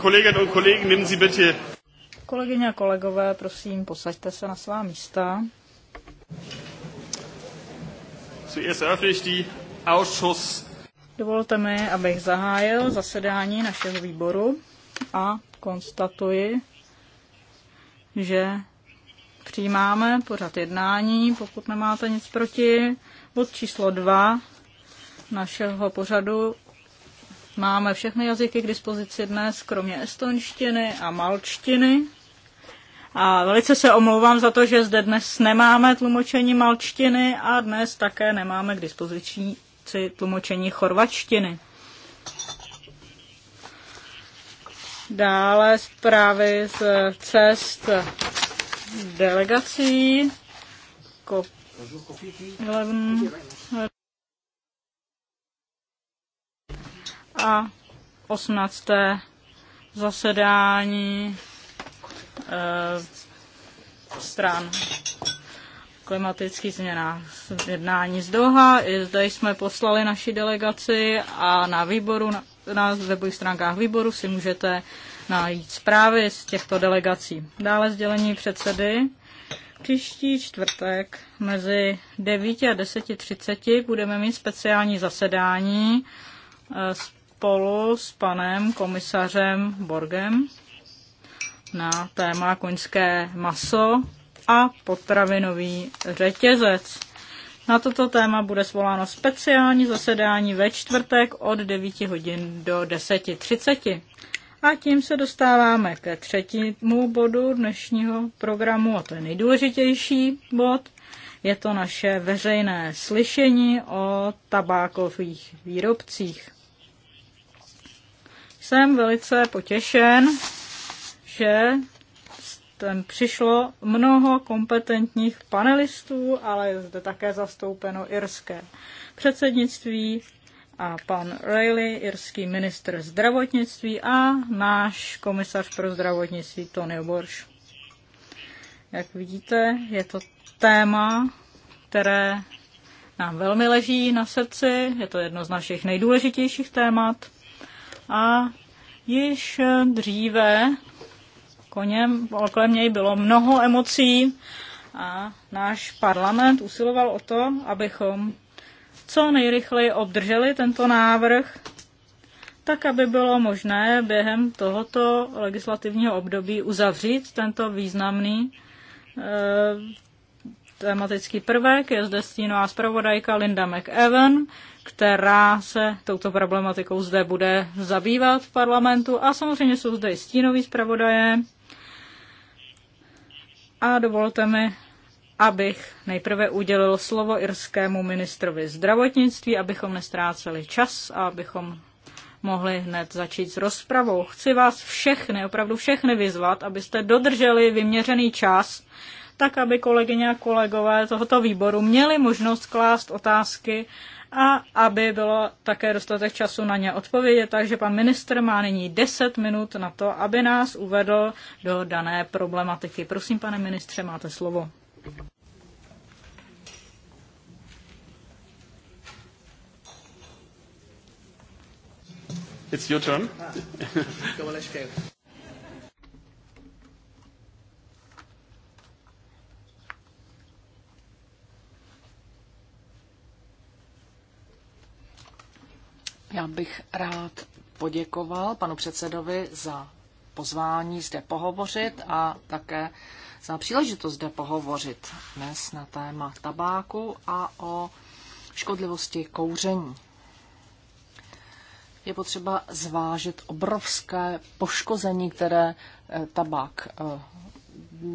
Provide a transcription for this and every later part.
Kolleginnen und bitte. Kolegyně a kolegové, prosím, posaďte se na svá místa. Zuerst eröffne ich die Ausschuss. Dovolte mi, abych zahájil zasedání našeho výboru a konstatuji, že přijímáme pořad jednání, pokud nemáte nic proti. Bod číslo 2 našeho pořadu máme všechny jazyky k dispozici dnes, kromě estonštiny a malčtiny. A velice se omlouvám za to, že zde dnes nemáme tlumočení malčtiny a dnes také nemáme k dispozici tlumočení chorvačtiny. Dále zprávy z cest delegací. Ko- 11. a 18. zasedání e, stran klimatických změnách jednání z Doha. I zde jsme poslali naši delegaci a na výboru, na, na webových stránkách výboru si můžete najít zprávy z těchto delegací. Dále sdělení předsedy. Příští čtvrtek mezi 9 a 10.30 budeme mít speciální zasedání eh, s spolu s panem komisařem Borgem na téma koňské maso a potravinový řetězec. Na toto téma bude svoláno speciální zasedání ve čtvrtek od 9 hodin do 10.30. A tím se dostáváme ke třetímu bodu dnešního programu, a to je nejdůležitější bod. Je to naše veřejné slyšení o tabákových výrobcích. Jsem velice potěšen, že tam přišlo mnoho kompetentních panelistů, ale je zde také zastoupeno irské předsednictví a pan Rayleigh, irský ministr zdravotnictví a náš komisař pro zdravotnictví Tony Borš. Jak vidíte, je to téma, které nám velmi leží na srdci, je to jedno z našich nejdůležitějších témat a již dříve koněm, kolem něj bylo mnoho emocí a náš parlament usiloval o to, abychom co nejrychleji obdrželi tento návrh, tak aby bylo možné během tohoto legislativního období uzavřít tento významný e, tematický prvek. Je zde stínová zpravodajka Linda McEwen, která se touto problematikou zde bude zabývat v parlamentu. A samozřejmě jsou zde i stínoví zpravodaje. A dovolte mi, abych nejprve udělil slovo irskému ministrovi zdravotnictví, abychom nestráceli čas a abychom mohli hned začít s rozpravou. Chci vás všechny, opravdu všechny vyzvat, abyste dodrželi vyměřený čas, tak aby kolegyně a kolegové tohoto výboru měli možnost klást otázky a aby bylo také dostatek času na ně odpovědět. Takže pan ministr má nyní 10 minut na to, aby nás uvedl do dané problematiky. Prosím, pane ministře, máte slovo. It's your turn. Ah, Já bych rád poděkoval panu předsedovi za pozvání zde pohovořit a také za příležitost zde pohovořit dnes na téma tabáku a o škodlivosti kouření. Je potřeba zvážit obrovské poškození, které eh, tabák eh,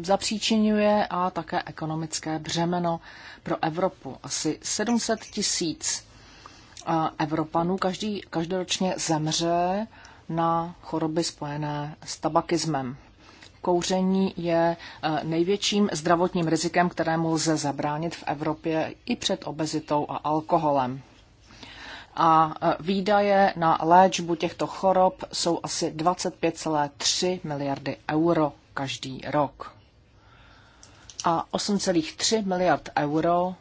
zapříčinuje a také ekonomické břemeno pro Evropu. Asi 700 tisíc Evropanů každý, každoročně zemře na choroby spojené s tabakismem. Kouření je e, největším zdravotním rizikem, kterému lze zabránit v Evropě i před obezitou a alkoholem. A e, výdaje na léčbu těchto chorob jsou asi 25,3 miliardy euro každý rok. A 8,3 miliard euro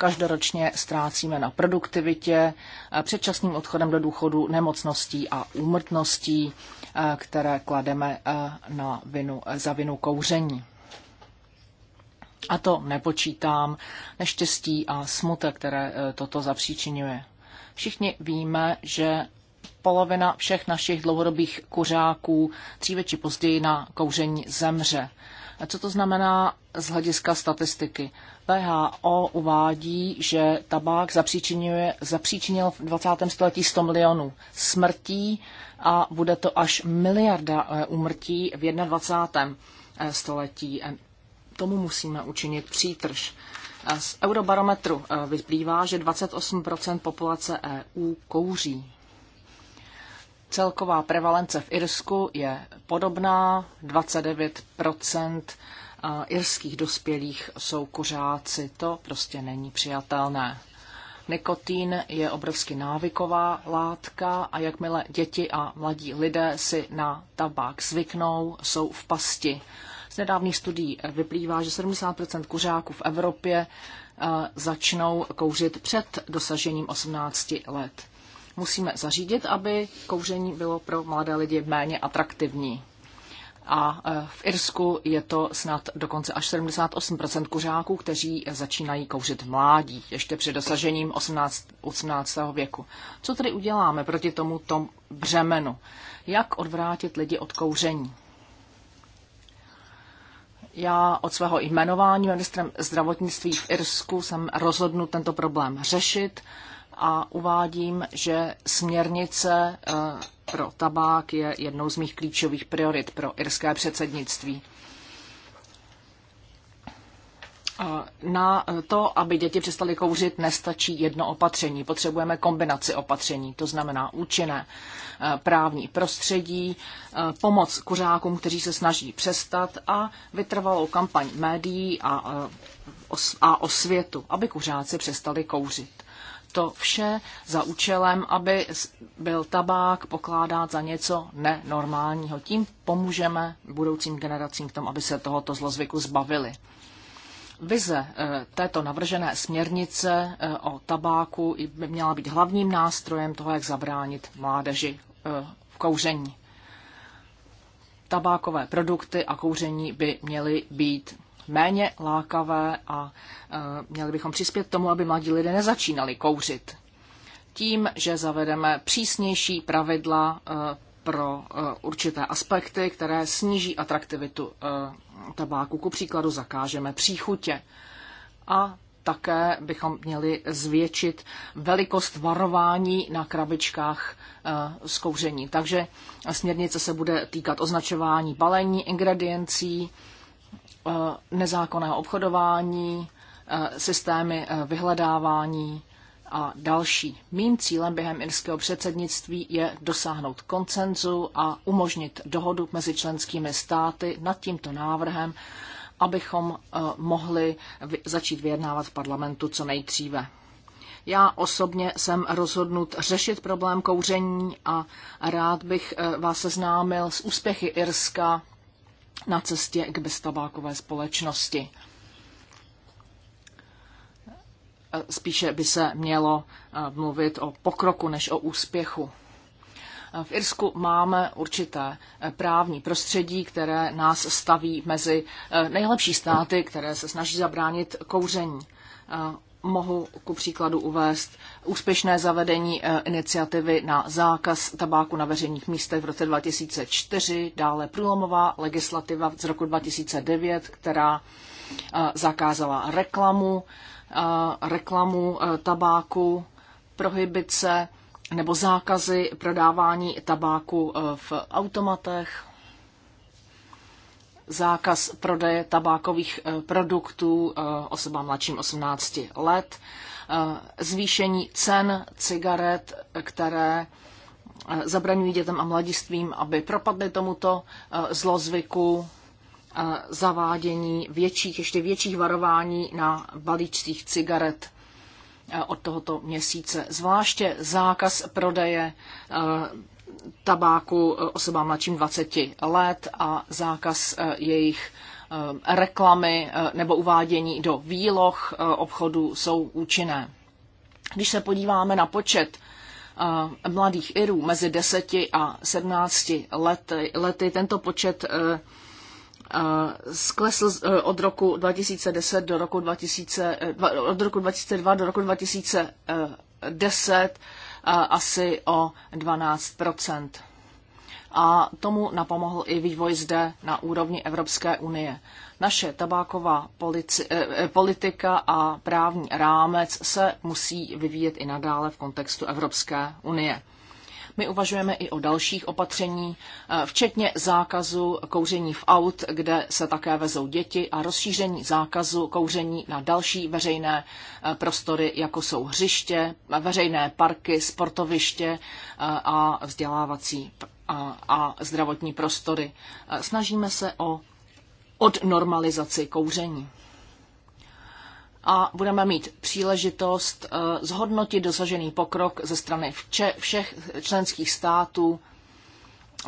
Každoročně ztrácíme na produktivitě, eh, předčasným odchodem do důchodu, nemocností a úmrtností, eh, které klademe eh, na vinu, za vinu kouření. A to nepočítám neštěstí a smutek, které toto zapříčinuje. Všichni víme, že polovina všech našich dlouhodobých kuřáků dříve či později na kouření zemře. Co to znamená z hlediska statistiky? VHO uvádí, že tabák zapříčinil v 20. století 100 milionů smrtí a bude to až miliarda eh, úmrtí v 21. Eh, století. Tomu musíme učinit přítrž. Eh, z Eurobarometru vyplývá, že 28 populace EU kouří. Celková prevalence v Irsku je podobná, 29 irských dospělých jsou kuřáci. To prostě není přijatelné. Nikotín je obrovsky návyková látka a jakmile děti a mladí lidé si na tabák zvyknou, jsou v pasti. Z nedávných studií vyplývá, že 70 kuřáků v Evropě začnou kouřit před dosažením 18 let musíme zařídit, aby kouření bylo pro mladé lidi méně atraktivní. A e, v Irsku je to snad dokonce až 78% kuřáků, kteří začínají kouřit v mládí, ještě před dosažením 18, 18. věku. Co tedy uděláme proti tomu tom břemenu? Jak odvrátit lidi od kouření? Já od svého jmenování ministrem zdravotnictví v Irsku jsem rozhodnut tento problém řešit a uvádím, že směrnice eh, pro tabák je jednou z mých klíčových priorit pro irské předsednictví. Eh, na to, aby děti přestaly kouřit, nestačí jedno opatření. Potřebujeme kombinaci opatření, to znamená účinné eh, právní prostředí, pomoc kuřákům, kteří se snaží přestat a vytrvalou kampaň médií a, a osvětu, aby kuřáci přestali kouřit to vše za účelem, aby byl tabák pokládán za něco nenormálního. Tím pomůžeme budoucím generacím k tomu, aby se tohoto zlozvyku zbavili. Vize eh, této navržené směrnice eh, o tabáku by měla být hlavním nástrojem toho, jak zabránit mládeži eh, v kouření. Tabákové produkty a kouření by měly být méně lákavé a e, měli bychom přispět tomu, aby mladí lidé nezačínali kouřit. Tím, že zavedeme přísnější pravidla e, pro e, určité aspekty, které sníží atraktivitu tabáku, ku příkladu zakážeme příchutě. A také bychom měli zvětšit velikost varování na krabičkách z kouření. Takže směrnice se bude týkat označování balení, ingrediencí, Eh, nezákonného obchodování, eh, systémy eh, vyhledávání a další. Mým cílem během irského předsednictví je dosáhnout koncenzu a umožnit dohodu mezi členskými státy nad tímto návrhem, abychom mohli začít vyjednávat v parlamentu co nejdříve. Já osobně jsem rozhodnut řešit problém kouření a rád bych vás seznámil s úspěchy Irska na cestě k beztabákové společnosti. Spíše by se mělo eh, mluvit o pokroku než o úspěchu. Eh, v Irsku máme určité eh, právní prostředí, které nás staví mezi nejlepší státy, které se snaží zabránit kouření. Mohu ku příkladu uvést úspěšné zavedení eh, iniciativy na zákaz tabáku na veřejných místech v roce 2004, dále průlomová legislativa z roku 2009, která eh, zakázala reklamu, eh, reklamu tabáku, prohibice nebo zákazy prodávání tabáku v automatech, zákaz prodeje tabákových eh, produktů eh, osobám mladším 18 let, eh, zvýšení cen cigaret, které zabraňují dětem a mladistvím, aby propadly tomuto zlozvyku, zavádění větších, ještě větších varování na balíčcích cigaret od tohoto měsíce. Zvláště zákaz prodeje tabáku eh, osobám mladším 20 let a zákaz eh, jejich eh, reklamy nebo uvádění do výloh obchodu jsou účinné. Když se podíváme na počet mladých Irů mezi 10 a 17 lety, lety tento počet sklesl od roku 2010 do roku 2000, od roku 2002 do roku 2010 Eh, asi o 12 a tomu napomohl i vývoj zde na úrovni Evropské unie. Naše tabáková polici, eh, eh, politika a právní rámec se musí vyvíjet i nadále v kontextu Evropské unie. My uvažujeme i o dalších opatření, eh, včetně zákazu kouření v aut, kde se také vezou děti a rozšíření zákazu kouření na další veřejné eh, prostory, jako jsou hřiště, veřejné parky, sportoviště eh, a vzdělávací a zdravotní prostory. Snažíme se o odnormalizaci kouření a budeme mít příležitost eh, zhodnotit dosažený pokrok ze strany všech členských států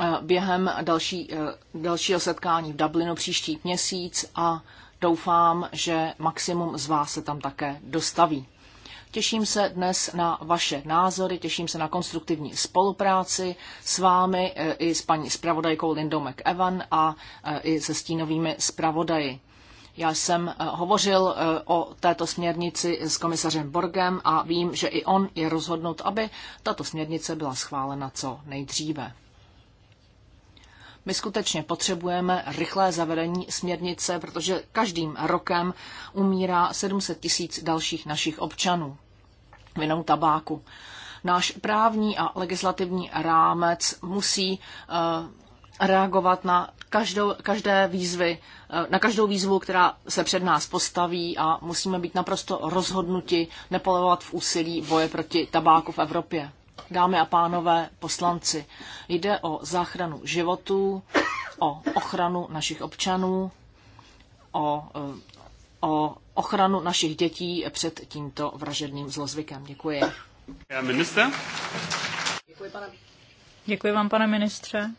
eh, během další, eh, dalšího setkání v Dublinu příští měsíc a doufám, že maximum z vás se tam také dostaví. Těším se dnes na vaše názory, těším se na konstruktivní spolupráci s vámi i s paní spravodajkou Lindou McEvan a i se stínovými spravodaji. Já jsem eh, hovořil eh, o této směrnici s komisařem Borgem a vím, že i on je rozhodnut, aby tato směrnice byla schválena co nejdříve. My skutečně potřebujeme rychlé zavedení směrnice, protože každým rokem umírá 700 tisíc dalších našich občanů vinou tabáku. Náš právní a legislativní rámec musí eh, reagovat na každou, každé výzvy, eh, na každou výzvu, která se před nás postaví a musíme být naprosto rozhodnuti nepolevovat v úsilí boje proti tabáku v Evropě. Dámy a pánové, poslanci, jde o záchranu životů, o ochranu našich občanů, o, eh, o ochranu našich dětí před tímto vražedným zlozvykem. Děkuji. Minister. Děkuji, pane. Děkuji vám, pane ministře.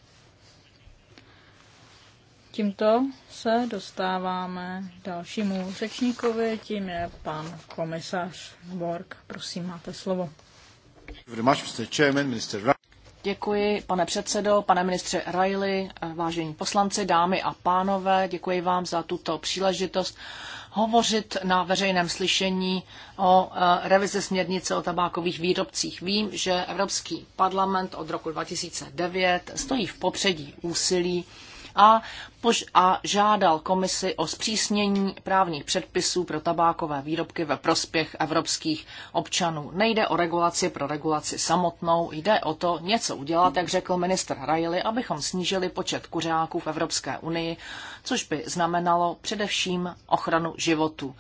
Tímto se dostáváme k dalšímu řečníkovi, tím je pan komisař Borg. Prosím, máte slovo. Děkuji, pane předsedo, pane ministře Riley, vážení poslanci, dámy a pánové, děkuji vám za tuto příležitost hovořit na veřejném slyšení o e, revizi směrnice o tabákových výrobcích. Vím, že Evropský parlament od roku 2009 stojí v popředí úsilí a, pož- a žádal komisi o zpřísnění právních předpisů pro tabákové výrobky ve prospěch evropských občanů. Nejde o regulaci pro regulaci samotnou, jde o to něco udělat, jak řekl ministr Rajli, abychom snížili počet kuřáků v Evropské unii, což by znamenalo především ochranu životu.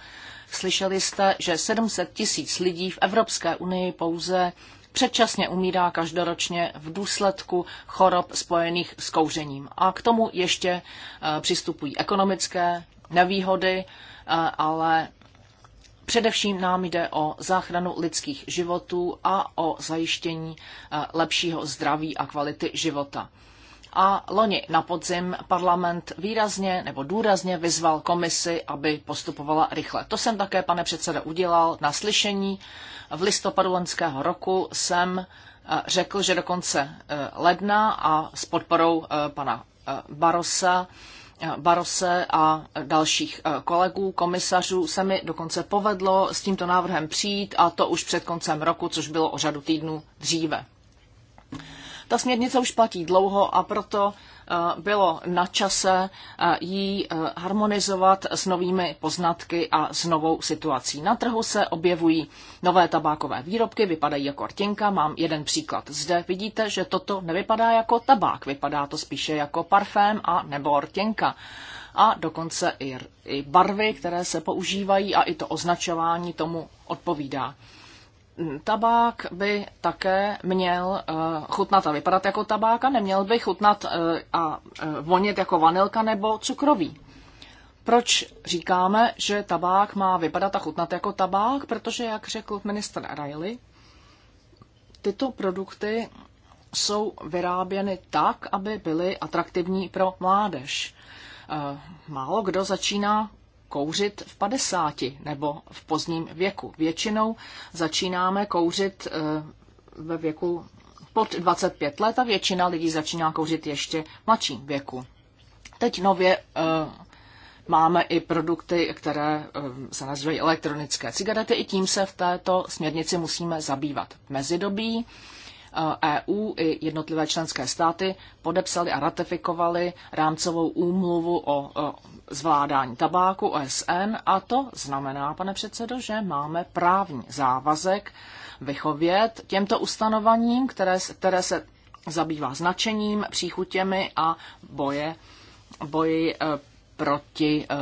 Slyšeli jste, že 700 tisíc lidí v Evropské unii pouze předčasně umírá každoročně v důsledku chorob spojených s kouřením. A k tomu ještě eh, přistupují ekonomické nevýhody, eh, ale Především nám jde o záchranu lidských životů a o zajištění eh, lepšího zdraví a kvality života a loni na podzim parlament výrazně nebo důrazně vyzval komisi, aby postupovala rychle. To jsem také, pane předsedo, udělal na slyšení. V listopadu loňského roku jsem eh, řekl, že do konce eh, ledna a s podporou eh, pana Barosa Barose a dalších kolegů, komisařů, se mi dokonce povedlo s tímto návrhem přijít a to už před koncem roku, což bylo o řadu týdnů dříve. Ta směrnice už platí dlouho a proto eh, bylo na čase eh, ji eh, harmonizovat s novými poznatky a s novou situací. Na trhu se objevují nové tabákové výrobky, vypadají jako rtinka. Mám jeden příklad zde. Vidíte, že toto nevypadá jako tabák, vypadá to spíše jako parfém a nebo rtinka. A dokonce i, i barvy, které se používají a i to označování tomu odpovídá tabák by také měl eh, chutnat a vypadat jako tabák a neměl by chutnat eh, a eh, vonět jako vanilka nebo cukrový. Proč říkáme, že tabák má vypadat a chutnat jako tabák? Protože, jak řekl minister Riley, tyto produkty jsou vyráběny tak, aby byly atraktivní pro mládež. Málo kdo začíná kouřit v 50 nebo v pozdním věku. Většinou začínáme kouřit eh, ve věku pod 25 let a většina lidí začíná kouřit ještě v mladším věku. Teď nově eh, máme i produkty, které eh, se nazývají elektronické cigarety, i tím se v této směrnici musíme zabývat. V mezidobí EU eh, e i jednotlivé členské státy podepsali a ratifikovali rámcovou úmluvu o zvládání tabáku OSN a to znamená, pane předsedo, že máme právní závazek vychovět těmto ustanovením, které, které se zabývá značením, příchutěmi a boje, boji eh, proti eh,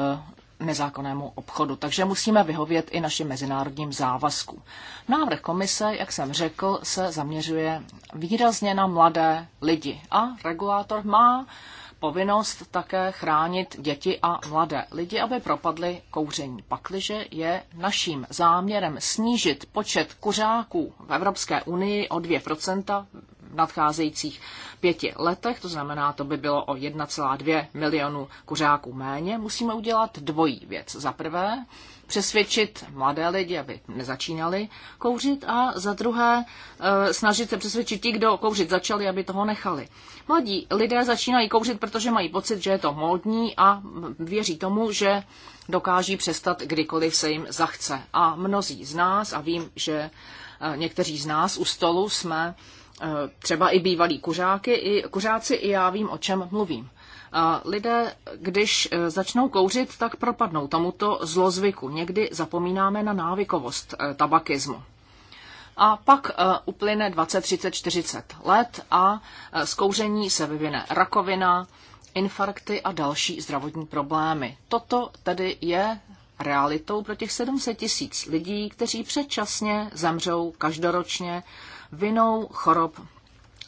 nezákonnému obchodu, takže musíme vyhovět i našim mezinárodním závazkům. Návrh komise, jak jsem řekl, se zaměřuje výrazně na mladé lidi a regulátor má povinnost také chránit děti a mladé lidi, aby propadly kouření. Pakliže je naším záměrem snížit počet kuřáků v Evropské unii o 2% v nadcházejících pěti letech, to znamená, to by bylo o 1,2 milionu kuřáků méně, musíme udělat dvojí věc. Za prvé, přesvědčit mladé lidi, aby nezačínali kouřit a za druhé eh, snažit se přesvědčit ti, kdo kouřit začali, aby toho nechali. Mladí lidé začínají kouřit, protože mají pocit, že je to módní a věří tomu, že dokáží přestat kdykoliv se jim zachce. A mnozí z nás, a vím, že eh, někteří z nás u stolu jsme Eh, třeba i bývalí kuřáky, i kuřáci, i já vím, o čem mluvím. Eh, lidé, když eh, začnou kouřit, tak propadnou tomuto zlozvyku. Někdy zapomínáme na návykovost tabakismu. A pak uplyne 20, 30, 40 let a z kouření se vyvine rakovina, infarkty a další zdravotní problémy. Toto tedy je realitou pro těch 700 tisíc lidí, kteří předčasně zemřou každoročně vinou chorob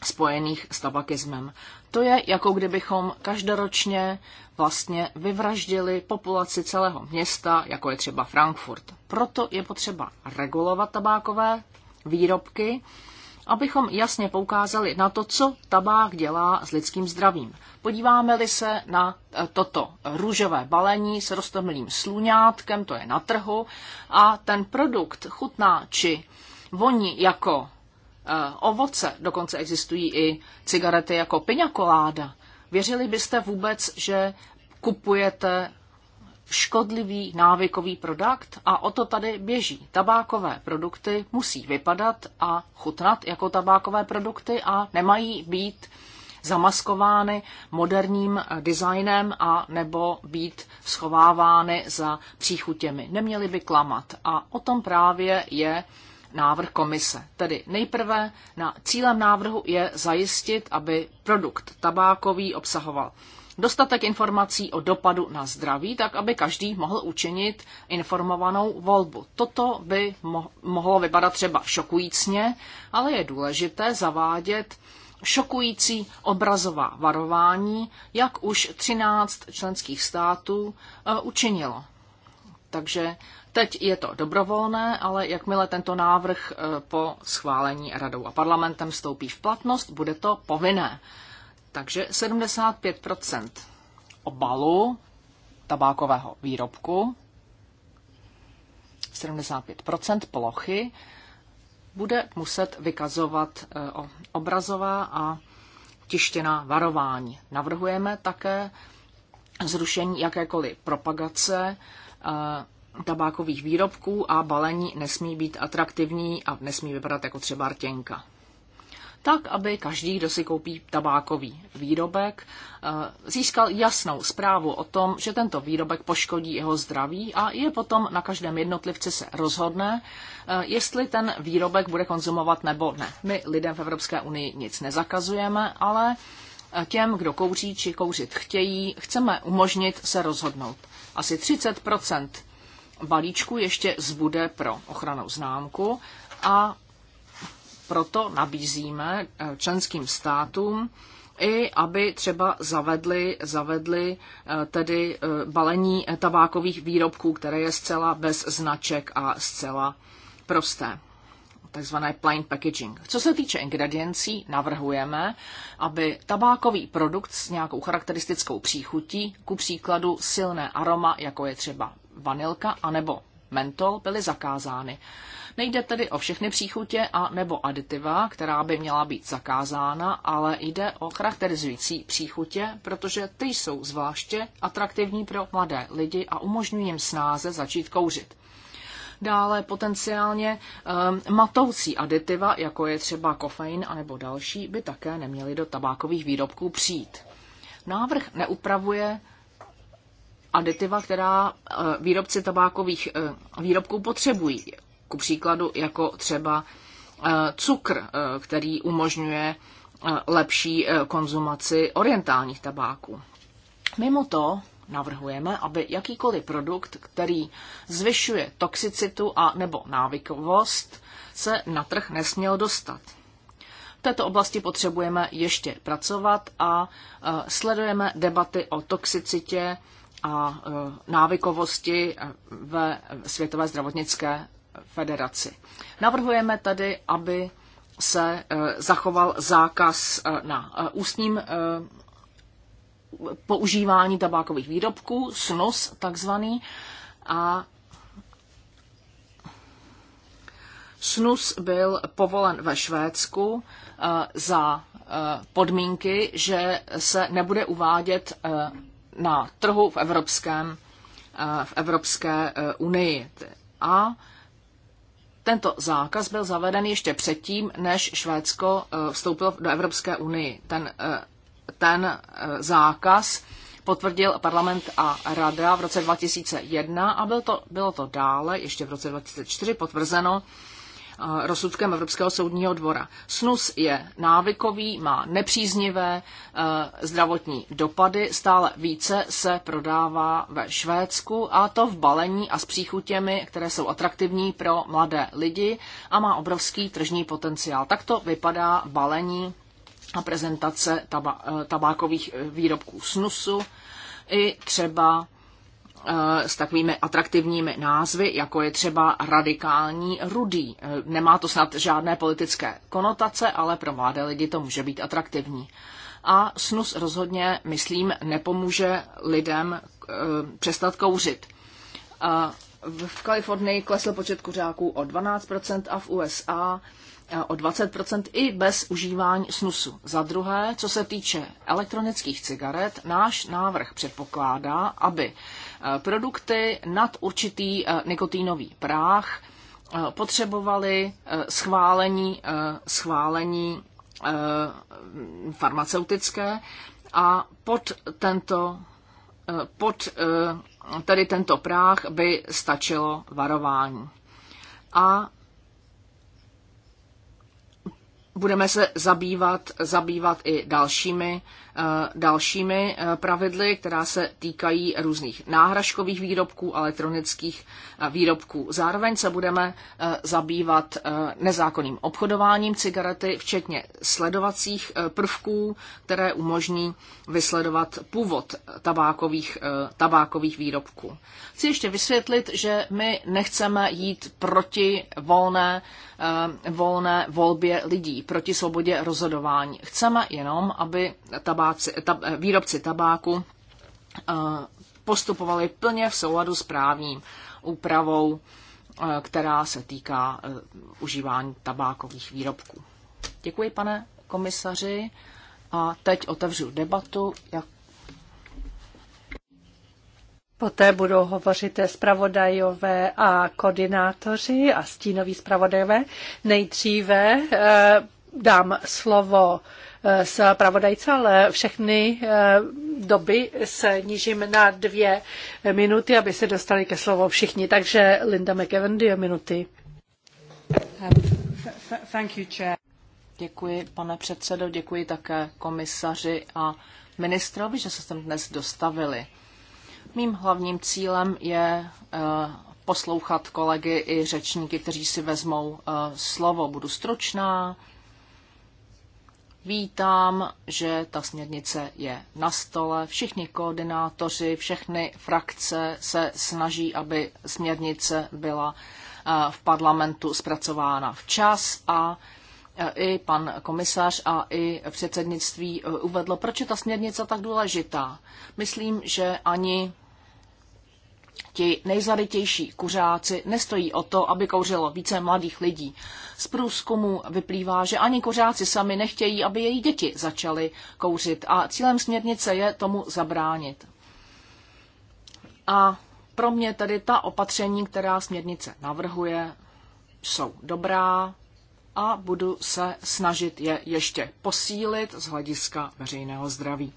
spojených s tabakismem. To je, jako kdybychom každoročně vlastně vyvraždili populaci celého města, jako je třeba Frankfurt. Proto je potřeba regulovat tabákové výrobky, abychom jasně poukázali na to, co tabák dělá s lidským zdravím. Podíváme-li se na e, toto růžové balení s roztomilým sluňátkem, to je na trhu, a ten produkt chutná či voní jako Eh, ovoce, dokonce existují i cigarety jako piňakoláda. Věřili byste vůbec, že kupujete škodlivý návykový produkt a o to tady běží. Tabákové produkty musí vypadat a chutnat jako tabákové produkty a nemají být zamaskovány moderním eh, designem a nebo být schovávány za příchutěmi. Neměly by klamat. A o tom právě je návrh komise. Tedy nejprve na cílem návrhu je zajistit, aby produkt tabákový obsahoval dostatek informací o dopadu na zdraví, tak aby každý mohl učinit informovanou volbu. Toto by mohlo vypadat třeba šokujícně, ale je důležité zavádět šokující obrazová varování, jak už 13 členských států e, učinilo. Takže teď je to dobrovolné, ale jakmile tento návrh e, po schválení radou a parlamentem vstoupí v platnost, bude to povinné. Takže 75 obalu tabákového výrobku, 75 plochy bude muset vykazovat e, obrazová a tištěná varování. Navrhujeme také zrušení jakékoliv propagace Eh, tabákových výrobků a balení nesmí být atraktivní a nesmí vypadat jako třeba rtěnka. Tak, aby každý, kdo si koupí tabákový výrobek, eh, získal jasnou zprávu o tom, že tento výrobek poškodí jeho zdraví a je potom na každém jednotlivci se rozhodne, eh, jestli ten výrobek bude konzumovat nebo ne. My lidem v Evropské unii nic nezakazujeme, ale těm, kdo kouří či kouřit chtějí, chceme umožnit se rozhodnout. Asi 30 balíčku ještě zbude pro ochranou známku a proto nabízíme eh, členským státům i aby třeba zavedli, zavedli eh, tedy eh, balení tabákových výrobků, které je zcela bez značek a zcela prosté takzvané plain packaging. Co se týče ingrediencí, navrhujeme, aby tabákový produkt s nějakou charakteristickou příchutí, ku příkladu silné aroma, jako je třeba vanilka anebo mentol, byly zakázány. Nejde tedy o všechny příchutě a nebo aditiva, která by měla být zakázána, ale jde o charakterizující příchutě, protože ty jsou zvláště atraktivní pro mladé lidi a umožňují jim snáze začít kouřit dále potenciálně ehm, matoucí aditiva, jako je třeba kofein anebo další, by také neměly do tabákových výrobků přijít. Návrh neupravuje aditiva, která eh, výrobci tabákových eh, výrobků potřebují. Ku příkladu jako třeba eh, cukr, který umožňuje lepší konzumaci orientálních tabáků. Mimo to Navrhujeme, aby jakýkoliv produkt, který zvyšuje toxicitu a nebo návykovost, se na trh nesměl dostat. V této oblasti potřebujeme ještě pracovat a e, sledujeme debaty o toxicitě a e, návykovosti e, ve Světové zdravotnické federaci. Navrhujeme tedy, aby se zachoval zákaz na ústním používání tabákových výrobků, snus takzvaný, a Snus byl povolen ve Švédsku e, za e, podmínky, že se nebude uvádět e, na trhu v, evropském, v Evropské unii. A tento zákaz byl zaveden ještě předtím, než Švédsko vstoupilo do Evropské unii. Ten ten e, zákaz potvrdil parlament a rada v roce 2001 a byl to, bylo to dále, ještě v roce 2004, potvrzeno e, rozsudkem Evropského soudního dvora. Snus je návykový, má nepříznivé e, zdravotní dopady, stále více se prodává ve Švédsku a to v balení a s příchutěmi, které jsou atraktivní pro mladé lidi a má obrovský tržní potenciál. Tak to vypadá balení a prezentace taba, eh, tabákových eh, výrobků snusu i třeba eh, s takovými atraktivními názvy, jako je třeba radikální rudý. Nemá to snad žádné politické konotace, ale pro mladé lidi to může být atraktivní. A snus rozhodně, myslím, nepomůže lidem přestat kouřit. V Kalifornii klesl počet kuřáků o 12% a v USA o 20 i bez užívání snusu. Za druhé, co se týče elektronických cigaret, náš návrh předpokládá, aby e, produkty nad určitý e, nikotínový práh e, potřebovaly schválení, schválení farmaceutické a pod tento pod tedy tento práh by stačilo varování. A budeme se zabývat, zabývat i dalšími Eh, dalšími eh, pravidly, která se týkají různých náhražkových výrobků, elektronických eh, výrobků. Zároveň se budeme zabývat nezákonným obchodováním cigarety, včetně sledovacích prvků, které umožní vysledovat původ tabákových, tabákových výrobků. Chci ještě vysvětlit, že my nechceme jít proti volné, volné volbě lidí, proti svobodě rozhodování. Chceme jenom, aby tabák tabáci, tab, výrobci tabáku eh, postupovali plně v souladu s právním úpravou, eh, která se týká eh, užívání tabákových výrobků. Děkuji, pane komisaři. A teď otevřu debatu. Jak... Poté budou hovořit zpravodajové a koordinátoři a stínoví zpravodajové. Nejdříve dám slovo s pravodajce, ale všechny eh, doby nížím na dvě minuty, aby se dostali ke slovu všichni. Takže Linda McEwen, dvě minuty. Um, thank you, Děkuji, pane předsedo, děkuji také komisaři a ministrovi, že se sem dnes dostavili. Mým hlavním cílem je eh, poslouchat kolegy i řečníky, kteří si vezmou eh, slovo. Budu stručná, Vítám, že ta směrnice je na stole. Všichni koordinátoři, všechny frakce se snaží, aby směrnice byla eh, v parlamentu zpracována včas a eh, i pan komisař a i předsednictví eh, uvedlo, proč je ta směrnice tak důležitá. Myslím, že ani ti nejzaditější kuřáci nestojí o to, aby kouřilo více mladých lidí. Z průzkumu vyplývá, že ani kuřáci sami nechtějí, aby její děti začaly kouřit a cílem směrnice je tomu zabránit. A pro mě tedy ta opatření, která směrnice navrhuje, jsou dobrá a budu se snažit je ještě posílit z hlediska veřejného zdraví.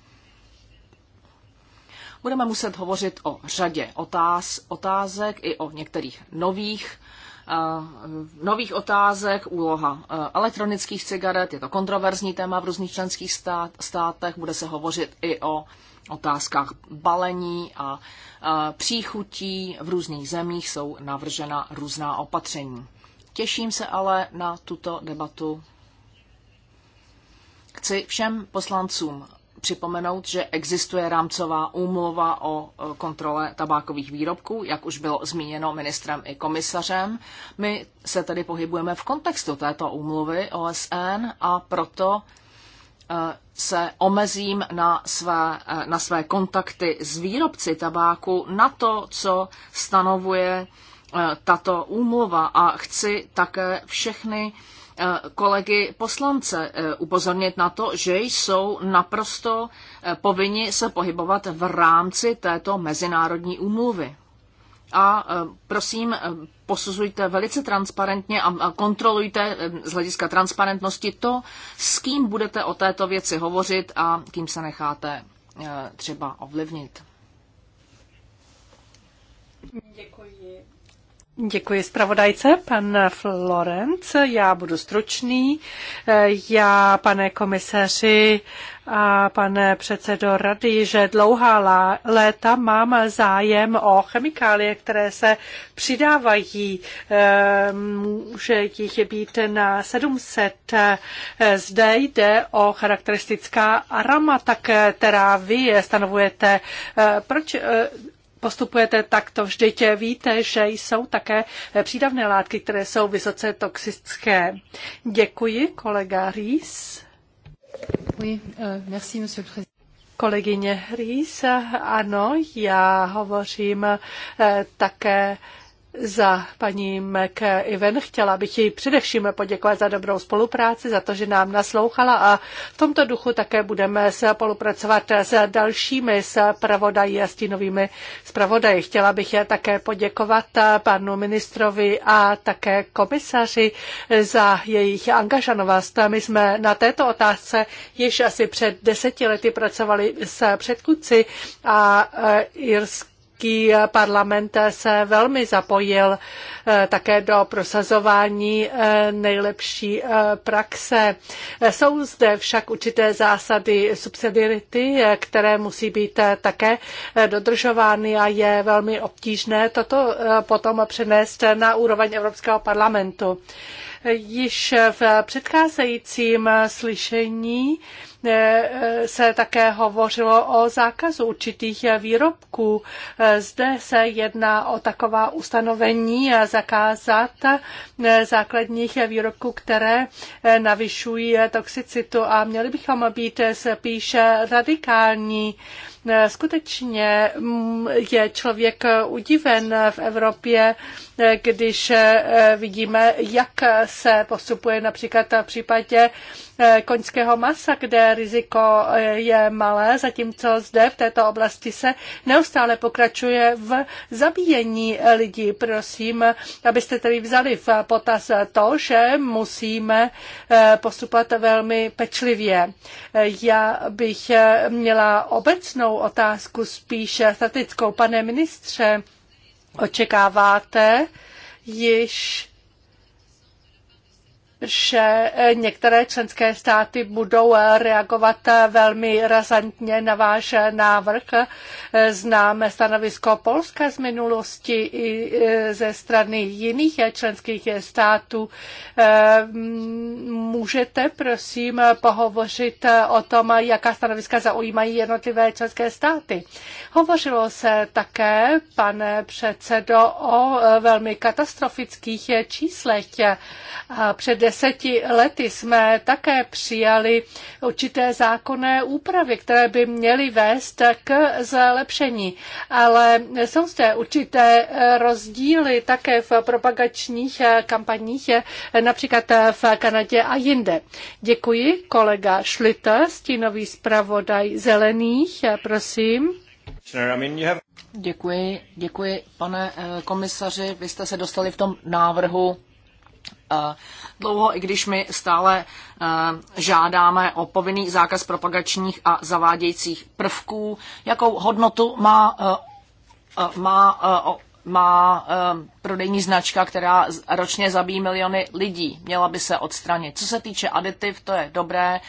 Budeme muset hovořit o řadě otáz, otázek i o některých nových eh, nových otázek, úloha eh, elektronických cigaret, je to kontroverzní téma v různých členských stát, státech, bude se hovořit i o otázkách balení a eh, příchutí v různých zemích jsou navržena různá opatření. Těším se ale na tuto debatu. Chci všem poslancům připomenout, že existuje rámcová úmluva o e, kontrole tabákových výrobků, jak už bylo zmíněno ministrem i komisařem. My se tedy pohybujeme v kontextu této úmluvy OSN a proto e, se omezím na své, e, na své kontakty s výrobci tabáku, na to, co stanovuje tato úmluva a chci také všechny Eh, kolegy poslance eh, upozornit na to, že jsou naprosto eh, povinni se pohybovat v rámci této mezinárodní úmluvy. A prosím, posuzujte velice transparentně a kontrolujte z hlediska transparentnosti to, s kým budete o této věci hovořit a kým se necháte třeba ovlivnit. Děkuji. Děkuji zpravodajce, pan Florenc. Já budu stručný. Já, pane komisaři a pane předsedo rady, že dlouhá léta mám zájem o chemikálie, které se přidávají. Ehm, může jich být na 700. Zde jde o charakteristická aromata, která vy stanovujete. Proč postupujete takto, vždyť víte, že jsou také přídavné látky, které jsou vysoce toxické. Děkuji, kolega Rýs. Oui, uh, merci, monsieur le président. Kolegyně Rýs, ano, já hovořím eh, také za paní McEwen. Chtěla bych jí především poděkovat za dobrou spolupráci, za to, že nám naslouchala a v tomto duchu také budeme spolupracovat s dalšími zpravodaji a stínovými zpravodaji. Chtěla bych je také poděkovat panu ministrovi a také komisaři za jejich angažovanost. My jsme na této otázce již asi před deseti lety pracovali s předchůdci a e, Irsk Evropský parlament se velmi zapojil eh, také do prosazování eh, nejlepší eh, praxe. Jsou zde však určité zásady subsidiarity, které musí být také dodržovány a je velmi obtížné toto potom přenést na úroveň Evropského parlamentu. Již v předcházejícím slyšení Eh, se také hovořilo o zákazu určitých výrobků. Eh, zde se jedná o taková ustanovení a eh, zakázat základních výrobků, které navyšují toxicitu a měli bychom být spíše radikální Skutečně mm, je člověk udiven v Evropě, když eh, vidíme, jak se postupuje například v případě eh, koňského masa, kde riziko eh, je malé, zatímco zde v této oblasti se neustále pokračuje v zabíjení lidí. Prosím, abyste tedy vzali v potaz to, že musíme postupovat velmi pečlivě. Já bych měla obecnou otázku spíše statickou. Pane ministře, očekáváte již že eh, některé členské státy budou eh, reagovat eh, velmi razantně na váš návrh. Známe stanovisko Polska z minulosti i ze strany jiných členských států. Můžete, prosím, pohovořit o tom, jaká stanoviska zaujímají jednotlivé členské státy. Hovořilo se také, pane předsedo, o velmi katastrofických číslech. Před deseti lety jsme také přijali určité zákonné úpravy, které by měly vést k zlepšení. Ale jsou zde určité rozdíly také v propagačních kampaních, například v Kanadě a jinde. Děkuji, kolega Šlita, stínový zpravodaj Zelených, prosím. Děkuji, děkuji, pane eh, komisaři. Vy jste se dostali v tom návrhu dlouho, i když my stále eh, žádáme o povinný zákaz propagačních a zavádějících prvků, jakou hodnotu má, eh, eh, má, má prodejní značka, která ročně zabíjí miliony lidí. Měla by se odstranit. Co se týče aditiv, to je dobré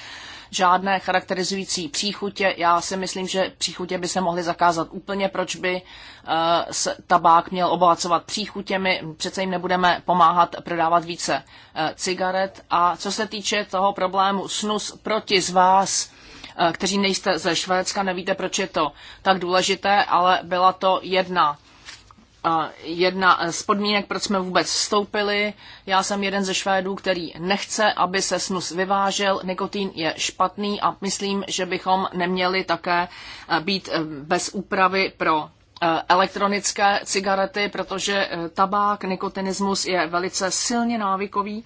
žádné charakterizující příchutě. Já si myslím, že příchutě by se mohly zakázat úplně, proč by eh, tabák měl obohacovat příchutěmi. Přece jim nebudeme pomáhat prodávat více eh, cigaret. A co se týče toho problému snus proti z vás, eh, kteří nejste ze Švédska, nevíte, proč je to tak důležité, ale byla to jedna jedna z podmínek, proč jsme vůbec vstoupili. Já jsem jeden ze Švédů, který nechce, aby se snus vyvážel. Nikotin je špatný a myslím, že bychom neměli také eh, být eh, bez úpravy pro eh, elektronické cigarety, protože tabák, nikotinismus je velice silně návykový.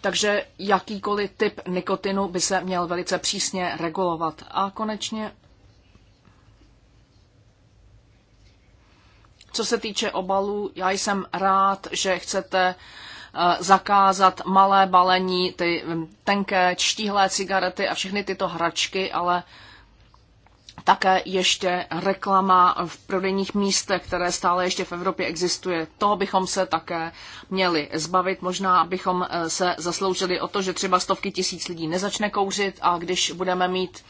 Takže jakýkoliv typ nikotinu by se měl velice přísně regulovat. A konečně Co se týče obalů, já jsem rád, že chcete eh, zakázat malé balení, ty mm, tenké čtíhlé cigarety a všechny tyto hračky, ale také ještě reklama v prodejních místech, které stále ještě v Evropě existuje. Toho bychom se také měli zbavit. Možná bychom eh, se zasloužili o to, že třeba stovky tisíc lidí nezačne kouřit a když budeme mít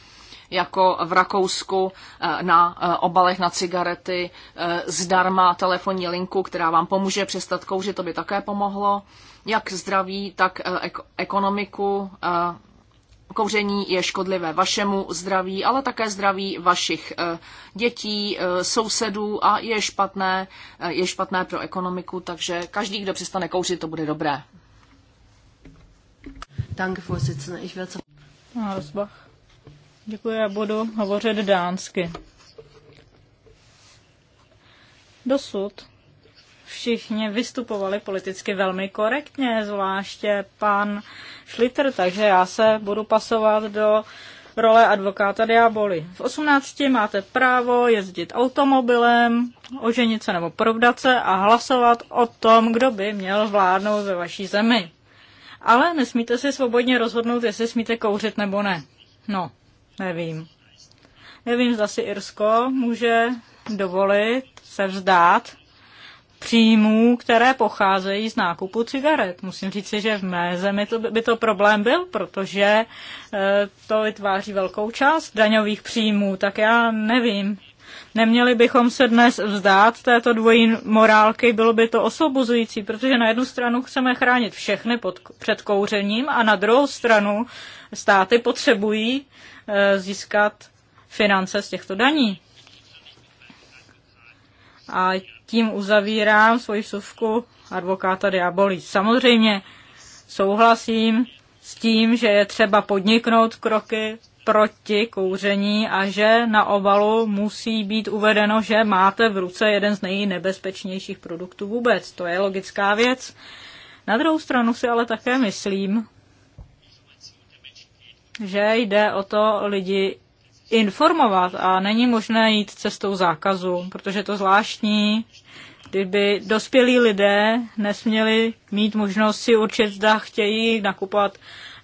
jako v Rakousku eh, na eh, obalech na cigarety eh, zdarma telefonní linku, která vám pomůže přestat kouřit, to by také pomohlo. Jak zdraví, tak ekonomiku. Kouření je škodlivé vašemu zdraví, ale také zdraví vašich dětí, sousedů a je špatné, je špatné pro ekonomiku, takže každý, kdo přestane kouřit, to bude dobré. Danke, Vorsitzende. Ich werde Děkuji, já budu hovořit dánsky. Dosud všichni vystupovali politicky velmi korektně, zvláště pan Schlitter, takže já se budu pasovat do role advokáta diaboli. V 18 máte právo jezdit automobilem, oženit se nebo provdat se a hlasovat o tom, kdo by měl vládnout ve vaší zemi. Ale nesmíte si svobodně rozhodnout, jestli smíte kouřit nebo ne. No, Nevím. Nevím, zda si Irsko může dovolit se vzdát příjmů, které pocházejí z nákupu cigaret. Musím říct, že v mé zemi to by to problém byl, protože eh, to vytváří velkou část daňových příjmů, tak já nevím, Neměli bychom se dnes vzdát této dvojí morálky, bylo by to osvobozující, protože na jednu stranu chceme chránit všechny pod, před kouřením a na druhou stranu státy potřebují e, získat finance z těchto daní. A tím uzavírám svoji suvku advokáta Diabolí. Samozřejmě souhlasím s tím, že je třeba podniknout kroky proti kouření a že na obalu musí být uvedeno, že máte v ruce jeden z nejnebezpečnějších produktů vůbec. To je logická věc. Na druhou stranu si ale také myslím, že jde o to lidi informovat a není možné jít cestou zákazu, protože to zvláštní, kdyby dospělí lidé nesměli mít možnost si určit, zda chtějí nakupovat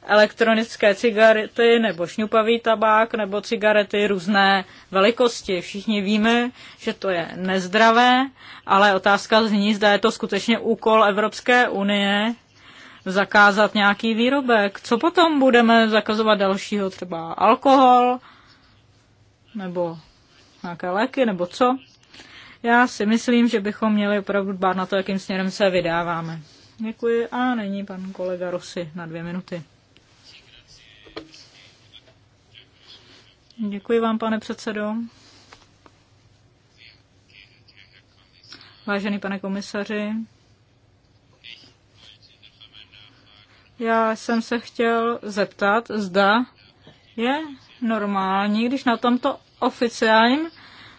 elektronické cigarety nebo šňupavý tabák nebo cigarety různé velikosti. Všichni víme, že to je nezdravé, ale otázka zní, zda je to skutečně úkol Evropské unie zakázat nějaký výrobek. Co potom budeme zakazovat dalšího, třeba alkohol nebo nějaké léky nebo co? Já si myslím, že bychom měli opravdu dbát na to, jakým směrem se vydáváme. Děkuji a není pan kolega Rosy na dvě minuty. Děkuji vám, pane předsedo. Vážený pane komisaři, já jsem se chtěl zeptat, zda je normální, když na tomto oficiálním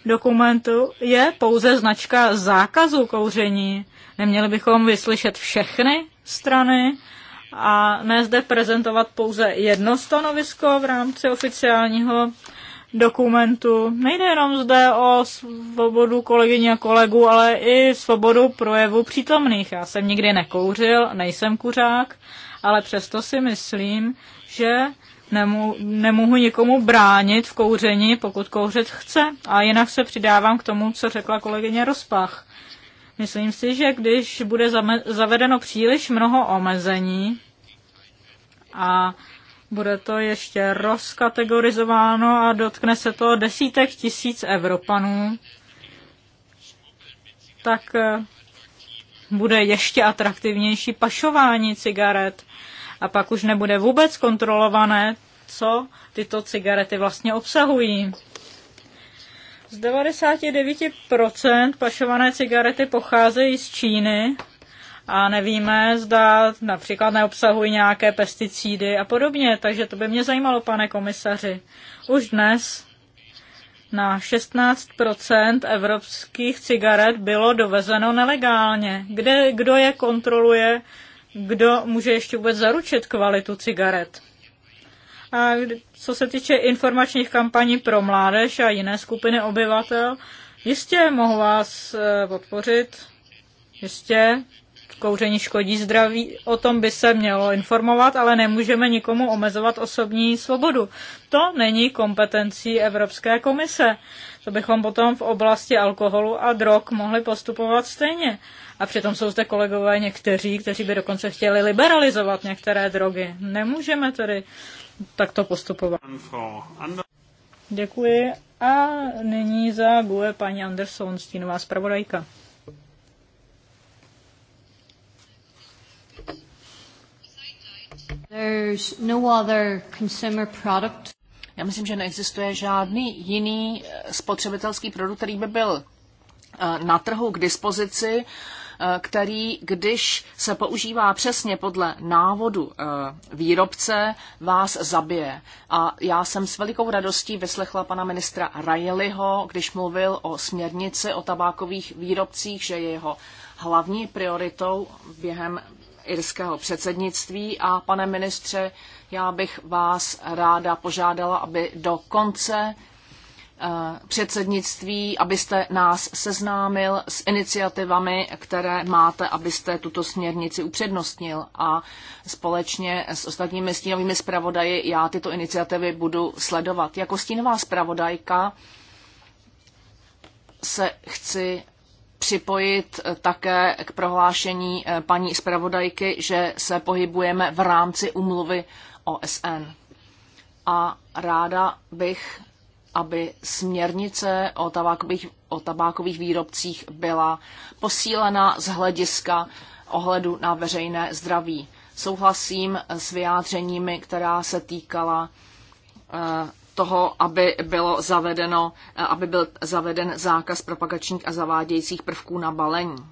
dokumentu je pouze značka zákazu kouření. Neměli bychom vyslyšet všechny strany a ne zde prezentovat pouze jedno stanovisko v rámci oficiálního dokumentu. Nejde jenom zde o svobodu kolegyně a kolegů, ale i svobodu projevu přítomných. Já jsem nikdy nekouřil, nejsem kuřák, ale přesto si myslím, že nemů nemohu nikomu bránit v kouření, pokud kouřit chce. A jinak se přidávám k tomu, co řekla kolegyně Rozpach. Myslím si, že když bude zavedeno příliš mnoho omezení a bude to ještě rozkategorizováno a dotkne se to desítek tisíc Evropanů, tak eh, bude ještě atraktivnější pašování cigaret a pak už nebude vůbec kontrolované, co tyto cigarety vlastně obsahují. Z 99% pašované cigarety pocházejí z Číny a nevíme, zda například neobsahují nějaké pesticidy a podobně, takže to by mě zajímalo, pane komisaři. Už dnes na 16 evropských cigaret bylo dovezeno nelegálně. Kde, kdo je kontroluje, kdo může ještě vůbec zaručit kvalitu cigaret? A co se týče informačních kampaní pro mládež a jiné skupiny obyvatel, jistě mohu vás eh, podpořit, jistě kouření škodí zdraví, o tom by se mělo informovat, ale nemůžeme nikomu omezovat osobní svobodu. To není kompetencí Evropské komise. To bychom potom v oblasti alkoholu a drog mohli postupovat stejně. A přitom jsou zde kolegové někteří, kteří by dokonce chtěli liberalizovat některé drogy. Nemůžeme tedy uh, takto postupovat. Děkuji. A nyní za GUE paní Anderson, stínová zpravodajka. There's no other consumer product. Já myslím, že neexistuje žádný jiný eh, spotřebitelský produkt, který by byl eh, na trhu k dispozici který, když se používá přesně podle návodu eh, výrobce, vás zabije. A já jsem s velikou radostí vyslechla pana ministra Rajeliho, když mluvil o směrnici o tabákových výrobcích, že je jeho hlavní prioritou během irského předsednictví. A pane ministře, já bych vás ráda požádala, aby do konce Eh, předsednictví, abyste nás seznámil s iniciativami, které máte, abyste tuto směrnici upřednostnil. A společně s ostatními stínovými zpravodaji já tyto iniciativy budu sledovat. Jako stínová zpravodajka se chci připojit eh, také k prohlášení eh, paní zpravodajky, že se pohybujeme v rámci umluvy OSN. A ráda bych aby směrnice o tabákových, o tabákových výrobcích byla posílena z hlediska ohledu na veřejné zdraví. Souhlasím s vyjádřeními, která se týkala eh, toho, aby, bylo zavedeno, eh, aby byl zaveden zákaz propagačních a zavádějících prvků na balení.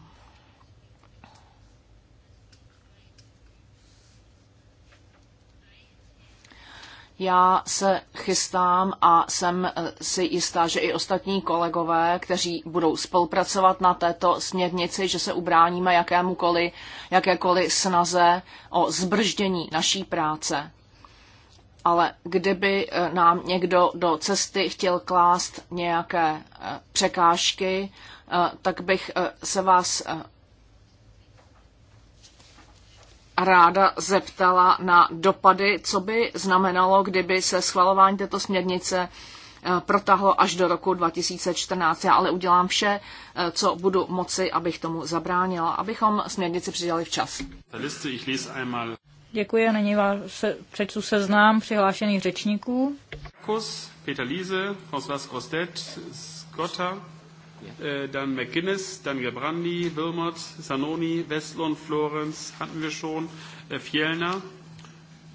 Já se chystám a jsem eh, si jistá, že i ostatní kolegové, kteří budou spolupracovat na této směrnici, že se ubráníme jakémukoli, jakékoliv snaze o zbrždění naší práce. Ale kdyby eh, nám někdo do cesty chtěl klást nějaké eh, překážky, tak bych se vás ráda zeptala na dopady, co by znamenalo, kdyby se schvalování této směrnice eh, protahlo až do roku 2014. Já ale udělám vše, eh, co budu moci, abych tomu zabránila, abychom směrnici přidali včas. Děkuji a nyní vás se, přečtu seznám přihlášených řečníků. Kus, Peter Liese, François Grostet, Scotta, äh, dann McGuinness, dann Gebrandi, Wilmot, Zanoni, Westlund, Florenz hatten wir schon, äh, Fjellner,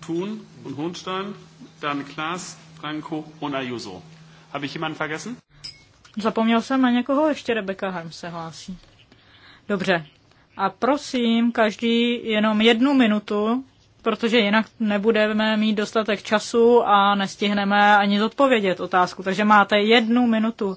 Thun und Hohnstein, dann Klaas, Franco und Ayuso. Habe ich jemanden vergessen? Zapomněl jsem na někoho, ještě Rebecca Harm se hlásí. Dobře. A prosím, každý jenom jednu minutu, protože jinak nebudeme mít dostatek času a nestihneme ani zodpovědět otázku. Takže máte jednu minutu.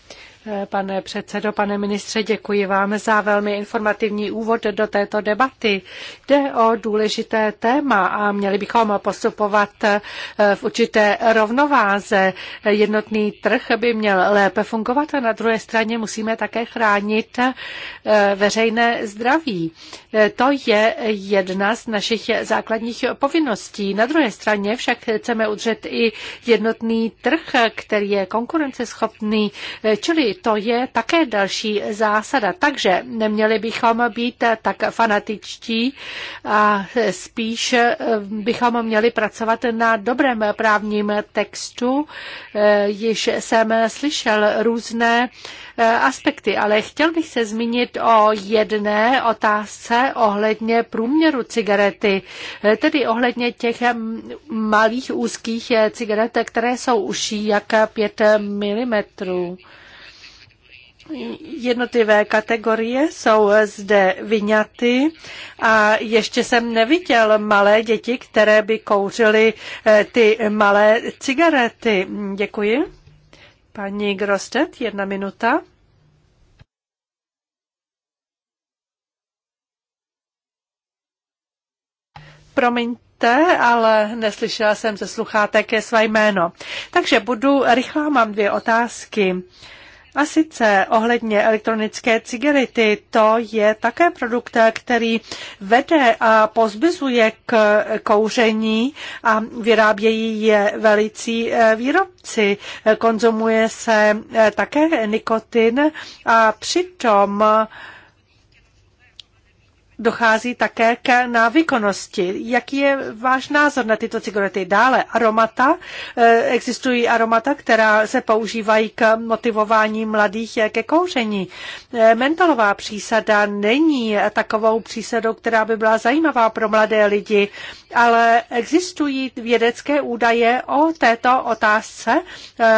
Pane předsedo, pane ministře, děkuji vám za velmi informativní úvod do této debaty. Jde o důležité téma a měli bychom postupovat eh, v určité rovnováze. Jednotný trh by měl lépe fungovat a na druhé straně musíme také chránit eh, veřejné zdraví. Eh, to je jedna z našich základních povinností. Na druhé straně však chceme udržet i jednotný trh, který je konkurenceschopný, čili to je také další zásada. Takže neměli bychom být tak fanatičtí a spíš eh, bychom měli pracovat na dobrém právním textu. Eh, již jsem slyšel různé eh, aspekty, ale chtěl bych se zmínit o jedné otázce ohledně průměru cigarety, tedy ohledně těch malých úzkých cigaret, které jsou uší jak 5 mm. Jednotlivé kategorie jsou zde vyňaty a ještě jsem neviděl malé děti, které by kouřily eh, ty malé cigarety. Děkuji. Paní Grostet, jedna minuta. Promiňte, ale neslyšela jsem ze sluchátek své jméno. Takže budu rychlá, mám dvě otázky. Uh, a sice ohledně elektronické cigarety, to je také produkt, který vede a pozbizuje k kouření a vyrábějí je velicí eh, výrobci. Konzumuje se eh, také nikotin a přitom dochází také k návykonosti. Jaký je váš názor na tyto cigarety? Dále aromata. Eh, existují aromata, která se používají k motivování mladých eh, ke kouření. Eh, Mentalová přísada není takovou přísadou, která by byla zajímavá pro mladé lidi, ale existují vědecké údaje o této otázce.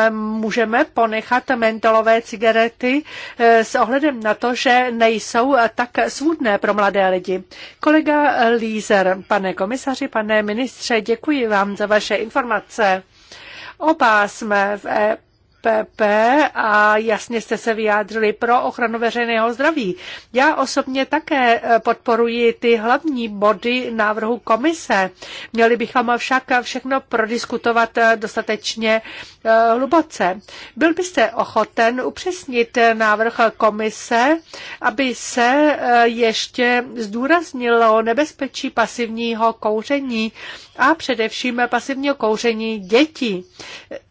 Můžeme ponechat mentolové cigarety s ohledem na to, že nejsou tak svůdné pro mladé lidi. Kolega Lízer, pane komisaři, pane ministře, děkuji vám za vaše informace. Oba jsme v PP a jasně jste se vyjádřili pro ochranu veřejného zdraví. Já osobně také eh, podporuji ty hlavní body návrhu komise. Měli bychom však všechno prodiskutovat eh, dostatečně eh, hluboce. Byl byste ochoten upřesnit návrh komise, aby se ještě zdůraznilo nebezpečí pasivního kouření a především pasivního kouření dětí.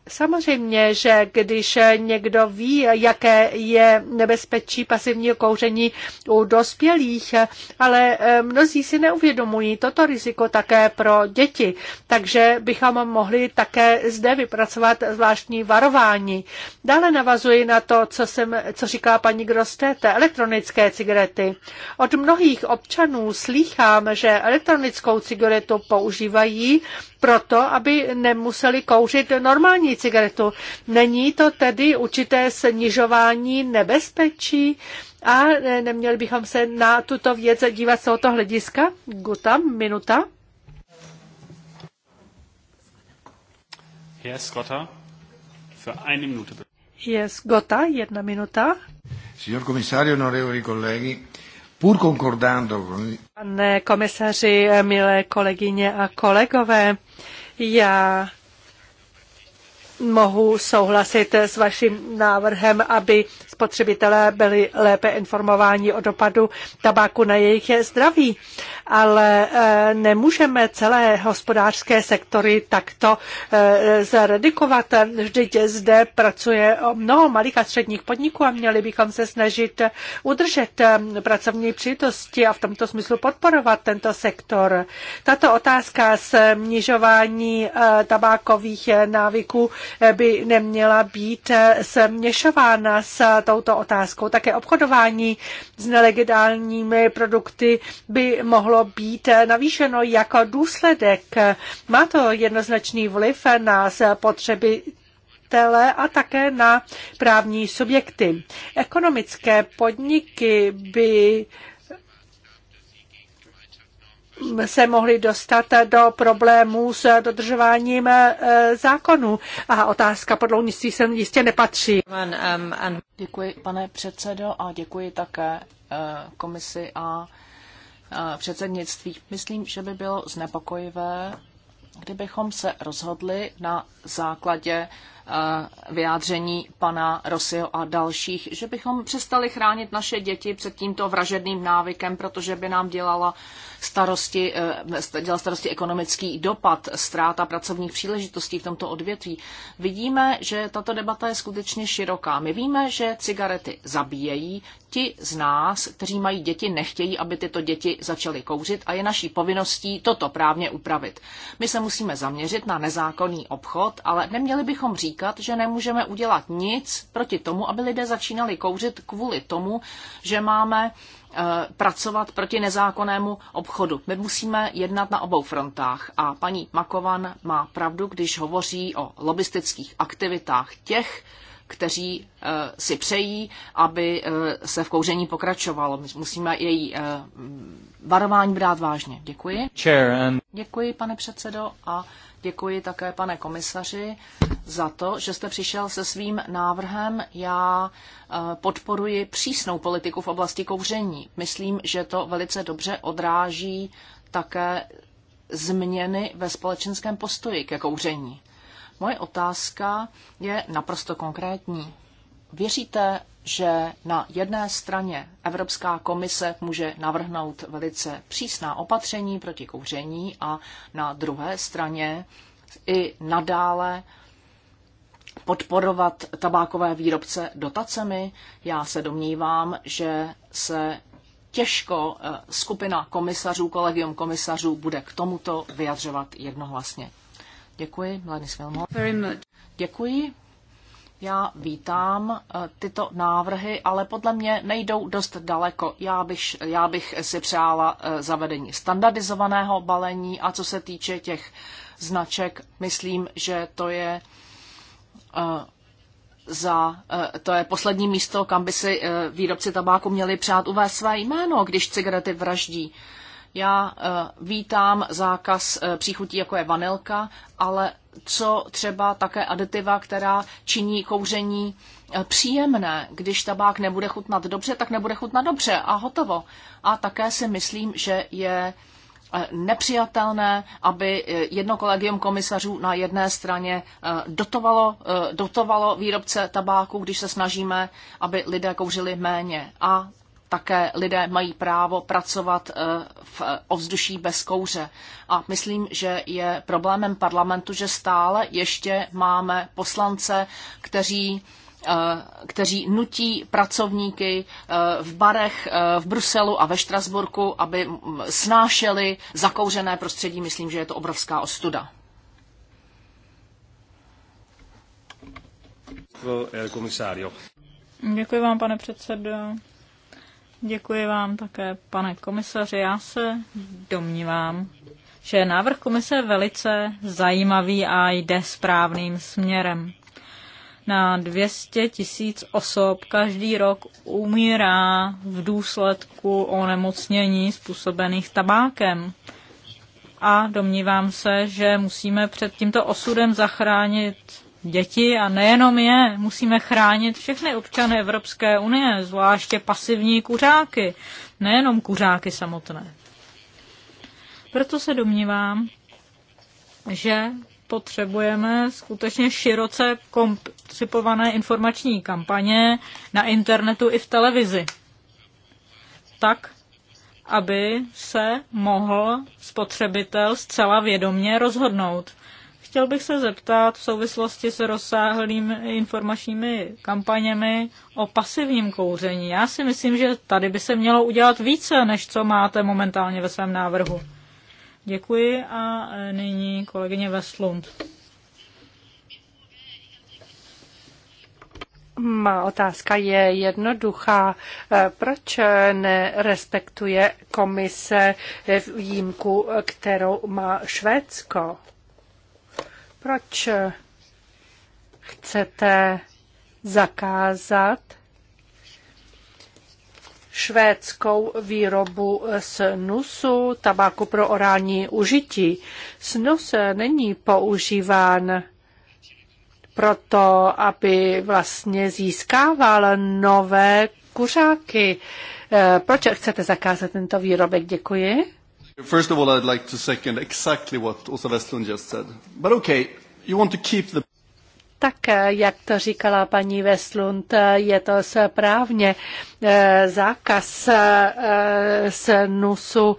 Samozřejmě, že když někdo ví, jaké je nebezpečí pasivního kouření u dospělých, ale eh, mnozí si neuvědomují toto riziko také pro děti, takže bychom mohli také zde vypracovat zvláštní varování. Dále navazuji na to, co, jsem, co říká paní Grostete, elektronické cigarety. Od mnohých občanů slýchám, že elektronickou cigaretu používají mají proto, aby nemuseli kouřit normální cigaretu. Není to tedy určité snižování nebezpečí a neměli bychom se na tuto věc dívat z tohoto hlediska? Guta, minuta. Herr Scotta, für eine Minute Yes, Gota, jedna minuta. Signor Commissario, onorevoli colleghi, Pane komisaři, milé kolegyně a kolegové, já mohu souhlasit s vaším návrhem, aby spotřebitelé byli lépe informováni o dopadu tabáku na jejich zdraví. Ale e, nemůžeme celé hospodářské sektory takto e, zredikovat. Vždyť zde pracuje mnoho malých a středních podniků a měli bychom se snažit udržet e, pracovní příležitosti a v tomto smyslu podporovat tento sektor. Tato otázka snižování tabákových návyků by neměla být směšována s touto otázkou. Také obchodování s nelegálními produkty by mohlo být navýšeno jako důsledek. Má to jednoznačný vliv na potřeby a také na právní subjekty. Ekonomické podniky by se mohli dostat do problémů s dodržováním eh, zákonů. A otázka podloudnictví sem jistě nepatří. Um, děkuji, pane předsedo, a děkuji také eh, komisi a eh, předsednictví. Myslím, že by bylo znepokojivé, kdybychom se rozhodli na základě vyjádření pana Rosio a dalších, že bychom přestali chránit naše děti před tímto vražedným návykem, protože by nám dělala starosti, eh, dělal starosti ekonomický dopad, ztráta pracovních příležitostí v tomto odvětví. Vidíme, že tato debata je skutečně široká. My víme, že cigarety zabíjejí. Ti z nás, kteří mají děti, nechtějí, aby tyto děti začaly kouřit a je naší povinností toto právně upravit. My se musíme zaměřit na nezákonný obchod, ale neměli bychom říkat, říkat, že nemůžeme udělat nic proti tomu, aby lidé začínali kouřit kvůli tomu, že máme eh, pracovat proti nezákonnému obchodu. My musíme jednat na obou frontách a paní Makovan má pravdu, když hovoří o lobistických aktivitách těch, kteří eh, si přejí, aby eh, se v kouření pokračovalo. My musíme její varování brát vážně. Děkuji. Děkuji, pane předsedo, a Děkuji také, pane komisaři, za to, že jste přišel se svým návrhem. Já eh, podporuji přísnou politiku v oblasti kouření. Myslím, že to velice dobře odráží také změny ve společenském postoji ke kouření. Moje otázka je naprosto konkrétní. Věříte, že na jedné straně Evropská komise může navrhnout velice přísná opatření proti kouření a na druhé straně i nadále podporovat tabákové výrobce dotacemi? Já se domnívám, že se těžko eh, skupina komisařů, kolegium komisařů bude k tomuto vyjadřovat jednohlasně. Děkuji, Mladis Vilmo. Děkuji. Já vítám eh, tyto návrhy, ale podle mě nejdou dost daleko. Já bych, já bych si přála eh, zavedení standardizovaného balení a co se týče těch značek, myslím, že to je eh, za, to je poslední místo, kam by si výrobci tabáku měli přát uvést své jméno, když cigarety vraždí. Já vítám zákaz příchutí, jako je vanilka, ale co třeba také aditiva, která činí kouření eh, příjemné. Když tabák nebude chutnat dobře, tak nebude chutnat dobře a hotovo. A také si myslím, že je eh, nepřijatelné, aby eh, jedno kolegium komisařů na jedné straně dotovalo, dotovalo výrobce tabáku, když se snažíme, aby lidé kouřili méně. A také lidé mají právo pracovat eh, v eh, ovzduší bez kouře. A myslím, že je problémem parlamentu, že stále ještě máme poslance, kteří eh, kteří nutí pracovníky v barech v Bruselu a ve Štrasburku, aby snášeli zakouřené prostředí. Myslím, že je to obrovská ostuda. Děkuji vám, pane předsedo. Děkuji vám také, pane komisaři. Já se domnívám, že návrh komise je velice zajímavý a jde správným směrem. Na 200 tisíc osob každý rok umírá v důsledku onemocnění způsobených tabákem. A domnívám se, že musíme před tímto osudem zachránit děti a nejenom je. Musíme chránit všechny občany Evropské unie, zvláště pasivní kuřáky, nejenom kuřáky samotné. Proto se domnívám, že potřebujeme skutečně široce koncipované informační kampaně na internetu i v televizi. Tak, aby se mohl spotřebitel zcela vědomně rozhodnout. Chtěl bych se zeptat v souvislosti s rozsáhlými informačními kampaněmi o pasivním kouření. Já si myslím, že tady by se mělo udělat více, než co máte momentálně ve svém návrhu. Děkuji a nyní kolegyně Veslund. Má otázka je jednoduchá. Proč nerespektuje komise výjimku, kterou má Švédsko? Proč chcete zakázat švédskou výrobu snusu, tabáku pro orální užití. Snus není používán proto, aby vlastně získával nové kuřáky. Eh, proč chcete zakázat tento výrobek? Děkuji. First of all, I'd like to second exactly what Osa Westlund just said. But okay, you want to keep the tak, eh, jak to říkala paní Veslund, eh, je to správně. Eh, zákaz snusu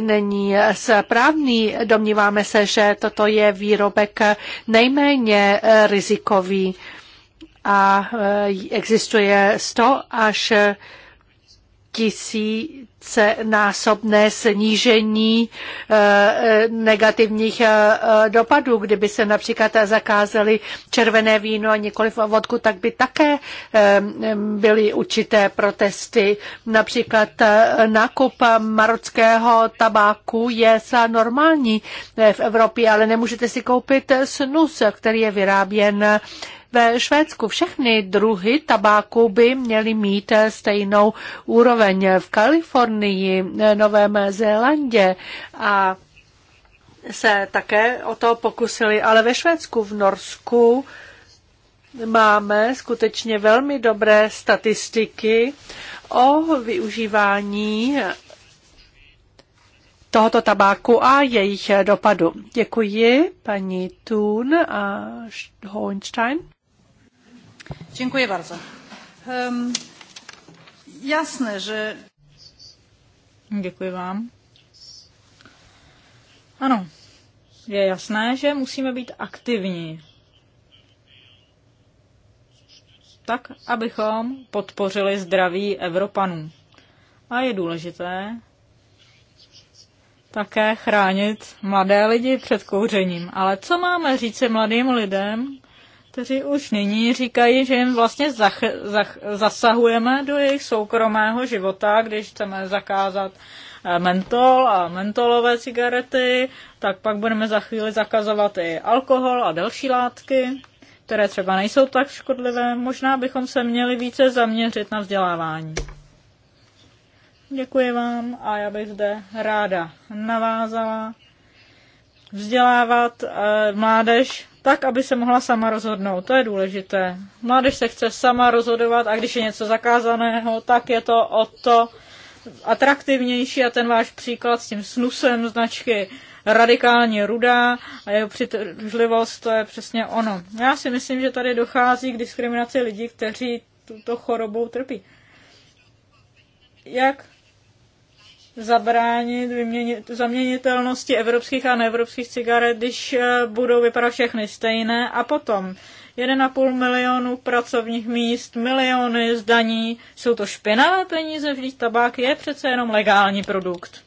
není správný. Domníváme se, že toto je výrobek nejméně rizikový a existuje 100 až tisíce násobné snížení eh, negativních eh, eh, dopadů. Kdyby se například zakázali červené víno a nikoliv vodku, tak by také byly určité protesty. Například nákup marockého tabáku je za normální v Evropě, ale nemůžete si koupit snus, který je vyráběn ve Švédsku všechny druhy tabáku by měly mít eh, stejnou úroveň. V Kalifornii, eh, Novém Zélandě a se také o to pokusili, ale ve Švédsku, v Norsku máme skutečně velmi dobré statistiky o využívání eh, tohoto tabáku a jejich dopadu. Děkuji paní Thun a Hohenstein. Dziękuję bardzo. Um, jasne, že... Děkuji vám. Ano, je jasné, že musíme být aktivní. Tak, abychom podpořili zdraví Evropanů. A je důležité také chránit mladé lidi před kouřením. Ale co máme říci mladým lidem, kteří už nyní říkají, že jim vlastně zach, zach, zasahujeme do jejich soukromého života, když chceme zakázat eh, mentol a mentolové cigarety, tak pak budeme za chvíli zakazovat i alkohol a další látky, které třeba nejsou tak škodlivé. Možná bychom se měli více zaměřit na vzdělávání. Děkuji vám a já bych zde ráda navázala vzdělávat eh, mládež tak, aby se mohla sama rozhodnout. To je důležité. Mládež se chce sama rozhodovat a když je něco zakázaného, tak je to o to atraktivnější a ten váš příklad s tím snusem značky radikálně rudá a jeho přitržlivost, to je přesně ono. Já si myslím, že tady dochází k diskriminaci lidí, kteří tuto chorobou trpí. Jak zabránit vyměnit, zaměnitelnosti evropských a neevropských cigaret, když eh, budou vypadat všechny stejné a potom 1,5 milionu pracovních míst, miliony zdaní, jsou to špinavé peníze, vždyť tabák je přece jenom legální produkt.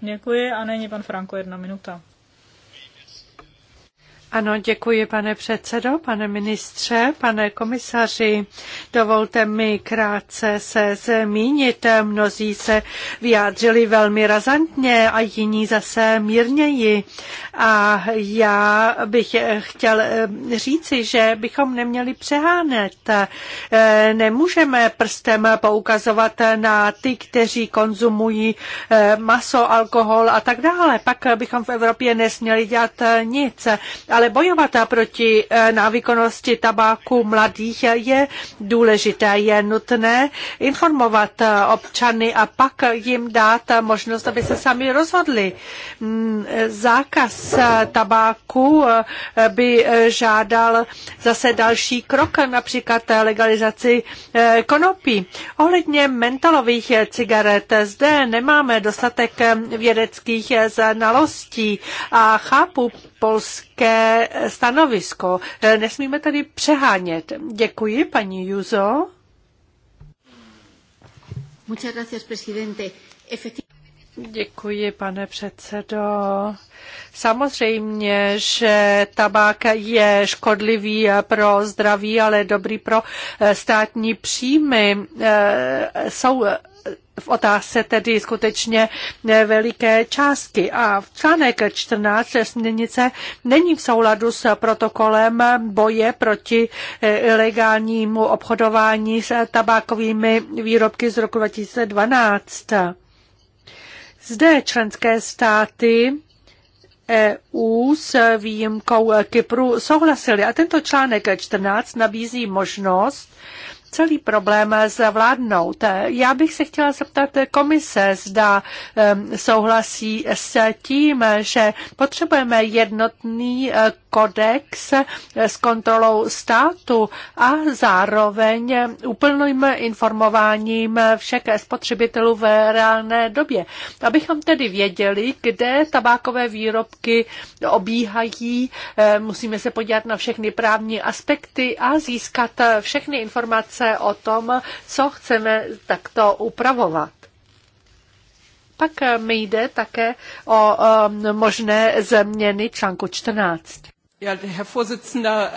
Děkuji a není pan Franko jedna minuta. Ano, děkuji, pane předsedo, pane ministře, pane komisaři. Dovolte mi krátce se zmínit. Mnozí se vyjádřili velmi razantně a jiní zase mírněji. A já bych chtěl eh, říci, že bychom neměli přehánět. Eh, nemůžeme prstem poukazovat na ty, kteří konzumují eh, maso, alkohol a tak dále. Pak bychom v Evropě nesměli dělat nic. Ale ale bojovat proti eh, návykonosti tabáku mladých je důležité. Je nutné informovat eh, občany a pak jim dát možnost, aby se sami rozhodli. Mm, zákaz eh, tabáku by žádal zase další krok, například legalizaci konopí. Ohledně mentalových cigaret zde nemáme dostatek vědeckých znalostí a chápu polské stanovisko. E, nesmíme tady přehánět. Děkuji, paní Juzo. Muchas gracias, presidente. Děkuji, pane předsedo. Samozřejmě, že tabák je škodlivý pro zdraví, ale dobrý pro e, státní příjmy. E, jsou v otázce tedy skutečně veliké částky. A v článek 14 směrnice není v souladu s protokolem boje proti eh, ilegálnímu obchodování s tabákovými výrobky z roku 2012. Zde členské státy EU s výjimkou Kypru souhlasili a tento článek 14 nabízí možnost celý problém zvládnout. Já bych se chtěla zeptat komise, zda souhlasí s tím, že potřebujeme jednotný eh, kodex s kontrolou státu a zároveň úplným informováním všech spotřebitelů v reálné době. Abychom tedy věděli, kde tabákové výrobky obíhají, eh, musíme se podívat na všechny právní aspekty a získat všechny informace o tom, co chceme takto upravovat pak mi jde také o eh, možné změny článku 14. Ja, Herr Vorsitzender,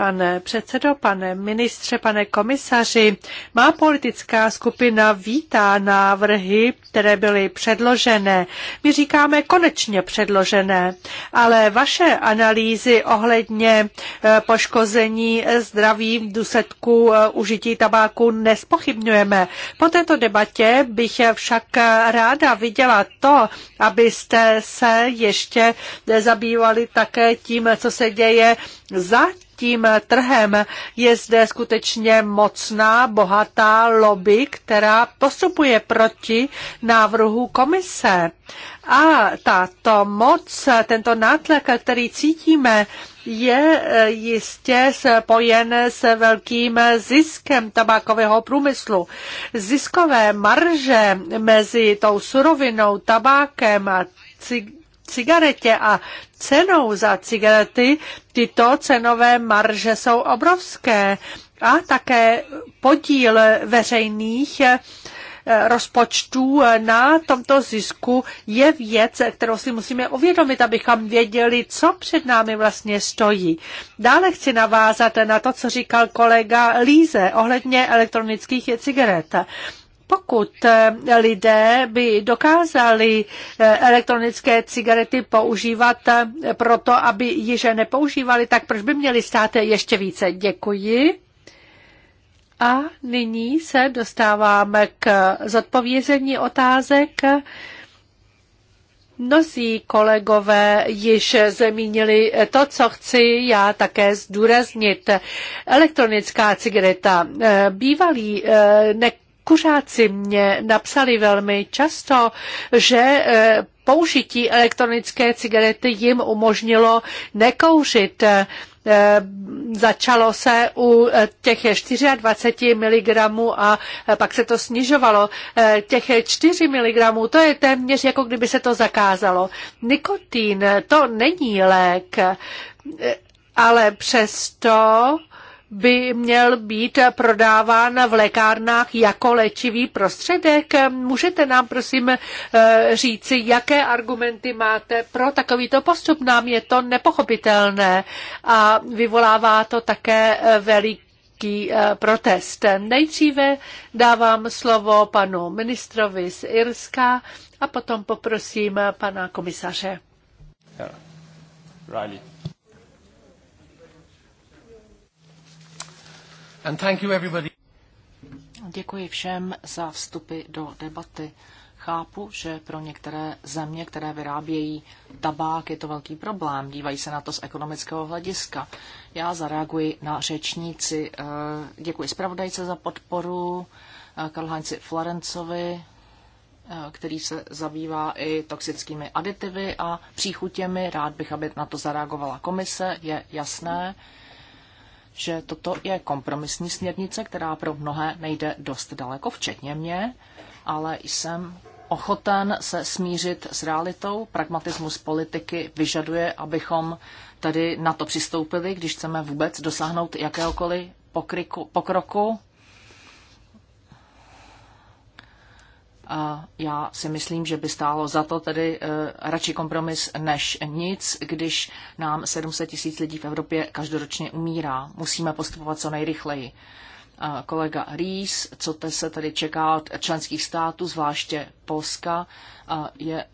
Pane předsedo, pane ministře, pane komisaři, má politická skupina vítá návrhy, které byly předložené. My říkáme konečně předložené, ale vaše analýzy ohledně eh, poškození zdraví v důsledku eh, užití tabáku nespochybňujeme. Po této debatě bych však ráda viděla to, abyste se ještě zabývali také tím, co se děje za tím trhem. Je zde skutečně mocná, bohatá lobby, která postupuje proti návrhu komise. A tato moc, tento nátlak, který cítíme, je eh, jistě spojen s velkým ziskem tabákového průmyslu. Ziskové marže mezi tou surovinou, tabákem a cig- cigaretě a cenou za cigarety, tyto cenové marže jsou obrovské a také podíl veřejných eh, rozpočtů eh, na tomto zisku je věc, kterou si musíme uvědomit, abychom věděli, co před námi vlastně stojí. Dále chci navázat na to, co říkal kolega Líze ohledně elektronických cigaret. Pokud eh, lidé by dokázali eh, elektronické cigarety používat eh, proto, aby již nepoužívali, tak proč by měli stát ještě více? Děkuji. A nyní se dostáváme k zodpovězení otázek. Mnozí kolegové již zmínili to, co chci já také zdůraznit. Elektronická cigareta. Bývalý ne- Kuřáci mě napsali velmi často, že eh, použití elektronické cigarety jim umožnilo nekouřit eh, začalo se u eh, těch 24 mg a pak se to snižovalo. Těch 4 mg, to je téměř jako kdyby se to zakázalo. Nikotin, to není lék, ale přesto by měl být prodáván v lékárnách jako léčivý prostředek. Můžete nám prosím eh, říci, jaké argumenty máte pro takovýto postup? Nám je to nepochopitelné a vyvolává to také eh, veliký velký eh, protest. Nejdříve dávám slovo panu ministrovi z Irska a potom poprosím pana komisaře. Riley. And thank you everybody. Děkuji všem za vstupy do debaty. Chápu, že pro některé země, které vyrábějí tabák, je to velký problém. Dívají se na to z ekonomického hlediska. Já zareaguji na řečníci. Eh, děkuji zpravodajce za podporu, eh, Karlheinci Florencovi, eh, který se zabývá i toxickými aditivy a příchutěmi. Rád bych, aby na to zareagovala komise. Je jasné, hmm že toto je kompromisní směrnice, která pro mnohé nejde dost daleko, včetně mě, ale jsem ochoten se smířit s realitou. Pragmatismus politiky vyžaduje, abychom tedy na to přistoupili, když chceme vůbec dosáhnout jakéhokoliv pokryku, pokroku. Já si myslím, že by stálo za to tedy eh, radši kompromis než nic, když nám 700 tisíc lidí v Evropě každoročně umírá. Musíme postupovat co nejrychleji. Kolega Rees, co te se tady čeká od členských států, zvláště Polska, je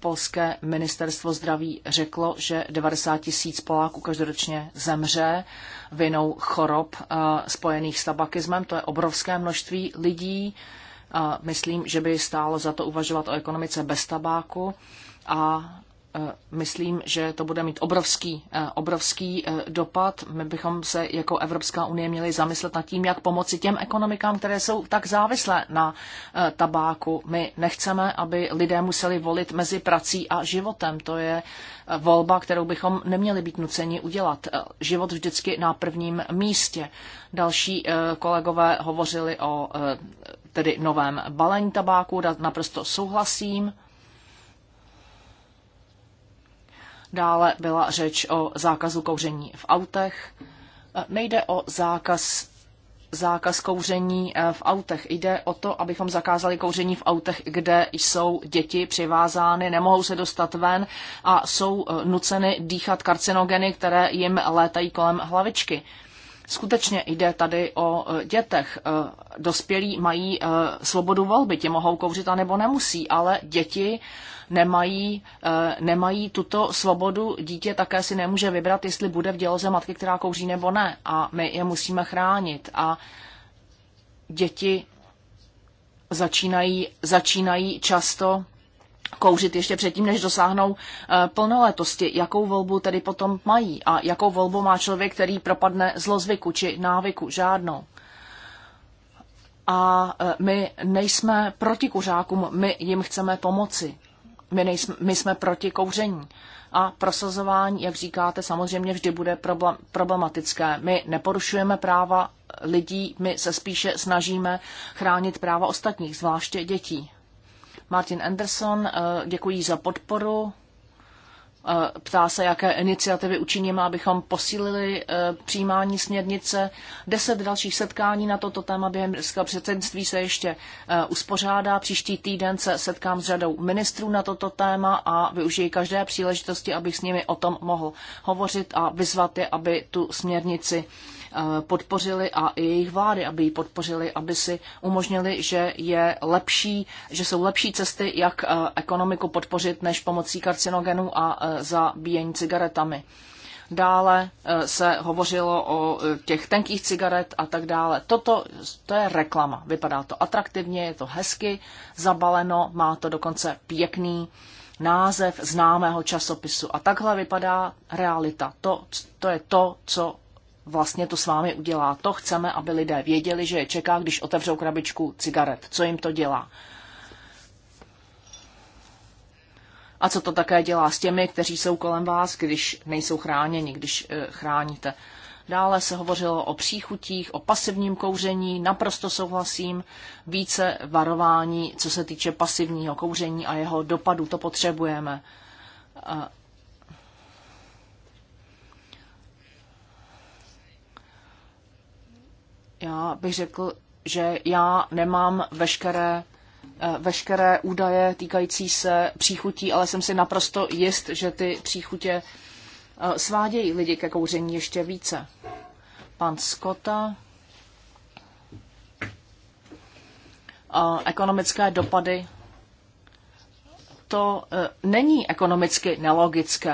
Polské ministerstvo zdraví řeklo, že 90 tisíc Poláků každoročně zemře vinou chorob spojených s tabakismem. To je obrovské množství lidí. Myslím, že by stálo za to uvažovat o ekonomice bez tabáku a e, myslím, že to bude mít obrovský, e, obrovský e, dopad. My bychom se jako Evropská unie měli zamyslet nad tím, jak pomoci těm ekonomikám, které jsou tak závislé na tabáku. My nechceme, aby lidé museli volit mezi prací a životem. To je volba, kterou bychom neměli být nuceni udělat. Život vždycky na prvním místě. Další kolegové hovořili o tedy novém balení tabáku, naprosto souhlasím. Dále byla řeč o zákazu kouření v autech. E, nejde o zákaz, zákaz kouření e, v autech. Jde o to, abychom zakázali kouření v autech, kde jsou děti přivázány, nemohou se dostat ven a jsou e, nuceny dýchat karcinogeny, které jim létají kolem hlavičky. Skutečně jde tady o e, dětech. E, dospělí mají e, svobodu volby, ti mohou kouřit a nebo nemusí, ale děti nemají, nemají tuto svobodu. Dítě také si nemůže vybrat, jestli bude v děloze matky, která kouří nebo ne. A my je musíme chránit. A děti začínají, začínají často kouřit ještě předtím, než dosáhnou eh, plnoletosti. Jakou volbu tedy potom mají a jakou volbu má člověk, který propadne zlozvyku či návyku? Žádnou. A eh, my nejsme proti kuřákům, my jim chceme pomoci. My, nejsme, my jsme proti kouření. A prosazování, jak říkáte, samozřejmě vždy bude problematické. My neporušujeme práva lidí, my se spíše snažíme chránit práva ostatních, zvláště dětí. Martin Anderson, eh, děkuji za podporu. Eh, ptá se, jaké iniciativy učiníme, abychom posílili eh, přijímání směrnice. Deset dalších setkání na toto téma během britského předsednictví se ještě uspořádá. Příští týden se setkám s řadou ministrů na toto téma a využiji každé příležitosti, abych s nimi o tom mohl hovořit a vyzvat je, aby tu směrnici Eh, podpořili a i jejich vlády, aby ji podpořili, aby si umožnili, že je lepší, že jsou lepší cesty, jak eh, ekonomiku podpořit, než pomocí karcinogenů a eh, zabíjení cigaretami. Dále se hovořilo o těch tenkých cigaret a tak dále. Toto to je reklama. Vypadá to atraktivně, je to hezky zabaleno, má to dokonce pěkný název známého časopisu. A takhle vypadá realita. To, to je to, co vlastně to s vámi udělá. To chceme, aby lidé věděli, že je čeká, když otevřou krabičku cigaret. Co jim to dělá? A co to také dělá s těmi, kteří jsou kolem vás, když nejsou chráněni, když eh, chráníte. Dále se hovořilo o příchutích, o pasivním kouření, naprosto souhlasím, více varování, co se týče pasivního kouření a jeho dopadu, to potřebujeme. Eh, Já bych řekl, že já nemám veškeré eh, veškeré údaje týkající se příchutí, ale jsem si naprosto jist, že ty příchutě eh, svádějí lidi ke kouření ještě více. Pan Skota. Eh, ekonomické dopady to e, není ekonomicky nelogické.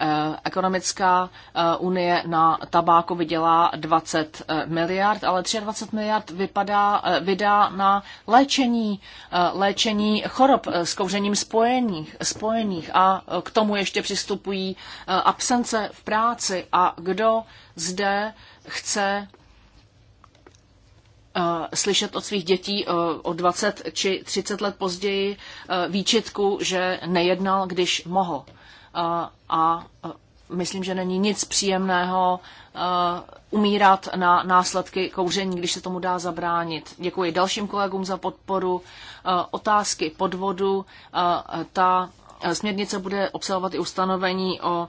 E, ekonomická e, unie na tabáku vydělá 20 miliard, ale 23 miliard vypadá, vydá na léčení, léčení chorob s kouřením spojených, spojených a k tomu ještě přistupují absence v práci a kdo zde chce Eh, slyšet od svých dětí eh, o 20 či 30 let později eh, výčitku, že nejednal, když mohl. A myslím, že není nic příjemného umírat na následky kouření, když se tomu dá zabránit. Děkuji dalším kolegům za podporu. Otázky podvodu. Ta směrnice bude obsahovat i ustanovení o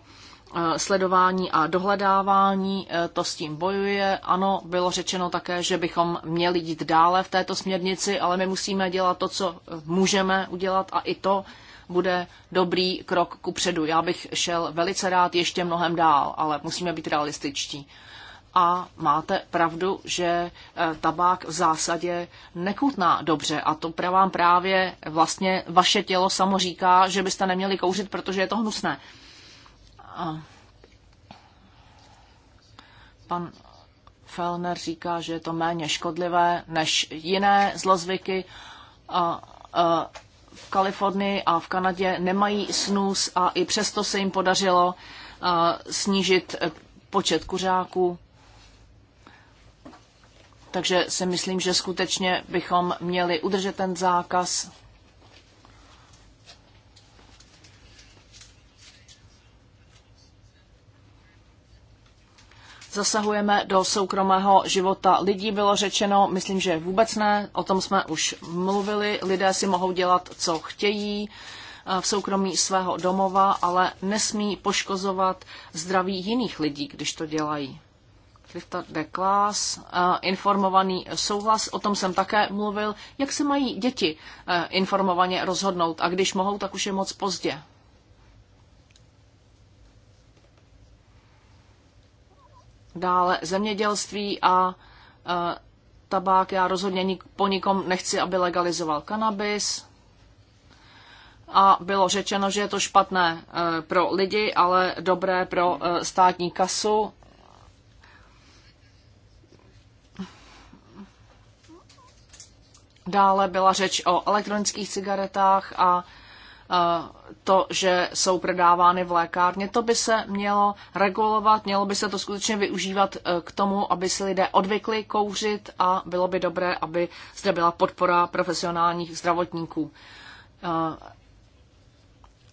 Eh, sledování a dohledávání, eh, to s tím bojuje. Ano, bylo řečeno také, že bychom měli jít dále v této směrnici, ale my musíme dělat to, co můžeme udělat a i to bude dobrý krok ku předu. Já bych šel velice rád ještě mnohem dál, ale musíme být realističtí. A máte pravdu, že eh, tabák v zásadě nechutná dobře a to vám právě vlastně vaše tělo samo říká, že byste neměli kouřit, protože je to hnusné. A pan Fellner říká, že je to méně škodlivé než jiné zlozvyky a, a v Kalifornii a v Kanadě nemají snus a i přesto se jim podařilo a, snížit počet kuřáků. Takže si myslím, že skutečně bychom měli udržet ten zákaz zasahujeme do soukromého života lidí, bylo řečeno, myslím, že vůbec ne, o tom jsme už mluvili, lidé si mohou dělat, co chtějí eh, v soukromí svého domova, ale nesmí poškozovat zdraví jiných lidí, když to dělají. Clifford de Klaas, eh, informovaný souhlas, o tom jsem také mluvil, jak se mají děti eh, informovaně rozhodnout a když mohou, tak už je moc pozdě. Dále zemědělství a e, tabák. Já rozhodně nik, po nikom nechci, aby legalizoval kanabis. A bylo řečeno, že je to špatné e, pro lidi, ale dobré pro e, státní kasu. Dále byla řeč o elektronických cigaretách a Eh, to, že jsou prodávány v lékárně. To by se mělo regulovat, mělo by se to skutečně využívat eh, k tomu, aby si lidé odvykli kouřit a bylo by dobré, aby zde byla podpora profesionálních zdravotníků. Eh,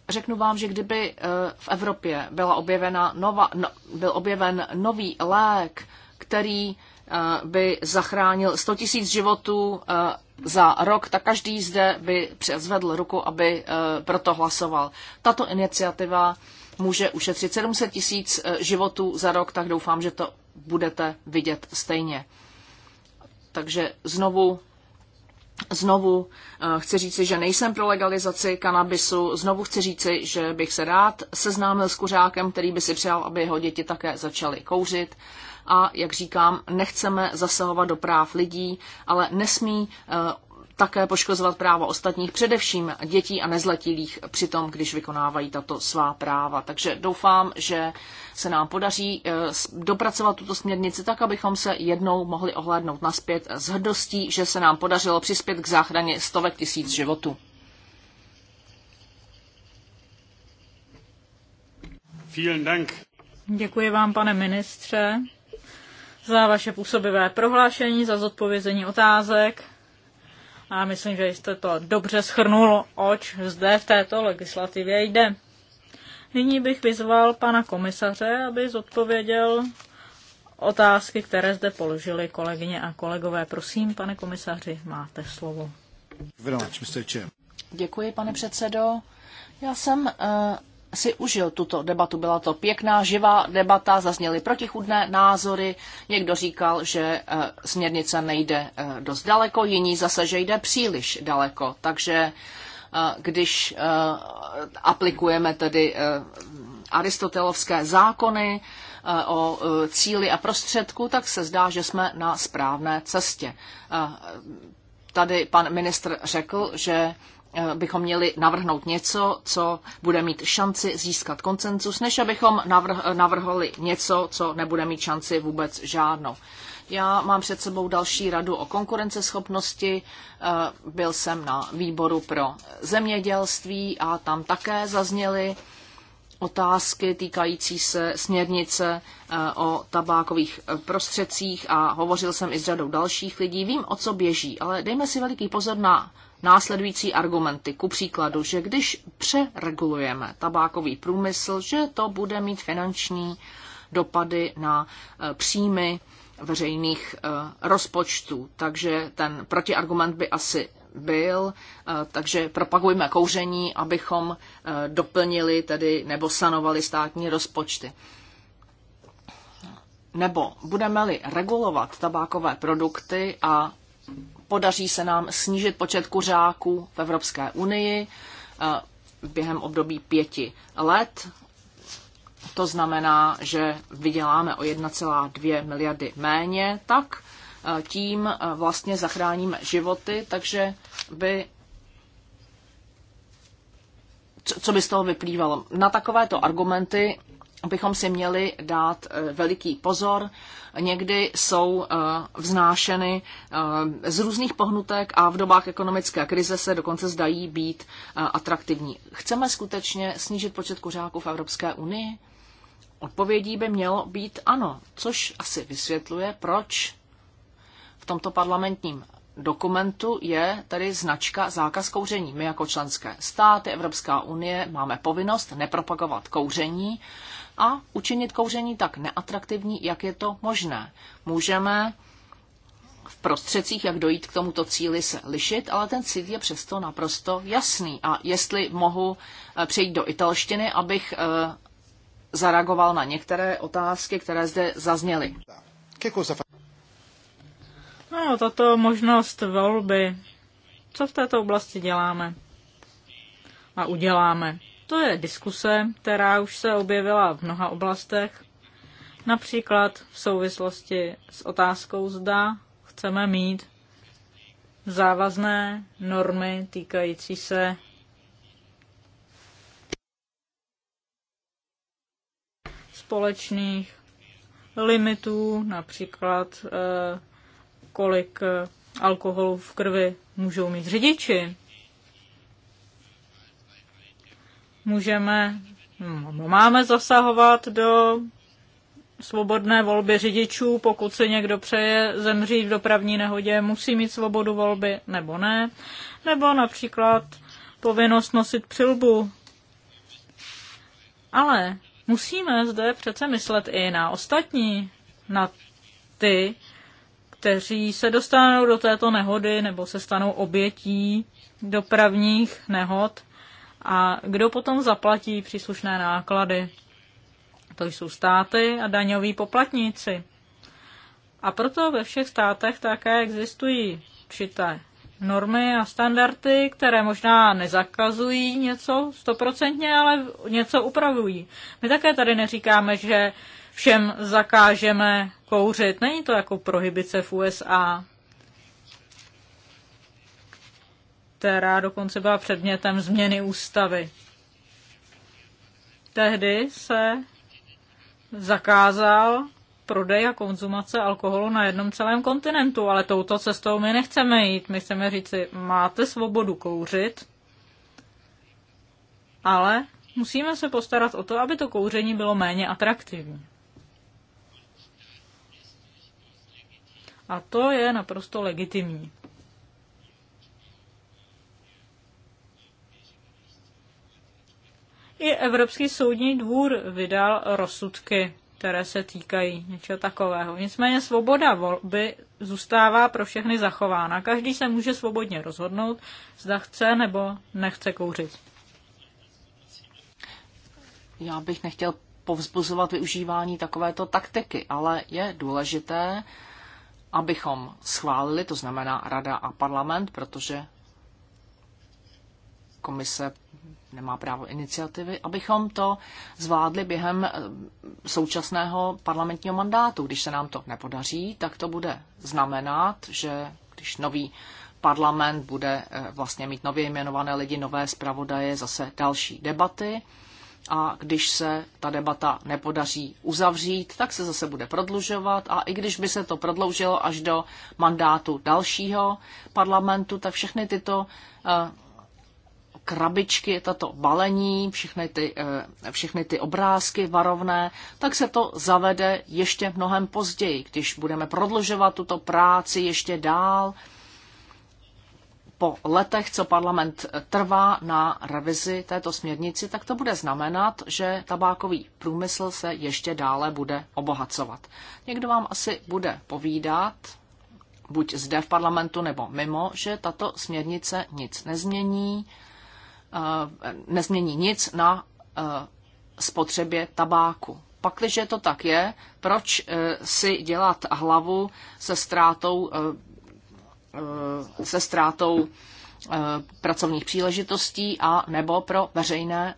řeknu vám, že kdyby v Evropě byla objevena nova, no, byl objeven nový lék, který by zachránil 100 000 životů za rok, tak každý zde by přezvedl ruku, aby eh, proto hlasoval. Tato iniciativa může ušetřit 700 tisíc eh, životů za rok, tak doufám, že to budete vidět stejně. Takže znovu Znovu eh, chci říci, že nejsem pro legalizaci kanabisu. Znovu chci říci, že bych se rád seznámil s kuřákem, který by si přál, aby jeho děti také začaly kouřit a, jak říkám, nechceme zasahovat do práv lidí, ale nesmí eh, také poškozovat práva ostatních, především dětí a nezletilých, při tom, když vykonávají tato svá práva. Takže doufám, že se nám podaří eh, dopracovat tuto směrnici tak, abychom se jednou mohli ohlédnout naspět s hrdostí, že se nám podařilo přispět k záchraně stovek tisíc životů. Děkuji vám, pane ministře za vaše působivé prohlášení, za zodpovězení otázek. A myslím, že jste to dobře schrnul, oč zde v této legislativě jde. Nyní bych vyzval pana komisaře, aby zodpověděl otázky, které zde položili kolegyně a kolegové. Prosím, pane komisaři, máte slovo. Děkuji, pane předsedo. Já jsem eh, si užil tuto debatu. Byla to pěkná, živá debata, zazněly protichudné názory. Někdo říkal, že eh, směrnice nejde eh, dost daleko, jiní zase, že jde příliš daleko. Takže eh, když aplikujeme tedy aristotelovské zákony o cíli a prostředku, tak se zdá, že jsme na správné cestě. Tady pan ministr řekl, že Eh, bychom měli navrhnout něco, co bude mít šanci získat koncensus, než abychom navrh, eh, navrhli něco, co nebude mít šanci vůbec žádnou. Já mám před sebou další radu o konkurenceschopnosti. Eh, byl jsem na výboru pro zemědělství a tam také zazněly otázky týkající se směrnice o tabákových prostředcích a hovořil jsem i s řadou dalších lidí. Vím, o co běží, ale dejme si veliký pozor na následující argumenty. Ku příkladu, že když přeregulujeme tabákový průmysl, že to bude mít finanční dopady na e, příjmy veřejných e, rozpočtů. Takže ten protiargument by asi byl, e, takže propagujme kouření, abychom doplnili tedy nebo sanovali státní rozpočty. Nebo budeme-li regulovat tabákové produkty a podaří se nám snížit počet kuřáků v Evropské unii eh, během období pěti let. To znamená, že vyděláme o 1,2 miliardy méně, tak eh, tím eh, vlastně zachráníme životy, takže by co by z toho vyplývalo? Na takovéto argumenty bychom si měli dát eh, veliký pozor. Někdy jsou eh, vznášeny eh, z různých pohnutek a v dobách ekonomické krize se dokonce zdají být atraktivní. Chceme skutečně snížit počet kuřáků v Evropské unii? Odpovědí by mělo být ano, což asi vysvětluje, proč v tomto parlamentním dokumentu je tady značka zákaz kouření. My jako členské státy Evropská unie máme povinnost nepropagovat kouření a učinit kouření tak neatraktivní, jak je to možné. Můžeme v prostředcích, jak dojít k tomuto cíli, se lišit, ale ten cíl je přesto naprosto jasný. A jestli mohu eh, přejít do italštiny, abych eh, zareagoval na některé otázky, které zde zazněly. No, tato možnost volby. Co v této oblasti děláme? A uděláme. To je diskuse, která už se objevila v mnoha oblastech, například v souvislosti s otázkou, zda chceme mít závazné normy týkající se společných limitů, například eh, kolik eh, alkoholu v krvi můžou mít řidiči. můžeme, no, máme zasahovat do svobodné volby řidičů, pokud se někdo přeje zemřít v dopravní nehodě, musí mít svobodu volby nebo ne, nebo například povinnost nosit přilbu. Ale musíme zde přece myslet i na ostatní, na ty, kteří se dostanou do této nehody nebo se stanou obětí dopravních nehod. A kdo potom zaplatí příslušné náklady? To jsou státy a daňoví poplatníci. A proto ve všech státech také existují určité normy a standardy, které možná nezakazují něco stoprocentně, ale něco upravují. My také tady neříkáme, že všem zakážeme kouřit. Není to jako prohibice v USA. která dokonce byla předmětem změny ústavy. Tehdy se zakázal prodej a konzumace alkoholu na jednom celém kontinentu, ale touto cestou my nechceme jít. My chceme říci, máte svobodu kouřit, ale musíme se postarat o to, aby to kouření bylo méně atraktivní. A to je naprosto legitimní. I Evropský soudní dvůr vydal rozsudky, které se týkají něčeho takového. Nicméně svoboda volby zůstává pro všechny zachována. Každý se může svobodně rozhodnout, zda chce nebo nechce kouřit. Já bych nechtěl povzbuzovat využívání takovéto taktiky, ale je důležité, abychom schválili, to znamená Rada a parlament, protože komise nemá právo iniciativy, abychom to zvládli během eh, současného parlamentního mandátu. Když se nám to nepodaří, tak to bude znamenat, že když nový parlament bude eh, vlastně mít nově jmenované lidi, nové zpravodaje, zase další debaty. A když se ta debata nepodaří uzavřít, tak se zase bude prodlužovat. A i když by se to prodloužilo až do mandátu dalšího parlamentu, tak všechny tyto eh, krabičky, tato balení, všechny ty, eh, všechny ty obrázky varovné, tak se to zavede ještě mnohem později, když budeme prodlužovat tuto práci ještě dál po letech, co parlament trvá na revizi této směrnici, tak to bude znamenat, že tabákový průmysl se ještě dále bude obohacovat. Někdo vám asi bude povídat, buď zde v parlamentu nebo mimo, že tato směrnice nic nezmění, Eh, nezmění nic na eh, spotřebě tabáku. Pakliže to tak je, proč eh, si dělat hlavu se ztrátou, se ztrátou pracovních příležitostí a nebo pro veřejné,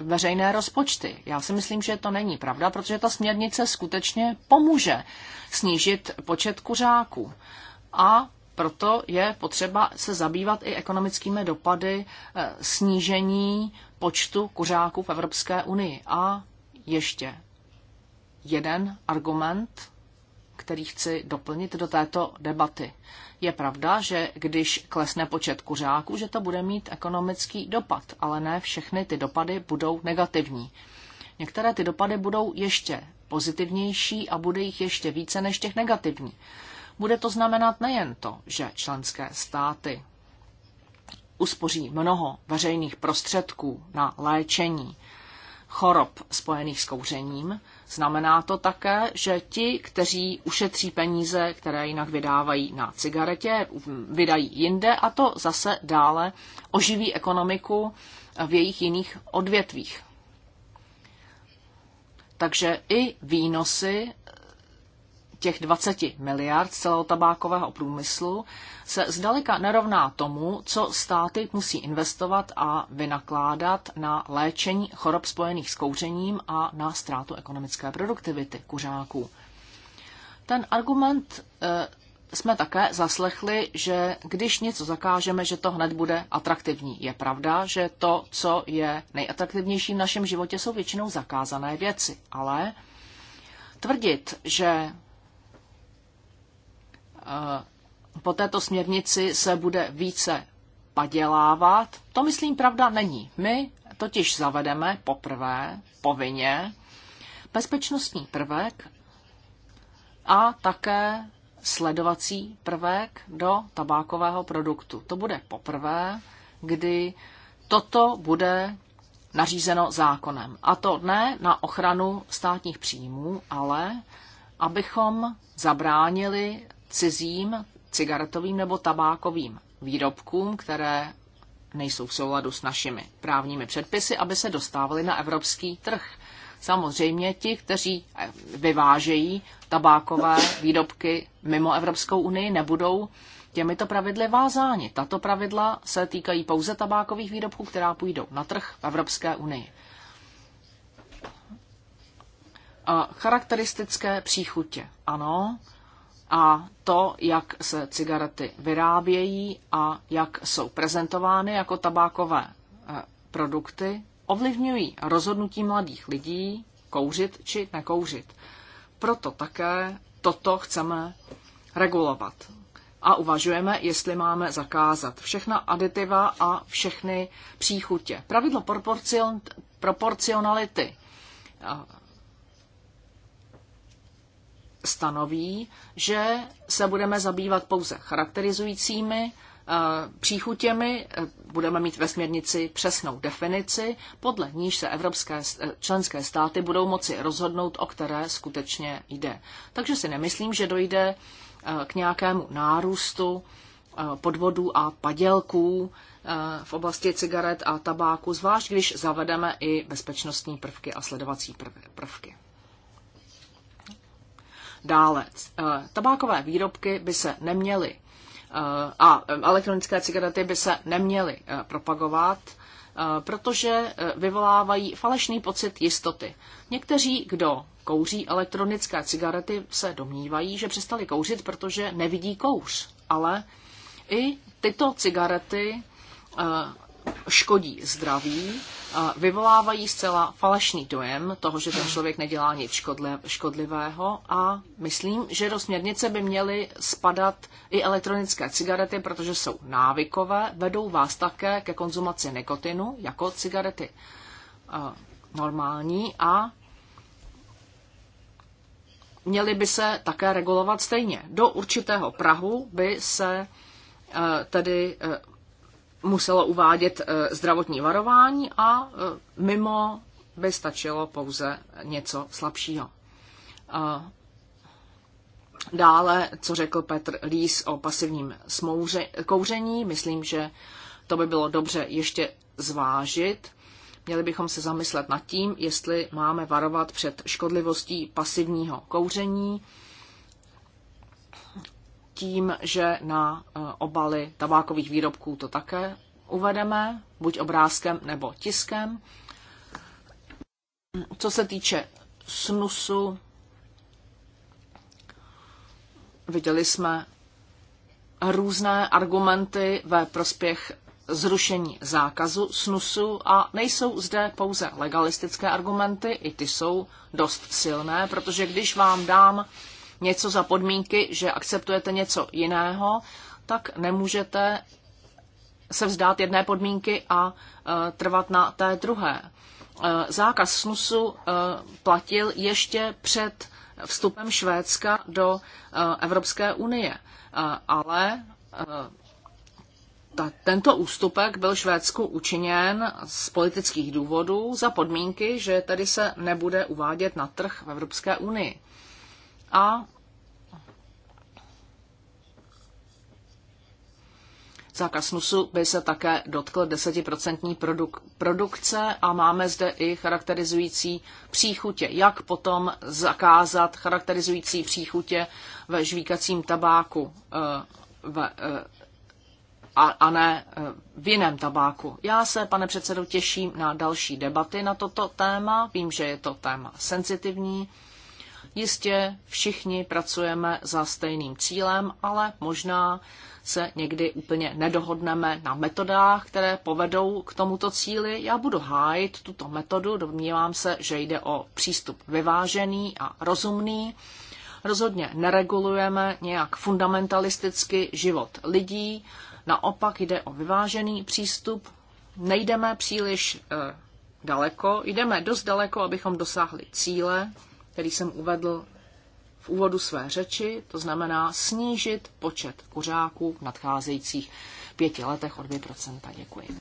veřejné rozpočty. Já si myslím, že to není pravda, protože ta směrnice skutečně pomůže snížit počet kuřáků. A proto je potřeba se zabývat i ekonomickými dopady eh, snížení počtu kuřáků v Evropské unii. A ještě jeden argument, který chci doplnit do této debaty. Je pravda, že když klesne počet kuřáků, že to bude mít ekonomický dopad, ale ne všechny ty dopady budou negativní. Některé ty dopady budou ještě pozitivnější a bude jich ještě více než těch negativní. Bude to znamenat nejen to, že členské státy uspoří mnoho veřejných prostředků na léčení chorob spojených s kouřením, znamená to také, že ti, kteří ušetří peníze, které jinak vydávají na cigaretě, vydají jinde a to zase dále oživí ekonomiku v jejich jiných odvětvích. Takže i výnosy těch 20 miliard celého tabákového průmyslu se zdaleka nerovná tomu, co státy musí investovat a vynakládat na léčení chorob spojených s kouřením a na ztrátu ekonomické produktivity kuřáků. Ten argument e, jsme také zaslechli, že když něco zakážeme, že to hned bude atraktivní. Je pravda, že to, co je nejatraktivnější v našem životě, jsou většinou zakázané věci, ale tvrdit, že Eh, po této směrnici se bude více padělávat. To, myslím, pravda není. My totiž zavedeme poprvé, povinně, bezpečnostní prvek a také sledovací prvek do tabákového produktu. To bude poprvé, kdy toto bude nařízeno zákonem. A to ne na ochranu státních příjmů, ale abychom zabránili cizím cigaretovým nebo tabákovým výrobkům, které nejsou v souladu s našimi právními předpisy, aby se dostávaly na evropský trh. Samozřejmě ti, kteří eh, vyvážejí tabákové výrobky mimo Evropskou unii, nebudou těmito pravidly vázáni. Tato pravidla se týkají pouze tabákových výrobků, která půjdou na trh v Evropské unii. A charakteristické příchutě. Ano, a to, jak se cigarety vyrábějí a jak jsou prezentovány jako tabákové eh, produkty, ovlivňují rozhodnutí mladých lidí kouřit či nekouřit. Proto také toto chceme regulovat. A uvažujeme, jestli máme zakázat všechna aditiva a všechny příchutě. Pravidlo proporcionality eh, stanoví, že se budeme zabývat pouze charakterizujícími eh, příchutěmi, eh, budeme mít ve směrnici přesnou definici, podle níž se evropské eh, členské státy budou moci rozhodnout, o které skutečně jde. Takže si nemyslím, že dojde k nějakému nárůstu podvodů a padělků v oblasti cigaret a tabáku, zvlášť když zavedeme i bezpečnostní prvky a sledovací prvky dále. Eh, tabákové výrobky by se neměly eh, a eh, elektronické cigarety by se neměly propagovat, protože vyvolávají falešný pocit jistoty. Někteří, kdo kouří elektronické cigarety, se domnívají, že přestali kouřit, protože nevidí kouř. Ale i tyto cigarety škodí zdraví, vyvolávají zcela falešný dojem toho, že ten člověk nedělá nic škodlivého a myslím, že do směrnice by měly spadat i elektronické cigarety, protože jsou návykové, vedou vás také ke konzumaci nikotinu jako cigarety eh, normální a měly by se také regulovat stejně. Do určitého Prahu by se eh, tedy eh, muselo uvádět eh, zdravotní varování a eh, mimo by stačilo pouze něco slabšího. Dále, co řekl Petr Lís o pasivním smouře, kouření, myslím, že to by bylo dobře ještě zvážit. Měli bychom se zamyslet nad tím, jestli máme varovat před škodlivostí pasivního kouření tím, že na eh, obaly tabákových výrobků to také uvedeme, buď obrázkem nebo tiskem. Co se týče snusu, viděli jsme různé argumenty ve prospěch zrušení zákazu snusu a nejsou zde pouze legalistické argumenty, i ty jsou dost silné, protože když vám dám něco za podmínky, že akceptujete něco jiného, tak nemůžete se vzdát jedné podmínky a e, trvat na té druhé. E, zákaz snusu e, platil ještě před vstupem Švédska do Evropské unie, ale ta, tento ústupek byl Švédsku učiněn z politických důvodů za podmínky, že tady se nebude uvádět na trh v Evropské unii a Zákaz nusu by se také dotkl 10% produk- produkce a máme zde i charakterizující příchutě. Jak potom zakázat charakterizující příchutě ve žvíkacím tabáku eh, ve, eh, a, a ne eh, v jiném tabáku. Já se, pane předsedo, těším na další debaty na toto téma. Vím, že je to téma senzitivní Jistě všichni pracujeme za stejným cílem, ale možná se někdy úplně nedohodneme na metodách, které povedou k tomuto cíli. Já budu hájit tuto metodu, domnívám se, že jde o přístup vyvážený a rozumný. Rozhodně neregulujeme nějak fundamentalisticky život lidí, naopak jde o vyvážený přístup. Nejdeme příliš eh, daleko, jdeme dost daleko, abychom dosáhli cíle, který jsem uvedl v úvodu své řeči, to znamená snížit počet kuřáků v nadcházejících pěti letech o 2%. Děkuji.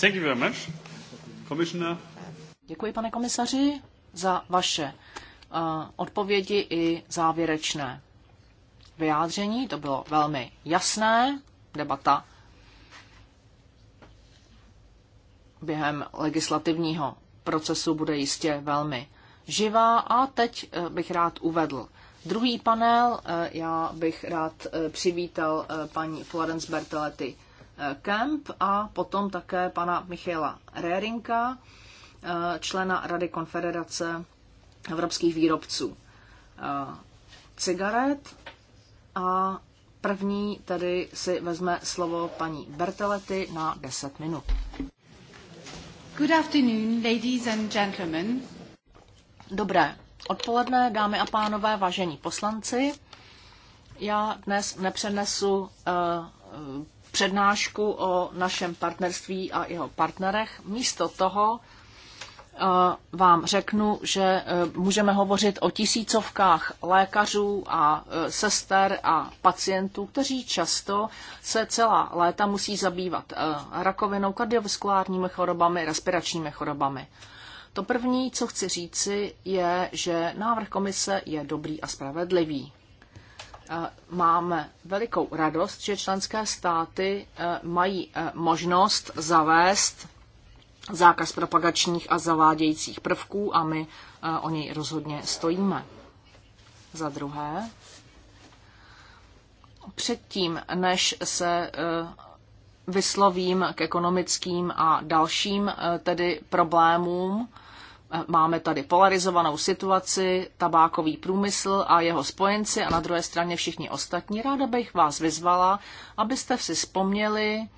Thank you very much. Commissioner. Děkuji, pane komisaři, za vaše uh, odpovědi i závěrečné vyjádření. To bylo velmi jasné. Debata během legislativního procesu bude jistě velmi živá a teď eh, bych rád uvedl. Druhý panel, eh, já bych rád eh, přivítal paní Florence Bertoletti Kemp a potom také pana Michaela Rérinka, člena Rady konfederace evropských výrobců cigaret a první tedy si vezme slovo paní Berteletti na 10 minut. Good afternoon, ladies and gentlemen. Dobré odpoledne, dámy a pánové, vážení poslanci. Já dnes nepřenesu eh, přednášku o našem partnerství a jeho partnerech. Místo toho eh, vám řeknu, že eh, můžeme hovořit o tisícovkách lékařů a sester a pacientů, kteří často se celá léta musí zabývat rakovinou, kardiovaskulárními chorobami, respiračními chorobami. To první, co chci říci, je, že návrh komise je dobrý a spravedlivý. E, máme velikou radost, že členské státy e, mají e, možnost zavést zákaz propagačních a zavádějících prvků a my o něj rozhodně stojíme. Za druhé, předtím, než se vyslovím k ekonomickým a dalším tedy problémům, Máme tady polarizovanou situaci, tabákový průmysl a jeho spojenci a na druhé straně všichni ostatní. Ráda bych vás vyzvala, abyste si vzpomněli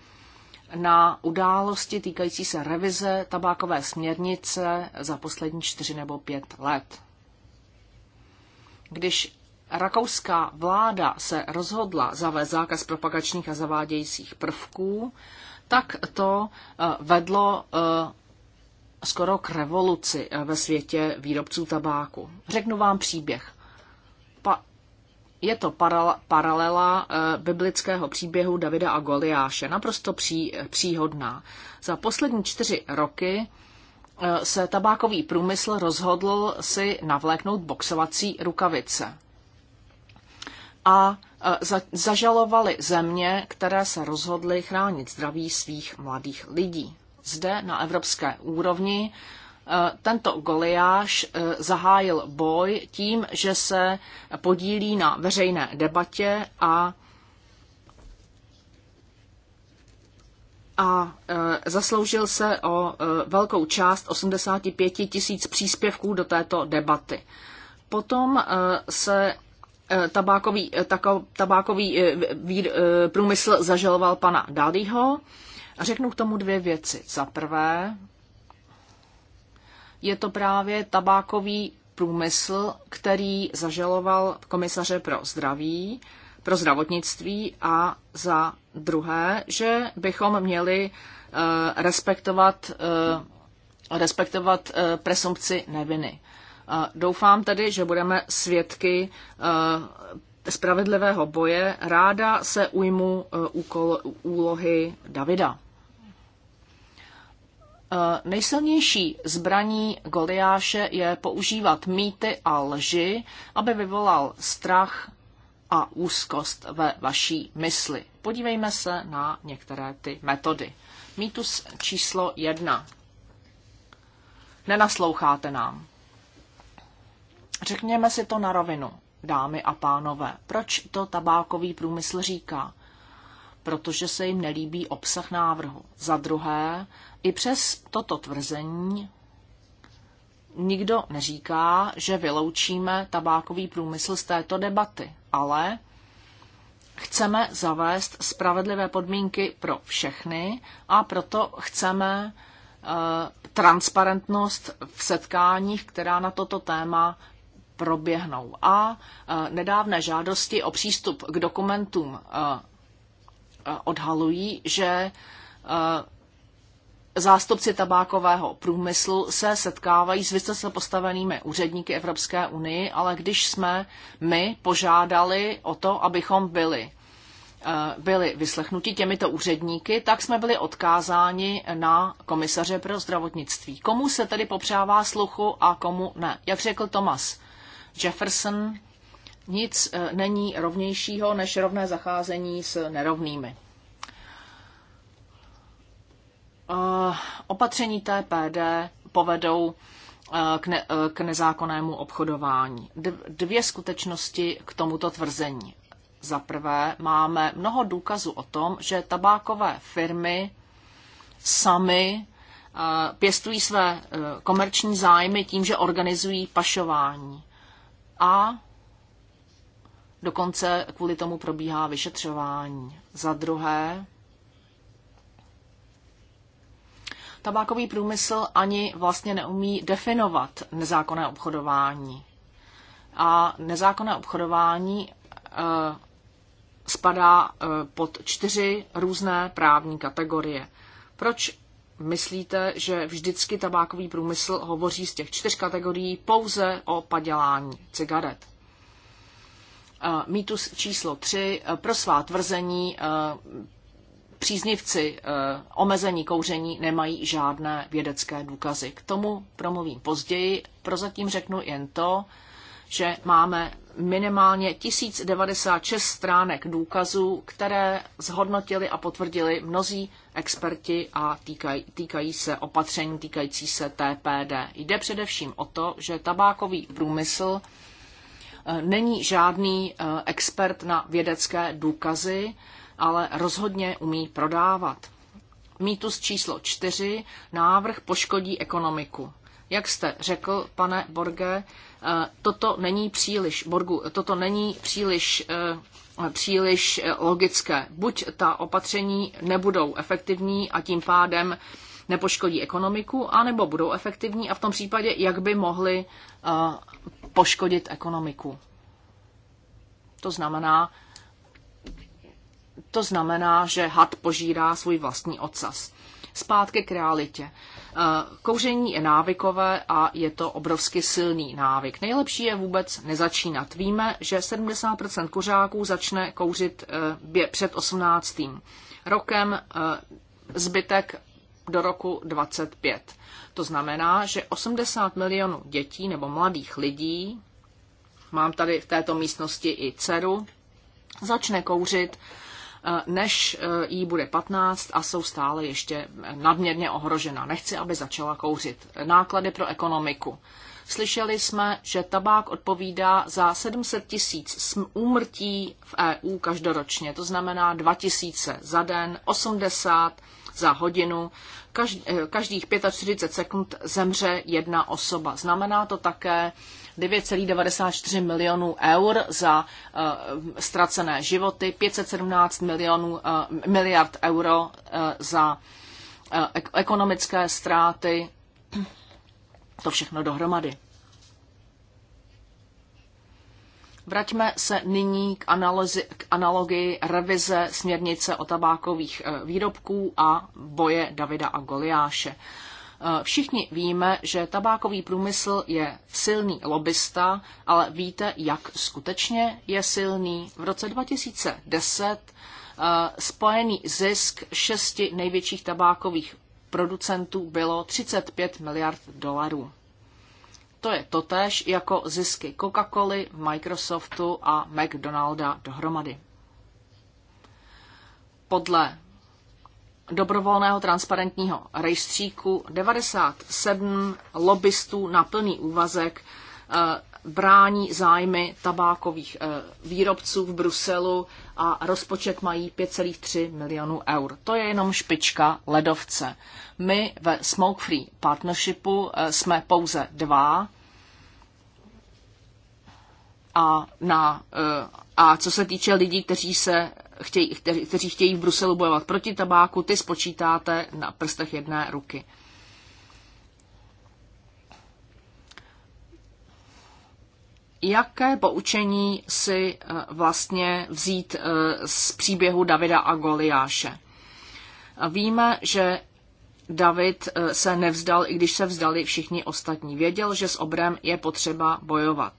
na události týkající se revize tabákové směrnice za poslední čtyři nebo pět let. Když rakouská vláda se rozhodla zavést zákaz propagačních a zavádějících prvků, tak to eh, vedlo eh, skoro k revoluci eh, ve světě výrobců tabáku. Řeknu vám příběh. Pa, je to paral, paralela e, biblického příběhu Davida a Goliáše, naprosto pří, eh, příhodná. Za poslední čtyři roky e, se tabákový průmysl rozhodl si navléknout boxovací rukavice. A e, za, zažalovali země, které se rozhodly chránit zdraví svých mladých lidí zde na evropské úrovni e, tento Goliáš e, zahájil boj tím, že se podílí na veřejné debatě a a e, zasloužil se o velkou část 85 tisíc příspěvků do této debaty. Potom se tabákový, tako, tabákový průmysl zažaloval pana Dalího Řeknu k tomu dvě věci. Za prvé, je to právě tabákový průmysl, který zažaloval komisaře pro zdraví, pro zdravotnictví a za druhé, že bychom měli uh, respektovat, uh, respektovat uh, presumpci neviny. Uh, doufám tedy, že budeme svědky uh, spravedlivého boje. Ráda se ujmu uh, úkol, úlohy Davida. Eh, nejsilnější zbraní Goliáše je používat mýty a lži, aby vyvolal strach a úzkost ve vaší mysli. Podívejme se na některé ty metody. Mýtus číslo jedna. Nenasloucháte nám. Řekněme si to na rovinu, dámy a pánové. Proč to tabákový průmysl říká? protože se jim nelíbí obsah návrhu. Za druhé, i přes toto tvrzení nikdo neříká, že vyloučíme tabákový průmysl z této debaty, ale chceme zavést spravedlivé podmínky pro všechny a proto chceme eh, transparentnost v setkáních, která na toto téma proběhnou. A eh, nedávné žádosti o přístup k dokumentům eh, odhalují, že e, zástupci tabákového průmyslu se setkávají s vysoce postavenými úředníky Evropské unii, ale když jsme my požádali o to, abychom byli e, byli vyslechnuti těmito úředníky, tak jsme byli odkázáni na komisaře pro zdravotnictví. Komu se tedy popřává sluchu a komu ne? Jak řekl Thomas Jefferson, nic e, není rovnějšího než rovné zacházení s nerovnými. E, opatření TPD povedou e, k, ne, k nezákonnému obchodování. Dvě skutečnosti k tomuto tvrzení. Za prvé, máme mnoho důkazů o tom, že tabákové firmy sami pěstují své komerční zájmy tím, že organizují pašování. A Dokonce kvůli tomu probíhá vyšetřování. Za druhé, tabákový průmysl ani vlastně neumí definovat nezákonné obchodování. A nezákonné obchodování eh, spadá eh, pod čtyři různé právní kategorie. Proč myslíte, že vždycky tabákový průmysl hovoří z těch čtyř kategorií pouze o padělání cigaret? mýtus číslo 3. Eh, pro svá tvrzení eh, příznivci eh, omezení kouření nemají žádné vědecké důkazy. K tomu promluvím později. Prozatím řeknu jen to, že máme minimálně 1096 stránek důkazů, které zhodnotili a potvrdili mnozí experti a týkaj, týkají se opatření týkající se TPD. Jde především o to, že tabákový průmysl Eh, není žádný eh, expert na vědecké důkazy, ale rozhodně umí prodávat. Mýtus číslo čtyři. Návrh poškodí ekonomiku. Jak jste řekl, pane Borge, eh, toto není příliš, Borgu, toto není příliš příliš logické. Buď ta opatření nebudou efektivní a tím pádem nepoškodí ekonomiku, anebo budou efektivní a v tom případě, jak by mohly poškodit ekonomiku. To znamená, to znamená, že had požírá svůj vlastní ocas. Zpátky k realitě. Eh, kouření je návykové a je to obrovsky silný návyk. Nejlepší je vůbec nezačínat. Víme, že 70% kuřáků začne kouřit eh, před 18. rokem, eh, zbytek do roku 25. To znamená, že 80 milionů dětí nebo mladých lidí, mám tady v této místnosti i dceru, začne kouřit, eh, než eh, jí bude 15 a jsou stále ještě nadměrně ohrožena. Nechci, aby začala kouřit. Náklady pro ekonomiku. Slyšeli jsme, že tabák odpovídá za 700 tisíc úmrtí v EU každoročně, to znamená 2000 za den, 80 za hodinu eh, každých 45 sekund zemře jedna osoba. Znamená to také 9,94 milionů eur za uh, ztracené životy, 517 milionů, uh, miliard euro uh, za uh, ekonomické ztráty. To všechno dohromady. Vraťme se nyní k, analizi, k analogii revize směrnice o tabákových eh, výrobků a boje Davida a Goliáše. Eh, všichni víme, že tabákový průmysl je silný lobista, ale víte, jak skutečně je silný? V roce 2010 eh, spojený zisk šesti největších tabákových producentů bylo 35 miliard dolarů. To je totéž jako zisky Coca-Coly, Microsoftu a McDonalda dohromady. Podle dobrovolného transparentního rejstříku 97 lobbystů na plný úvazek eh, brání zájmy tabákových eh, výrobců v Bruselu a rozpočet mají 5,3 milionů eur. To je jenom špička ledovce. My ve Smoke Free Partnershipu eh, jsme pouze dva a, na, eh, a co se týče lidí, kteří se chtějí, kteří, kteří chtějí v Bruselu bojovat proti tabáku, ty spočítáte na prstech jedné ruky. jaké poučení si eh, vlastně vzít eh, z příběhu Davida a Goliáše. Víme, že David eh, se nevzdal, i když se vzdali všichni ostatní. Věděl, že s obrem je potřeba bojovat.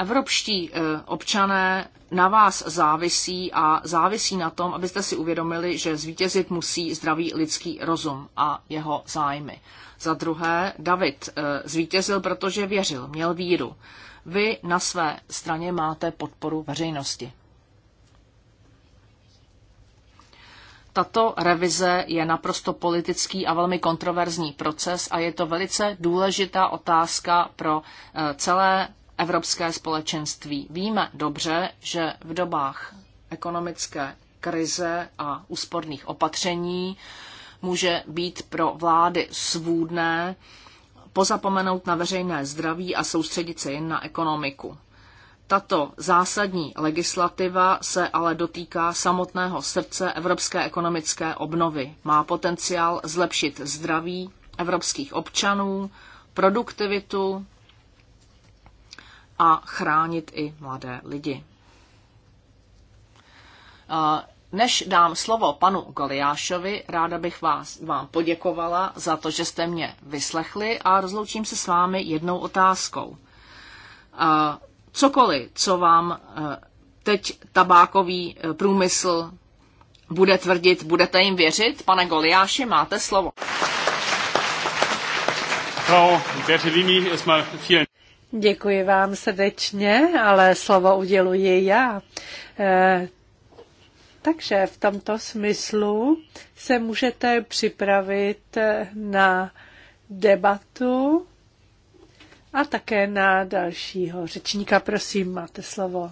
Evropští eh, občané na vás závisí a závisí na tom, abyste si uvědomili, že zvítězit musí zdravý lidský rozum a jeho zájmy. Za druhé, David eh, zvítězil, protože věřil, měl víru. Vy na své straně máte podporu veřejnosti. Tato revize je naprosto politický a velmi kontroverzní proces a je to velice důležitá otázka pro eh, celé Evropské společenství. Víme dobře, že v dobách ekonomické krize a úsporných opatření může být pro vlády svůdné pozapomenout na veřejné zdraví a soustředit se jen na ekonomiku. Tato zásadní legislativa se ale dotýká samotného srdce evropské ekonomické obnovy. Má potenciál zlepšit zdraví evropských občanů, produktivitu, a chránit i mladé lidi. Než dám slovo panu Goliášovi, ráda bych vás, vám poděkovala za to, že jste mě vyslechli a rozloučím se s vámi jednou otázkou. Cokoliv, co vám e, teď tabákový e, průmysl bude tvrdit, budete jim věřit? Pane Goliáši, máte slovo. Frau Bertolini, erstmal vielen Děkuji vám srdečně, ale slovo uděluji já. E, takže v tomto smyslu se můžete připravit na debatu a také na dalšího řečníka. Prosím, máte slovo.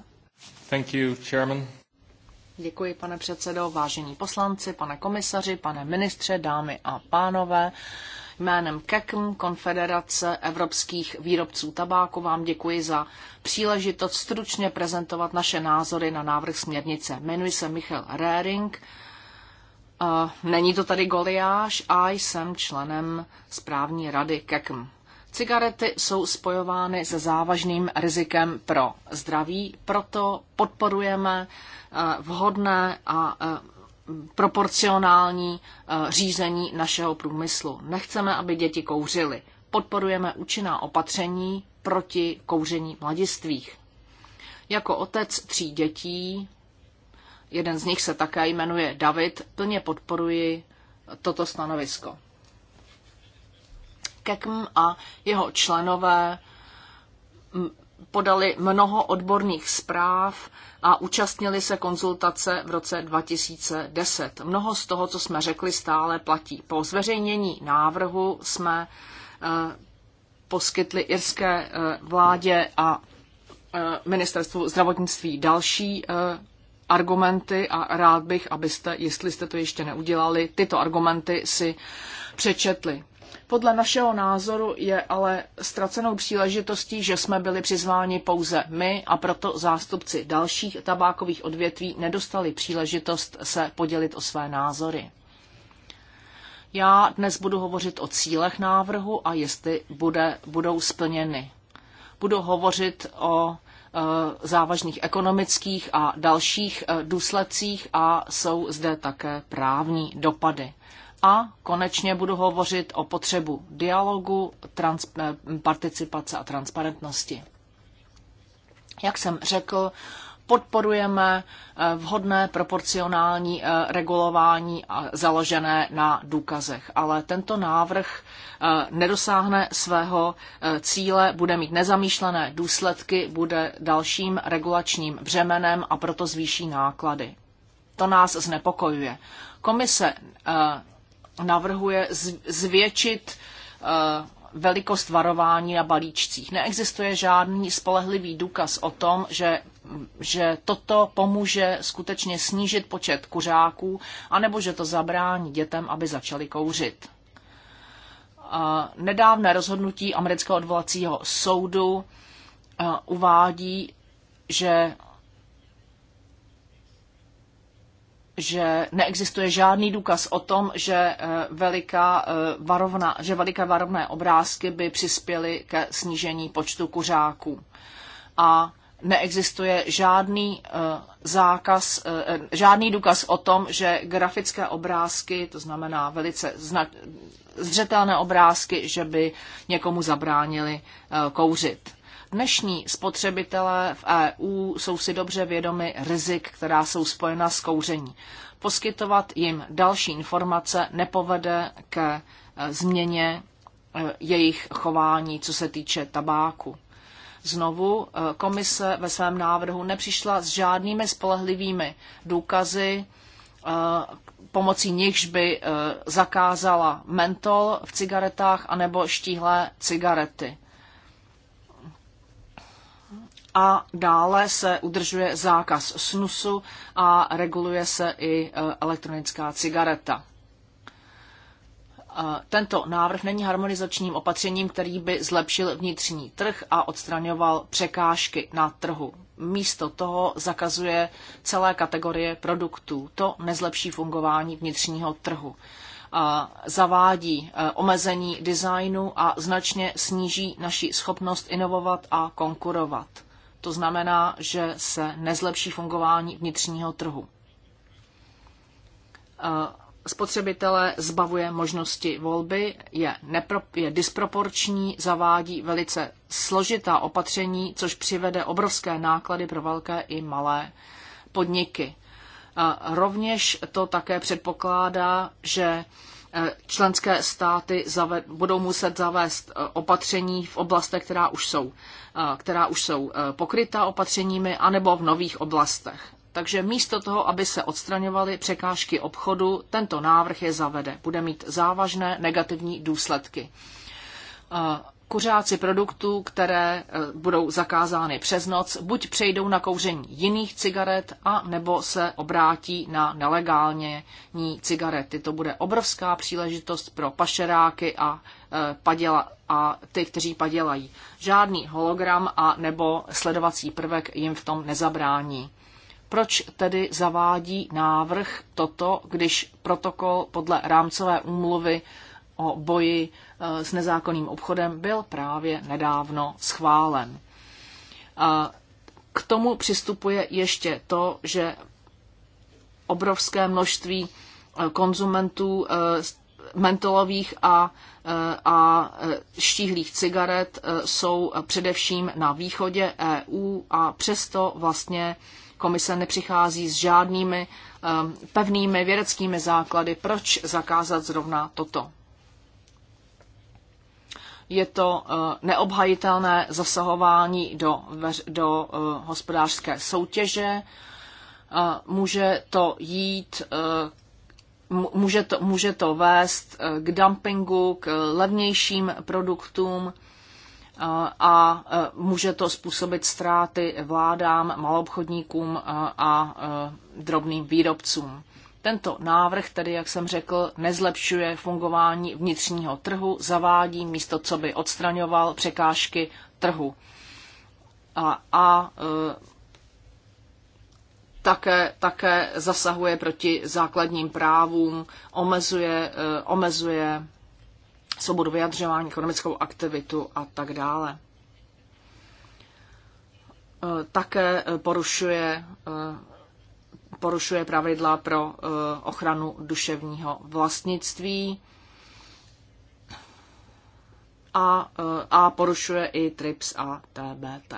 Thank you, chairman. Děkuji, pane předsedo, vážení poslanci, pane komisaři, pane ministře, dámy a pánové. Jménem KEKM, Konfederace evropských výrobců tabáku, vám děkuji za příležitost stručně prezentovat naše názory na návrh směrnice. Jmenuji se Michal Rering, není to tady Goliáš a jsem členem správní rady KEKM. Cigarety jsou spojovány se závažným rizikem pro zdraví, proto podporujeme vhodné a proporcionální eh, řízení našeho průmyslu. Nechceme, aby děti kouřily. Podporujeme účinná opatření proti kouření mladistvých. Jako otec tří dětí, jeden z nich se také jmenuje David, plně podporuji toto stanovisko. Kekm a jeho členové podali mnoho odborných zpráv a účastnili se konzultace v roce 2010. Mnoho z toho, co jsme řekli, stále platí. Po zveřejnění návrhu jsme eh, poskytli irské eh, vládě a eh, ministerstvu zdravotnictví další argumenty a rád bych, abyste, jestli jste to ještě neudělali, tyto argumenty si přečetli. Podle našeho názoru je ale ztracenou příležitostí, že jsme byli přizváni pouze my a proto zástupci dalších tabákových odvětví nedostali příležitost se podělit o své názory. Já dnes budu hovořit o cílech návrhu a jestli bude, budou splněny. Budu hovořit o e, závažných ekonomických a dalších e, důsledcích a jsou zde také právní dopady. A konečně budu hovořit o potřebu dialogu, trans, participace a transparentnosti. Jak jsem řekl, podporujeme eh, vhodné proporcionální eh, regulování založené na důkazech. Ale tento návrh eh, nedosáhne svého cíle, bude mít nezamýšlené důsledky, bude dalším regulačním břemenem a proto zvýší náklady. To nás znepokojuje. Komise navrhuje zvětšit eh, velikost varování na balíčcích. Neexistuje žádný spolehlivý důkaz o tom, že, že toto pomůže skutečně snížit počet kuřáků, anebo že to zabrání dětem, aby začali kouřit. Eh, nedávné rozhodnutí amerického odvolacího soudu eh, uvádí, že že neexistuje žádný důkaz o tom, že, eh, veliká eh, varovna, že veliké varovné obrázky by přispěly ke snížení počtu kuřáků. A neexistuje žádný eh, zákaz, žádný důkaz o tom, že grafické obrázky, to znamená velice zřetelné obrázky, že by někomu zabránili kouřit. Dnešní spotřebitelé v EU jsou si dobře vědomi rizik, která jsou spojena s kouření. Poskytovat jim další informace nepovede ke e, změně e, jejich chování, co se týče tabáku. Znovu e, komise ve svém návrhu nepřišla s žádnými spolehlivými důkazy, pomocí nichž by zakázala mentol v cigaretách anebo štíhlé cigarety a dále se udržuje zákaz snusu a reguluje se i e, elektronická cigareta. E, tento návrh není harmonizačním opatřením, který by zlepšil vnitřní trh a odstraňoval překážky na trhu. Místo toho zakazuje celé kategorie produktů. To nezlepší fungování vnitřního trhu. E, zavádí omezení designu a značně sníží naši schopnost inovovat a konkurovat to znamená, že se nezlepší fungování vnitřního trhu. Eh, spotřebitele zbavuje možnosti volby, je, nepro, je disproporční, zavádí velice složitá opatření, což přivede obrovské náklady pro velké i malé podniky. Eh, rovněž to také předpokládá, že Eh, členské státy zaved, budou muset zavést eh, opatření v oblastech, která už jsou, eh, která už jsou pokryta opatřeními, anebo v nových oblastech. Takže místo toho, aby se odstraňovaly překážky obchodu, tento návrh je zavede. Bude mít závažné negativní důsledky kuřáci produktů, které e, budou zakázány přes noc, buď přejdou na kouření jiných cigaret, a nebo se obrátí na nelegálně ní cigarety. To bude obrovská příležitost pro pašeráky a, e, paděla, a ty, kteří padělají. Žádný hologram a nebo sledovací prvek jim v tom nezabrání. Proč tedy zavádí návrh toto, když protokol podle rámcové úmluvy o boji Eh, s nezákonným obchodem byl právě nedávno schválen. Eh, k tomu přistupuje ještě to, že obrovské množství eh, konzumentů mentolových a, a štíhlých cigaret jsou především na východě EU a přesto vlastně komise nepřichází s žádnými pevnými vědeckými základy, proč zakázat zrovna toto je to eh, neobhajitelné zasahování do, do eh, hospodářské soutěže. Eh, může to jít, může to, může to vést k dumpingu, k levnějším produktům a může to způsobit ztráty vládám, malobchodníkům a drobným výrobcům. Tento návrh tedy, jak jsem řekl, nezlepšuje fungování vnitřního trhu, zavádí místo, co by odstraňoval překážky trhu. A, a e, také, také zasahuje proti základním právům, omezuje, e, omezuje svobodu vyjadřování, ekonomickou aktivitu a tak dále. E, také porušuje porušuje pravidla pro eh, ochranu duševního vlastnictví a, eh, a porušuje i TRIPS a TBT.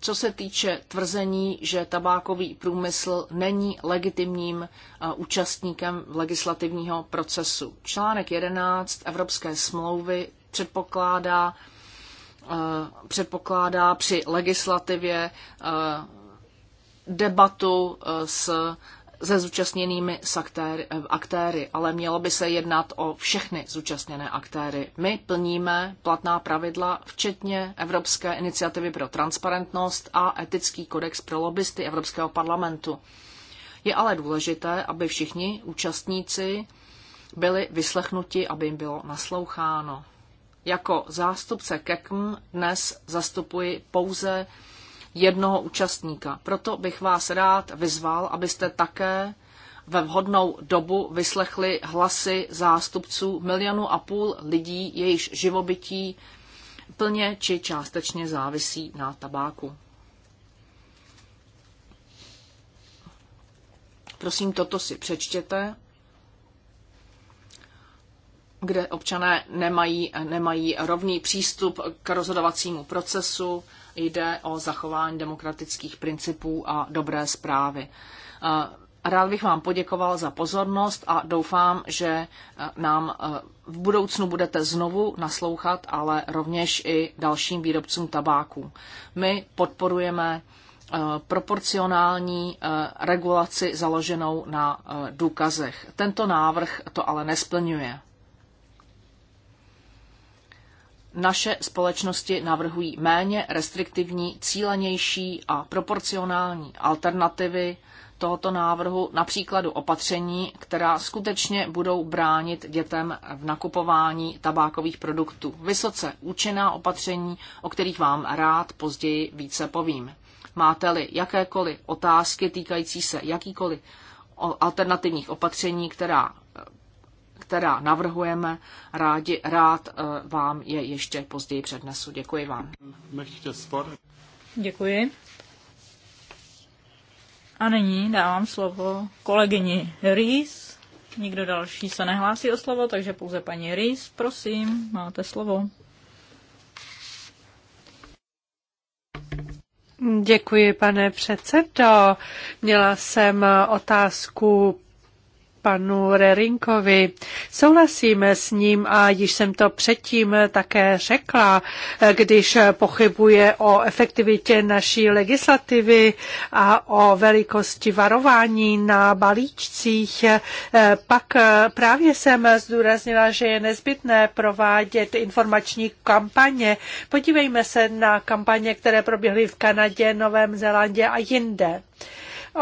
Co se týče tvrzení, že tabákový průmysl není legitimním eh, účastníkem legislativního procesu. Článek 11 Evropské smlouvy předpokládá Eh, předpokládá při legislativě eh, debatu eh, s se zúčastněnými aktéry, aktéry, ale mělo by se jednat o všechny zúčastněné aktéry. My plníme platná pravidla, včetně Evropské iniciativy pro transparentnost a etický kodex pro lobbysty Evropského parlamentu. Je ale důležité, aby všichni účastníci byli vyslechnuti, aby jim bylo nasloucháno. Jako zástupce KEKM dnes zastupuji pouze jednoho účastníka. Proto bych vás rád vyzval, abyste také ve vhodnou dobu vyslechli hlasy zástupců milionu a půl lidí, jejichž živobytí plně či částečně závisí na tabáku. Prosím, toto si přečtěte kde občané nemají, nemají rovný přístup k rozhodovacímu procesu, jde o zachování demokratických principů a dobré zprávy. Eh, rád bych vám poděkoval za pozornost a doufám, že eh, nám eh, v budoucnu budete znovu naslouchat, ale rovněž i dalším výrobcům tabáků. My podporujeme proporcionální regulaci založenou na důkazech. Tento návrh to ale nesplňuje. naše společnosti navrhují méně restriktivní, cílenější a proporcionální alternativy tohoto návrhu, například opatření, která skutečně budou bránit dětem v nakupování tabákových produktů. Vysoce účinná opatření, o kterých vám rád později více povím. Máte-li jakékoliv otázky týkající se jakýkoliv alternativních opatření, která která navrhujeme, rádi, rád eh, vám je ještě později přednesu. Děkuji vám. Děkuji. A nyní dávám slovo kolegyni Rýs. Nikdo další se nehlásí o slovo, takže pouze paní Rýs, prosím, máte slovo. Děkuji, pane předsedo. Měla jsem otázku panu Rerinkovi. Souhlasím s ním a již jsem to předtím také řekla, když pochybuje o efektivitě naší legislativy a o velikosti varování na balíčcích. Pak právě jsem zdůraznila, že je nezbytné provádět informační kampaně. Podívejme se na kampaně, které proběhly v Kanadě, Novém Zélandě a jinde.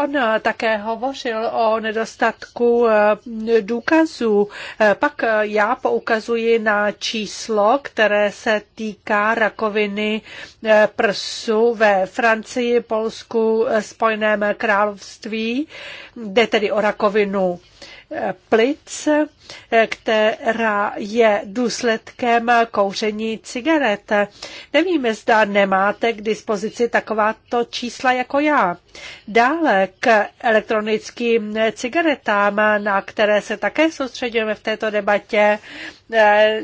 On eh, také hovořil o nedostatku eh, důkazů. Eh, pak já poukazuji na číslo, které se týká rakoviny prsu ve Francii, Polsku, Spojeném království. Jde tedy o rakovinu plic, která je důsledkem kouření cigaret. Nevíme, zda nemáte k dispozici takováto čísla jako já. Dále k elektronickým cigaretám, na které se také soustředíme v této debatě, Eh,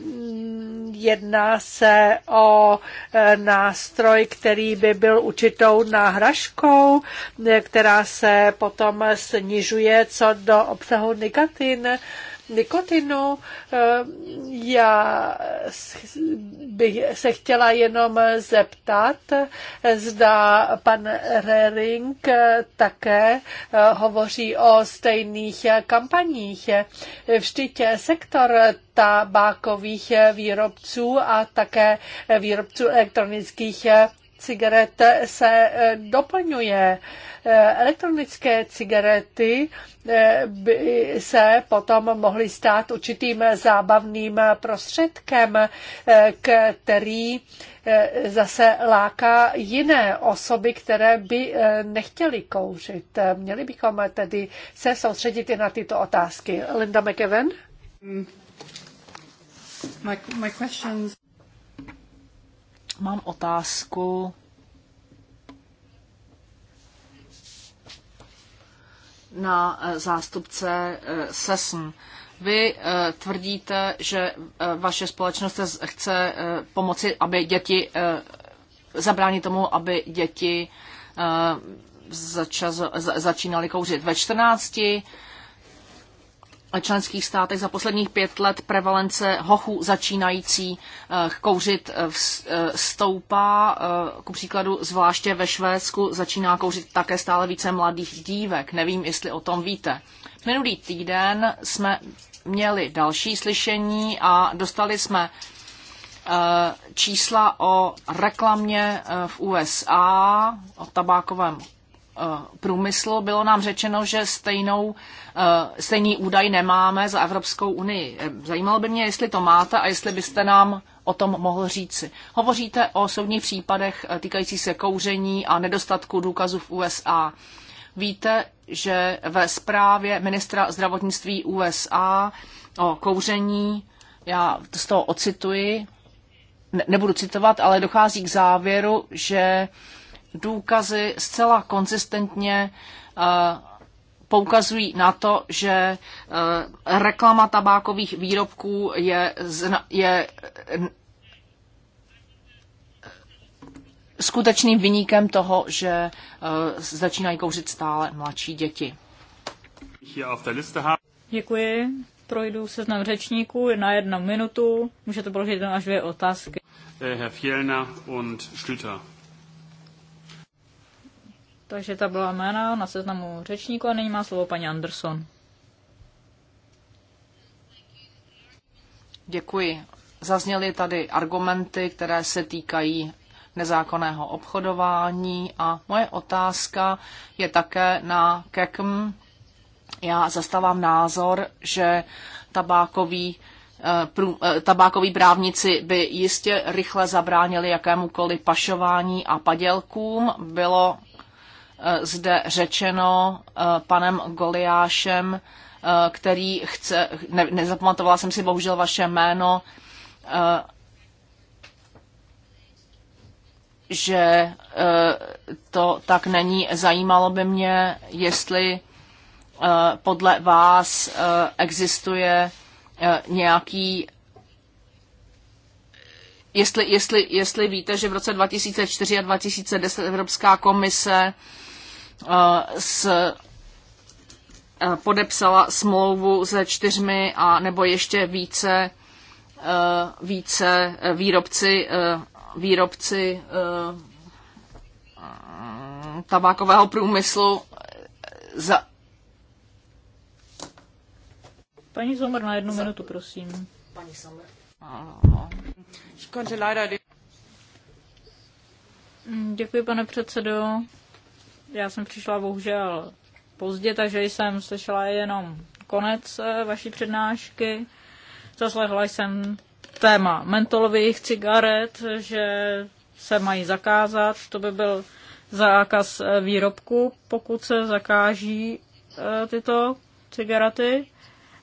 jedná se o eh, nástroj, který by byl určitou náhražkou, eh, která se potom snižuje co do obsahu nikotin nikotinu. Eh, já bych se chtěla jenom zeptat, zda pan Rering také eh, hovoří o stejných kampaních. Vždyť sektor tabákových výrobců a také výrobců elektronických cigaret se eh, doplňuje. Eh, elektronické cigarety eh, by se potom mohly stát určitým zábavným prostředkem, který zase láká jiné osoby, které by nechtěly kouřit. Měli bychom tedy se soustředit i na tyto otázky. Linda McEwen? Mm. My, my questions mám otázku. na e, zástupce e, SESN. Vy e, tvrdíte, že vaše společnost chce pomoci, aby děti zabránit tomu, aby děti začínaly kouřit. Ve 14 členských státech za posledních pět let prevalence hochů začínající eh, kouřit eh, eh, stoupá. Ku příkladu zvláště ve Švédsku začíná kouřit také stále více mladých dívek. Nevím, jestli o tom víte. Minulý týden jsme měli další slyšení a dostali jsme čísla o reklamě v USA, o tabákovém Eh, průmyslu bylo nám řečeno, že stejnou, eh, stejný údaj nemáme za Evropskou unii. Eh, zajímalo by mě, jestli to máte a jestli byste nám o tom mohl říci. Hovoříte o soudních případech týkajících se kouření a nedostatku důkazů v USA. Víte, že ve zprávě ministra zdravotnictví USA o kouření, já z toho ocituji, nebudu citovat, ale dochází k závěru, že uh, důkazy zcela konzistentně eh, poukazují na to, že eh, reklama tabákových výrobků je, je skutečným vyníkem toho, že eh, začínají kouřit stále mladší děti. Děkuji. Projdu seznam řečníků na jednu minutu. Můžete položit až dvě otázky. Herr Fjellner und Schlüter. Takže ta byla jména na seznamu řečníku a nyní má slovo paní Anderson. Děkuji. Zazněly tady argumenty, které se týkají nezákonného obchodování a moje otázka je také na KEKM. Já zastávám názor, že tabákový eh, eh, tabákoví právníci by jistě rychle zabránili jakémukoliv pašování a padělkům. Bylo Eh, zde řečeno eh, panem Goliášem, eh, který chce, ne, nezapamatovala jsem si bohužel vaše jméno, že to tak není. Zajímalo by mě, jestli podle vás existuje nějaký Jestli, jestli, jestli víte, že v roce 2004 a 2010 Evropská komise uh, s podepsala smlouvu se čtyřmi a nebo ještě více, e, více e, výrobci, e, výrobci tabákového průmyslu za... Paní Sommer na jednu za... minutu, prosím. Paní Sommer. No. Děkuji, pane předsedo. Já jsem přišla bohužel pozdě, takže jsem slyšela jenom konec eh, vaší přednášky. Zaslehla jsem téma mentolových cigaret, že se mají zakázat. To by byl zákaz eh, výrobku, pokud se zakáží eh, tyto cigarety.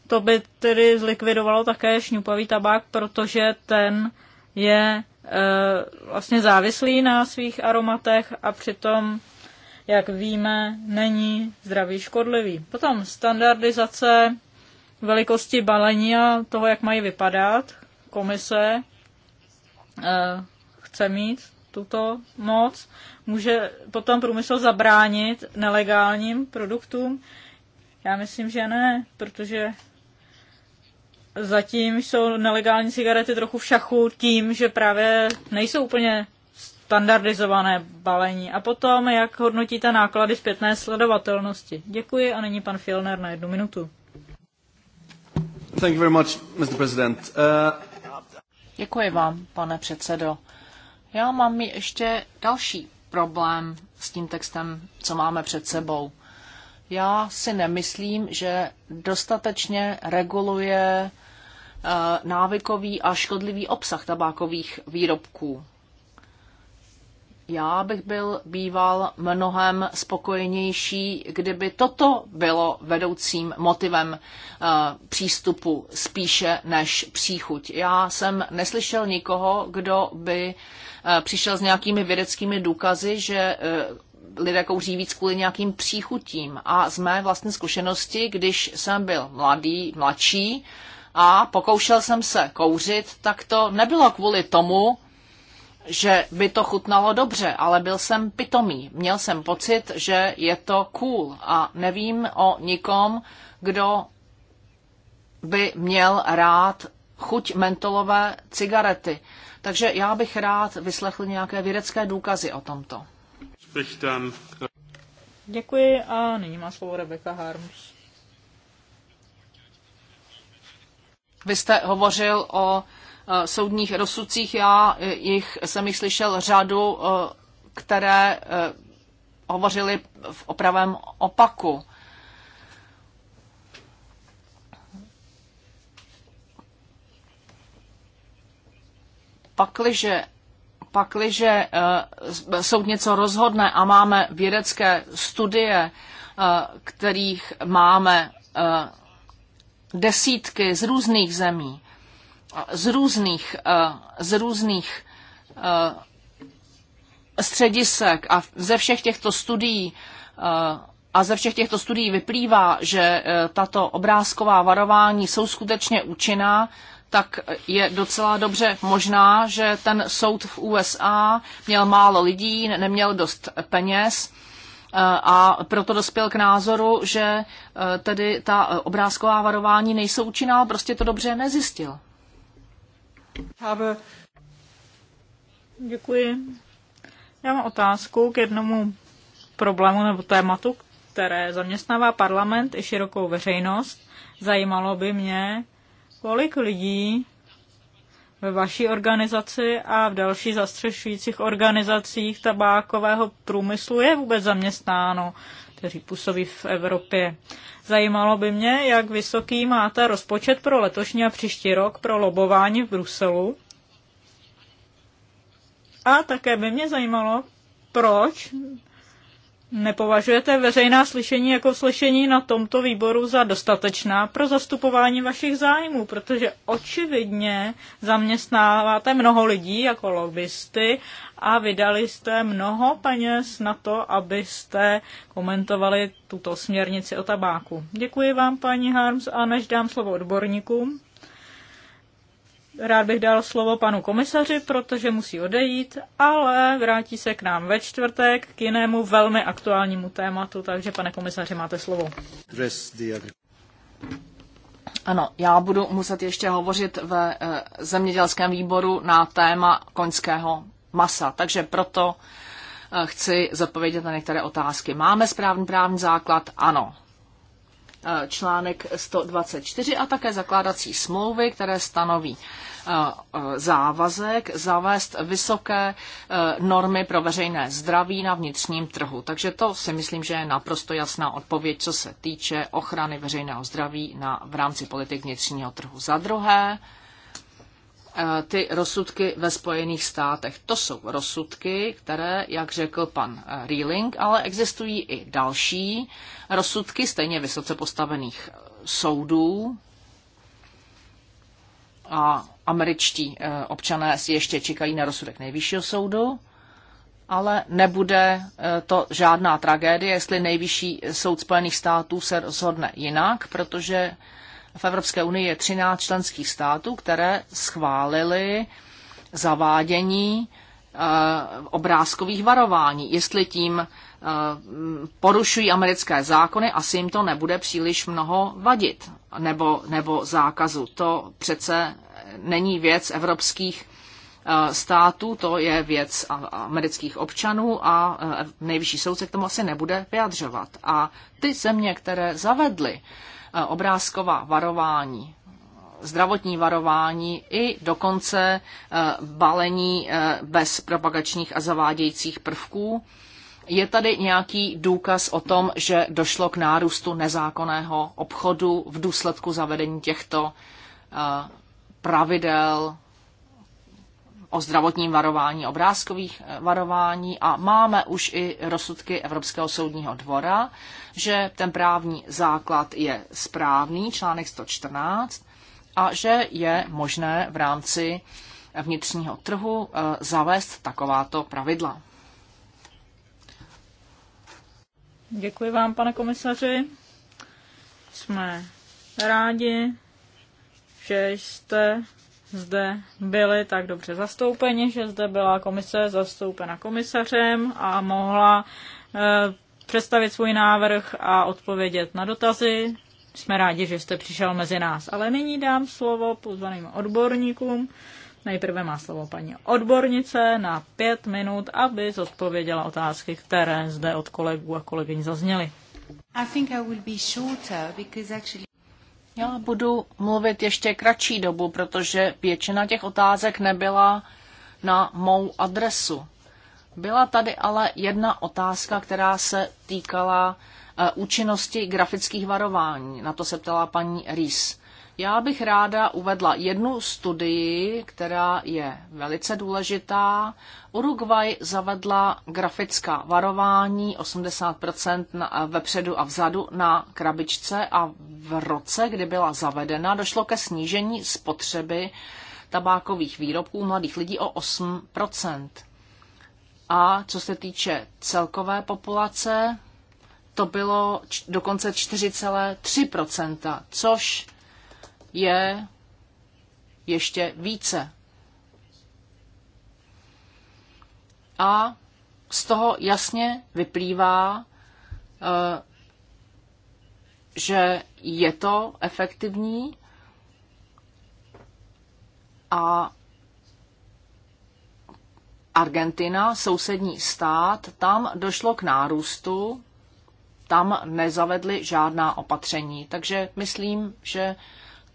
To by tedy zlikvidovalo také šňupavý tabák, protože ten je vlastně závislý na svých aromatech a přitom jak víme, není zdraví škodlivý. Potom standardizace velikosti balení a toho, jak mají vypadat. Komise eh, chce mít tuto moc. Může potom průmysl zabránit nelegálním produktům? Já myslím, že ne, protože zatím jsou nelegální cigarety trochu v šachu tím, že právě nejsou úplně standardizované balení. A potom, jak hodnotíte náklady zpětné sledovatelnosti? Děkuji a nyní pan Filner na jednu minutu. Thank you very much, Mr. President. Uh... Děkuji vám, pane předsedo. Já mám ještě další problém s tím textem, co máme před sebou. Já si nemyslím, že dostatečně reguluje uh, návykový a škodlivý obsah tabákových výrobků. Já bych byl býval mnohem spokojenější, kdyby toto bylo vedoucím motivem eh, přístupu spíše než příchuť. Já jsem neslyšel nikoho, kdo by eh, přišel s nějakými vědeckými důkazy, že eh, lidé kouří víc kvůli nějakým příchutím. A z mé vlastní zkušenosti, když jsem byl mladý, mladší a pokoušel jsem se kouřit, tak to nebylo kvůli tomu, že by to chutnalo dobře, ale byl jsem pitomý. Měl jsem pocit, že je to cool a nevím o nikom, kdo by měl rád chuť mentolové cigarety. Takže já bych rád vyslechl nějaké vědecké důkazy o tomto. Děkuji a nyní má slovo Rebecca Harms. Vy jste hovořil o Eh, soudních rozsudcích. Já eh, jich, jsem jich slyšel řadu, eh, které hovořily v opravém opaku. Pakliže pakliže uh, soud něco rozhodne a máme vědecké studie, uh, kterých máme uh, desítky z různých zemí, z různých, eh, z různých eh, středisek a ze všech těchto studií eh, a ze všech těchto studií vyplývá, že tato obrázková varování jsou skutečně účinná, tak je docela dobře možná, že ten soud v USA měl málo lidí, neměl dost peněz a proto dospěl k názoru, že tedy ta obrázková varování nejsou účinná, prostě to dobře nezjistil. Děkuji. Já mám otázku k jednomu problému nebo tématu, které zaměstnává parlament i širokou veřejnost. Zajímalo by mě, kolik lidí ve vaší organizaci a v dalších zastřešujících organizacích tabákového průmyslu je vůbec zaměstnáno kteří působí v Evropě. Zajímalo by mě, jak vysoký máte rozpočet pro letošní a příští rok pro lobování v Bruselu. A také by mě zajímalo, proč Nepovažujete veřejná slyšení jako slyšení na tomto výboru za dostatečná pro zastupování vašich zájmů, protože očividně zaměstnáváte mnoho lidí jako lobbysty a vydali jste mnoho peněz na to, abyste komentovali tuto směrnici o tabáku. Děkuji vám, paní Harms, a než dám slovo odborníkům, Rád bych dal slovo panu komisaři, protože musí odejít, ale vrátí se k nám ve čtvrtek k jinému velmi aktuálnímu tématu, takže pane komisaři, máte slovo. Ano, já budu muset ještě hovořit ve eh, zemědělském výboru na téma koňského masa, takže proto eh, chci zapovědět na některé otázky. Máme správný právní základ? Ano. Eh, článek 124 a také zakládací smlouvy, které stanoví eh, eh, závazek zavést vysoké normy pro veřejné zdraví na vnitřním trhu. Takže to si myslím, že je naprosto jasná odpověď, co se týče ochrany veřejného zdraví na, v rámci politik vnitřního trhu. Za druhé, Eh, ty rozsudky ve Spojených státech. To jsou rozsudky, které, jak řekl pan eh, Reeling, ale existují i další rozsudky stejně vysoce postavených eh, soudů. A američtí občané si ještě čekají na rozsudek nejvyššího soudu, ale nebude to žádná tragédie, jestli nejvyšší soud Spojených států se rozhodne jinak, protože v Evropské unii je 13 členských států, které schválily zavádění eh, obrázkových varování, jestli tím eh, porušují americké zákony, asi jim to nebude příliš mnoho vadit, nebo, nebo zákazu. To přece není věc evropských eh, států, to je věc amerických občanů a nejvyšší soud se k tomu asi nebude vyjadřovat. A ty země, které zavedly Eh, obrázková varování, zdravotní varování i dokonce eh, balení eh, bez propagačních a zavádějících prvků. Je tady nějaký důkaz o tom, že došlo k nárůstu nezákonného obchodu v důsledku zavedení těchto pravidel o zdravotním varování, obrázkových eh, varování a máme už i rozsudky Evropského soudního dvora, že ten právní základ je správný, článek 114, a že je možné v rámci vnitřního trhu eh, zavést takováto pravidla. Děkuji vám, pane komisaři. Jsme rádi, že jste zde byli tak dobře zastoupeni, že zde byla komise zastoupena komisařem a mohla eh, představit svůj návrh a odpovědět na dotazy. Jsme rádi, že jste přišel mezi nás. Ale nyní dám slovo pozvaným odborníkům. Nejprve má slovo paní odbornice na pět minut, aby zodpověděla otázky, které zde od kolegů a kolegyň zazněly. I think I will be shorter because actually... Já budu mluvit ještě kratší dobu, protože většina těch otázek nebyla na mou adresu. Byla tady ale jedna otázka, která se týkala eh, účinnosti grafických varování. Na to se ptala paní Rees. Já bych ráda uvedla jednu studii, která je velice důležitá. Uruguay zavedla grafická varování 80% vepředu a vzadu na krabičce a v roce, kdy byla zavedena, došlo ke snížení spotřeby tabákových výrobků mladých lidí o 8%. A co se týče celkové populace, to bylo dokonce 4,3%, což je ještě více. A z toho jasně vyplývá, eh, že je to efektivní a Argentina, sousední stát, tam došlo k nárůstu, tam nezavedli žádná opatření. Takže myslím, že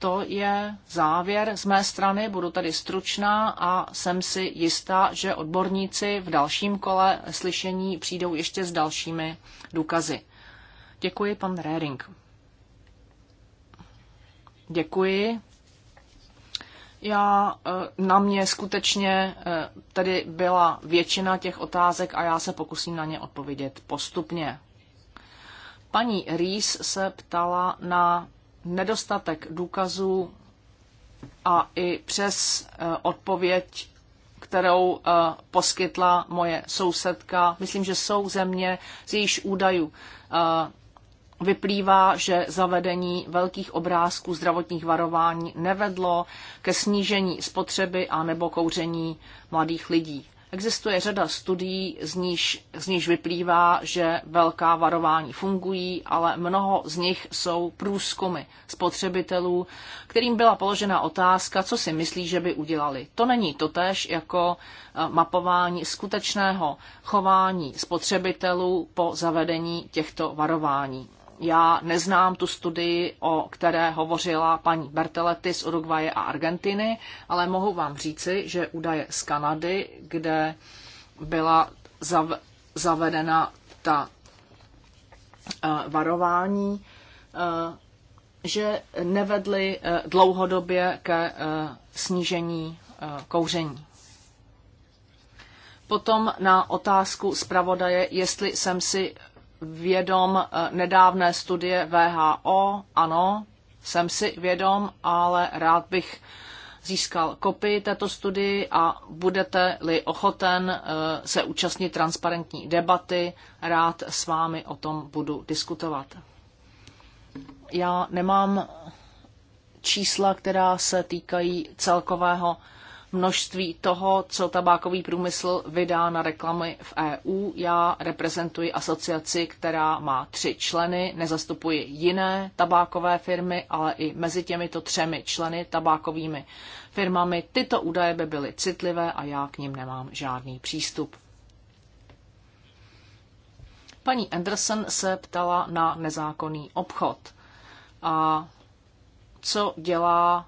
to je závěr z mé strany, budu tady stručná a jsem si jistá, že odborníci v dalším kole slyšení přijdou ještě s dalšími důkazy. Děkuji, pan Rering. Děkuji. Já eh, na mě skutečně eh, tady byla většina těch otázek a já se pokusím na ně odpovědět postupně. Paní Rees se ptala na nedostatek důkazů a i přes eh, odpověď, kterou eh, poskytla moje sousedka, myslím, že jsou země z jejíž údajů eh, vyplývá, že zavedení velkých obrázků zdravotních varování nevedlo ke snížení spotřeby a nebo kouření mladých lidí. Existuje řada studií, z níž, z níž vyplývá, že velká varování fungují, ale mnoho z nich jsou průzkumy spotřebitelů, kterým byla položena otázka, co si myslí, že by udělali. To není totéž jako eh, mapování skutečného chování spotřebitelů po zavedení těchto varování já neznám tu studii, o které hovořila paní Berteletti z Uruguaye a Argentiny, ale mohu vám říci, že údaje z Kanady, kde byla zav, zavedena ta eh, varování, eh, že nevedly eh, dlouhodobě ke snížení kouření. Potom na otázku zpravodaje, jestli jsem si vědom eh, nedávné studie VHO, ano, jsem si vědom, ale rád bych získal kopii této studii a budete-li ochoten eh, se účastnit transparentní debaty, rád s vámi o tom budu diskutovat. Já nemám čísla, která se týkají celkového množství toho, co tabákový průmysl vydá na reklamy v EU. Já reprezentuji asociaci, která má tři členy, nezastupuji jiné tabákové firmy, ale i mezi těmito třemi členy tabákovými firmami tyto údaje by byly citlivé a já k ním nemám žádný přístup. Paní Anderson se ptala na nezákonný obchod a co dělá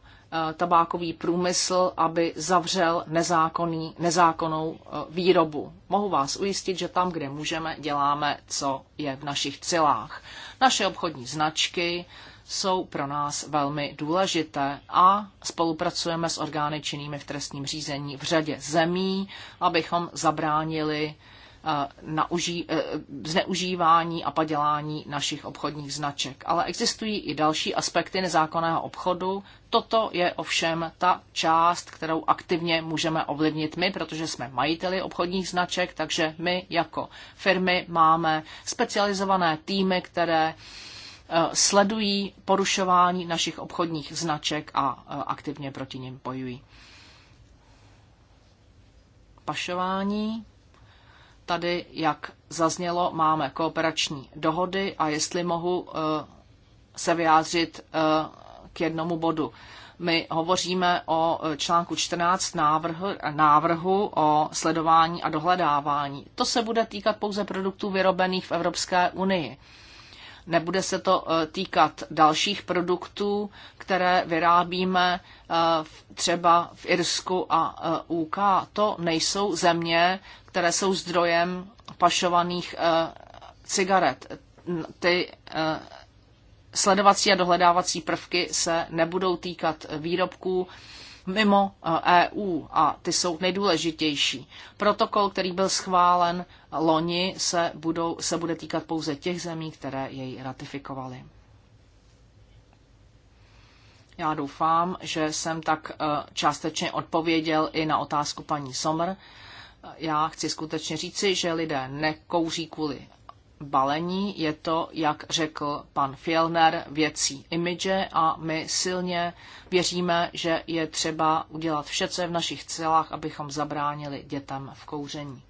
Eh, tabákový průmysl, aby zavřel nezákonný, nezákonnou eh, výrobu. Mohu vás ujistit, že tam, kde můžeme, děláme, co je v našich cilách. Naše obchodní značky jsou pro nás velmi důležité a spolupracujeme s orgány činnými v trestním řízení v řadě zemí, abychom zabránili Eh, na uží eh, zneužívání a padělání našich obchodních značek. Ale existují i další aspekty nezákonného obchodu. Toto je ovšem ta část, kterou aktivně můžeme ovlivnit my, protože jsme majiteli obchodních značek, takže my jako firmy máme specializované týmy, které eh, sledují porušování našich obchodních značek a aktivně proti nim bojují. Pašování tady, jak zaznělo, máme kooperační dohody a jestli mohu eh, se vyjádřit eh, k jednomu bodu. My hovoříme o eh, článku 14 návrhu, návrhu o sledování a dohledávání. To se bude týkat pouze produktů vyrobených v Evropské unii. Nebude se to eh, týkat dalších produktů, které vyrábíme eh, třeba v Irsku a eh, UK. To nejsou země, které jsou zdrojem pašovaných cigaret. Ty sledovací a dohledávací prvky se nebudou týkat výrobků, mimo EU eh, e a ty jsou nejdůležitější. Protokol, který byl schválen loni, se, budou, se bude týkat pouze těch zemí, které jej ratifikovaly. Já doufám, že jsem tak eh, částečně odpověděl i na otázku paní Sommer. Já chci skutečně říci, že lidé nekouří kvůli balení je to, jak řekl pan Fielner, věcí imidže a my silně věříme, že je třeba udělat vše, co je v našich celách, abychom zabránili dětem v kouření.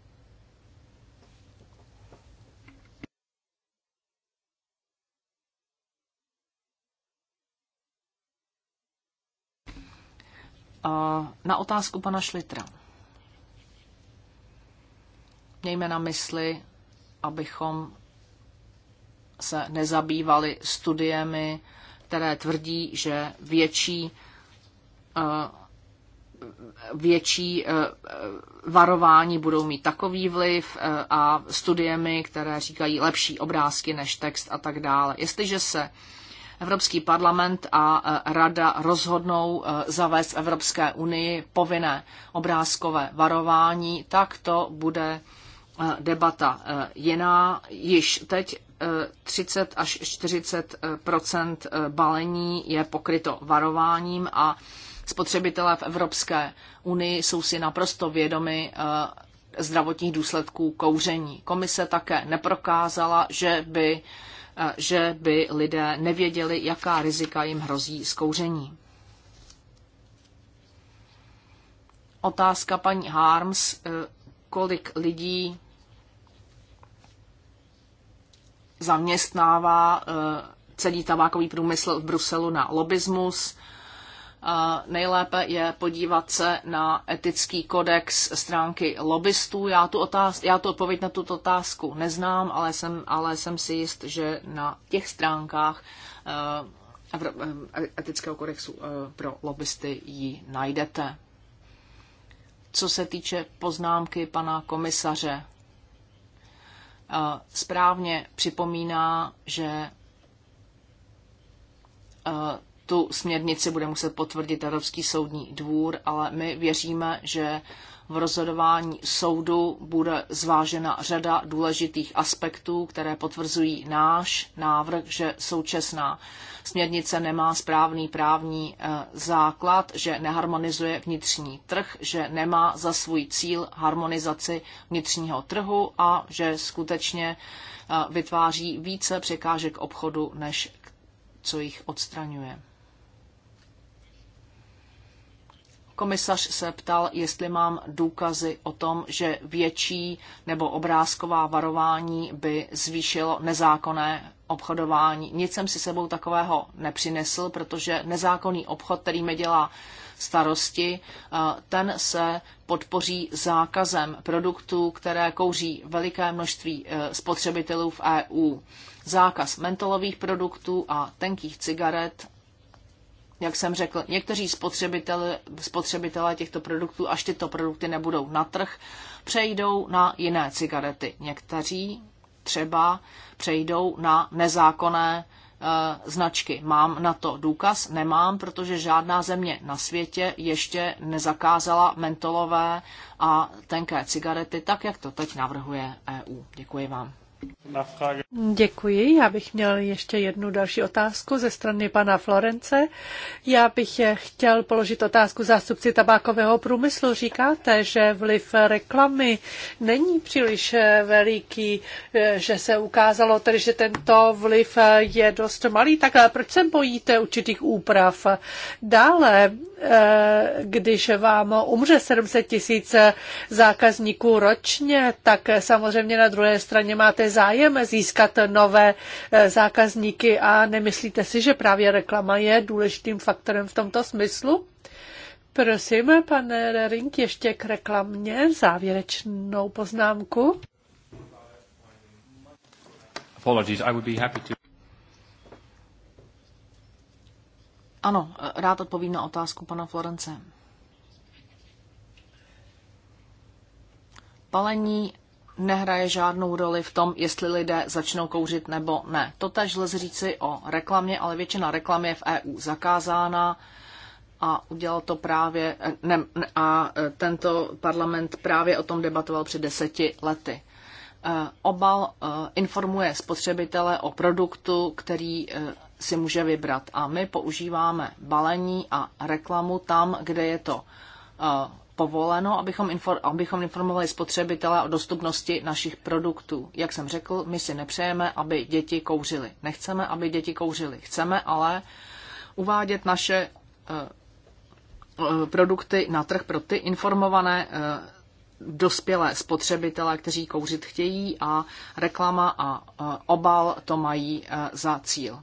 Na otázku pana Šlitra. Mějme na mysli abychom se nezabývali studiemi, které tvrdí, že větší eh, větší eh, varování budou mít takový vliv eh, a studiemi, které říkají lepší obrázky než text a tak dále. Jestliže se Evropský parlament a rada rozhodnou zavést v Evropské unii povinné obrázkové varování, tak to bude debata e, jiná. Již teď 30 e, až 40 e, balení je pokryto varováním a spotřebitelé v Evropské unii jsou si naprosto vědomi zdravotních důsledků kouření. Komise také neprokázala, že by, že by lidé nevěděli, jaká rizika jim hrozí z kouření. Otázka paní Harms, kolik lidí zaměstnává eh, celý tabákový průmysl v Bruselu na lobismus. Eh, nejlépe je podívat se na etický kodex stránky lobbystů. Já tu, otáz, já tu odpověď na tuto otázku neznám, ale jsem, ale jsem si jist, že na těch stránkách eh, e- etického kodexu pro lobbysty ji najdete. Co se týče poznámky pana komisaře, správně připomíná, že e, tu směrnici bude muset potvrdit Evropský soudní dvůr, ale my věříme, že v rozhodování soudu bude zvážena řada důležitých aspektů, které potvrzují náš návrh, že současná směrnice nemá správný právní eh, základ, že neharmonizuje vnitřní trh, že nemá za svůj cíl harmonizaci vnitřního trhu a že skutečně eh, vytváří více překážek obchodu, než co jich odstraňuje. Komisař se ptal, jestli mám důkazy o tom, že větší nebo obrázková varování by zvýšilo nezákonné obchodování. Nic jsem si sebou takového nepřinesl, protože nezákonný obchod, který mi dělá starosti, eh, ten se podpoří zákazem produktů, které kouří veliké množství eh, spotřebitelů v EU. Zákaz mentolových produktů a tenkých cigaret jak jsem řekl, někteří spotřebitelé, spotřebitelé těchto produktů, až tyto produkty nebudou na trh, přejdou na jiné cigarety. Někteří třeba přejdou na nezákonné eh, značky. Mám na to důkaz? Nemám, protože žádná země na světě ještě nezakázala mentolové a tenké cigarety, tak jak to teď navrhuje EU. Děkuji vám. Děkuji. Já bych měl ještě jednu další otázku ze strany pana Florence. Já bych chtěl položit otázku zástupci tabákového průmyslu. Říkáte, že vliv reklamy není příliš veliký, že se ukázalo tedy, že tento vliv je dost malý. Tak proč se bojíte určitých úprav? Dále, eh, když vám umře 700 tisíc zákazníků ročně, tak samozřejmě na druhé straně máte zájem získat nové eh, zákazníky a nemyslíte si, že právě reklama je důležitým faktorem v tomto smyslu? Prosím, pane Rering, ještě k reklamě závěrečnou poznámku. Apologies, I would be happy to... Ano, rád odpovím na otázku pana Florence. Palení nehraje žádnou roli v tom, jestli lidé začnou kouřit nebo ne. tež lze říci o reklamě, ale většina reklam je v EU zakázána a udělal to právě, ne, a e, tento parlament právě o tom debatoval před deseti lety. E, obal e, informuje spotřebitele o produktu, který si může vybrat. A my používáme balení a reklamu tam, kde je to povoleno, abychom, infor- abychom informovali spotřebitele o dostupnosti našich produktů. Jak jsem řekl, my si nepřejeme, aby děti kouřily. Nechceme, aby děti kouřily. Chceme ale uvádět naše eh, eh, produkty na trh pro ty informované eh, dospělé spotřebitele, kteří kouřit chtějí a reklama a obal to mají za cíl.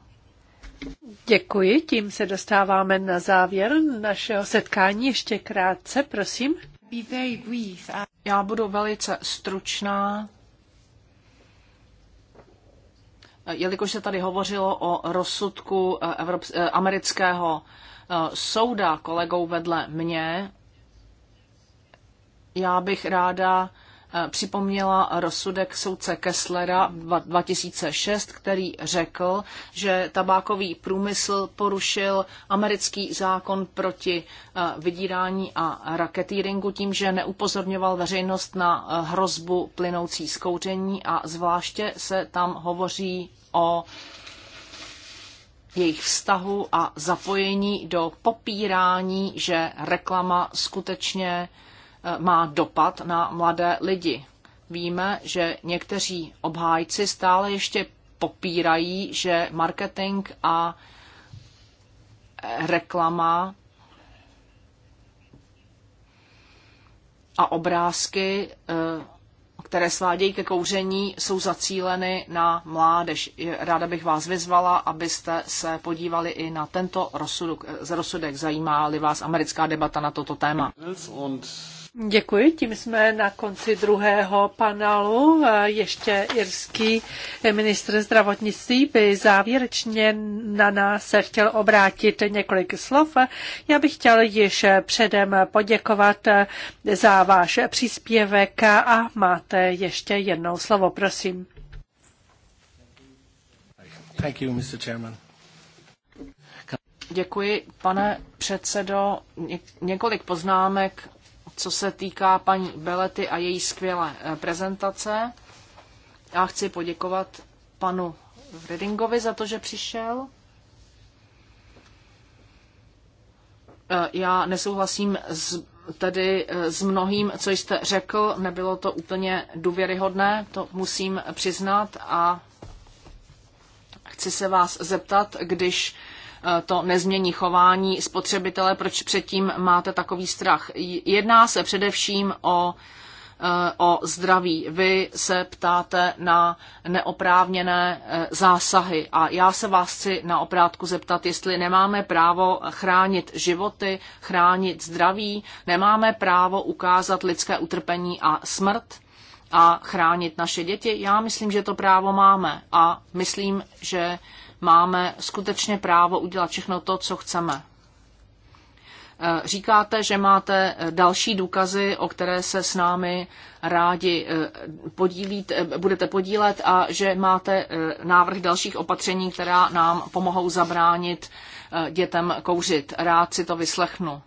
Děkuji, tím se dostáváme na závěr našeho setkání. Ještě krátce, prosím. Já budu velice stručná, jelikož se tady hovořilo o rozsudku eh, Evrop- eh, amerického eh, souda kolegou vedle mě, já bych ráda Eh, připomněla rozsudek soudce Kesslera 2006, který řekl, že tabákový průmysl porušil americký zákon proti eh, vydírání a raketýringu tím, že neupozorňoval veřejnost na eh, hrozbu plynoucí zkouření a zvláště se tam hovoří o jejich vztahu a zapojení do popírání, že reklama skutečně uh, Eh, má dopad na mladé lidi. Víme, že někteří obhájci stále ještě popírají, že marketing a reklama a obrázky, eh, které svádějí ke kouření, jsou zacíleny na mládež. Ráda bych vás vyzvala, abyste se podívali i na tento rozsudek. Eh, rozsudek. Zajímá-li vás americká debata na toto téma. Děkuji, tím jsme na konci druhého panelu. Ještě irský ministr zdravotnictví by závěrečně na nás se chtěl obrátit několik slov. Já bych chtěl již předem poděkovat za váš příspěvek a máte ještě jednou slovo, prosím. Thank you, Mr. Chairman. Děkuji, pane předsedo. Několik poznámek co se týká paní Belety a její skvělé eh, prezentace. Já chci poděkovat panu Redingovi za to, že přišel. Eh, já nesouhlasím s, tedy eh, s mnohým, co jste řekl. Nebylo to úplně důvěryhodné, to musím přiznat. A chci se vás zeptat, když Eh, to nezmění chování spotřebitele, proč předtím máte takový strach. Jedná se především o eh, o zdraví. Vy se ptáte na neoprávněné eh, zásahy a já se vás chci na oprátku zeptat, jestli nemáme právo chránit životy, chránit zdraví, nemáme právo ukázat lidské utrpení a smrt a chránit naše děti. Já myslím, že to právo máme a myslím, že máme skutečně právo udělat všechno to, co chceme. Eh, říkáte, že máte eh, další důkazy, o které se s námi rádi eh, podílít, budete podílet a že máte návrh dalších opatření, která nám pomohou zabránit dětem kouřit. Rád si to vyslechnu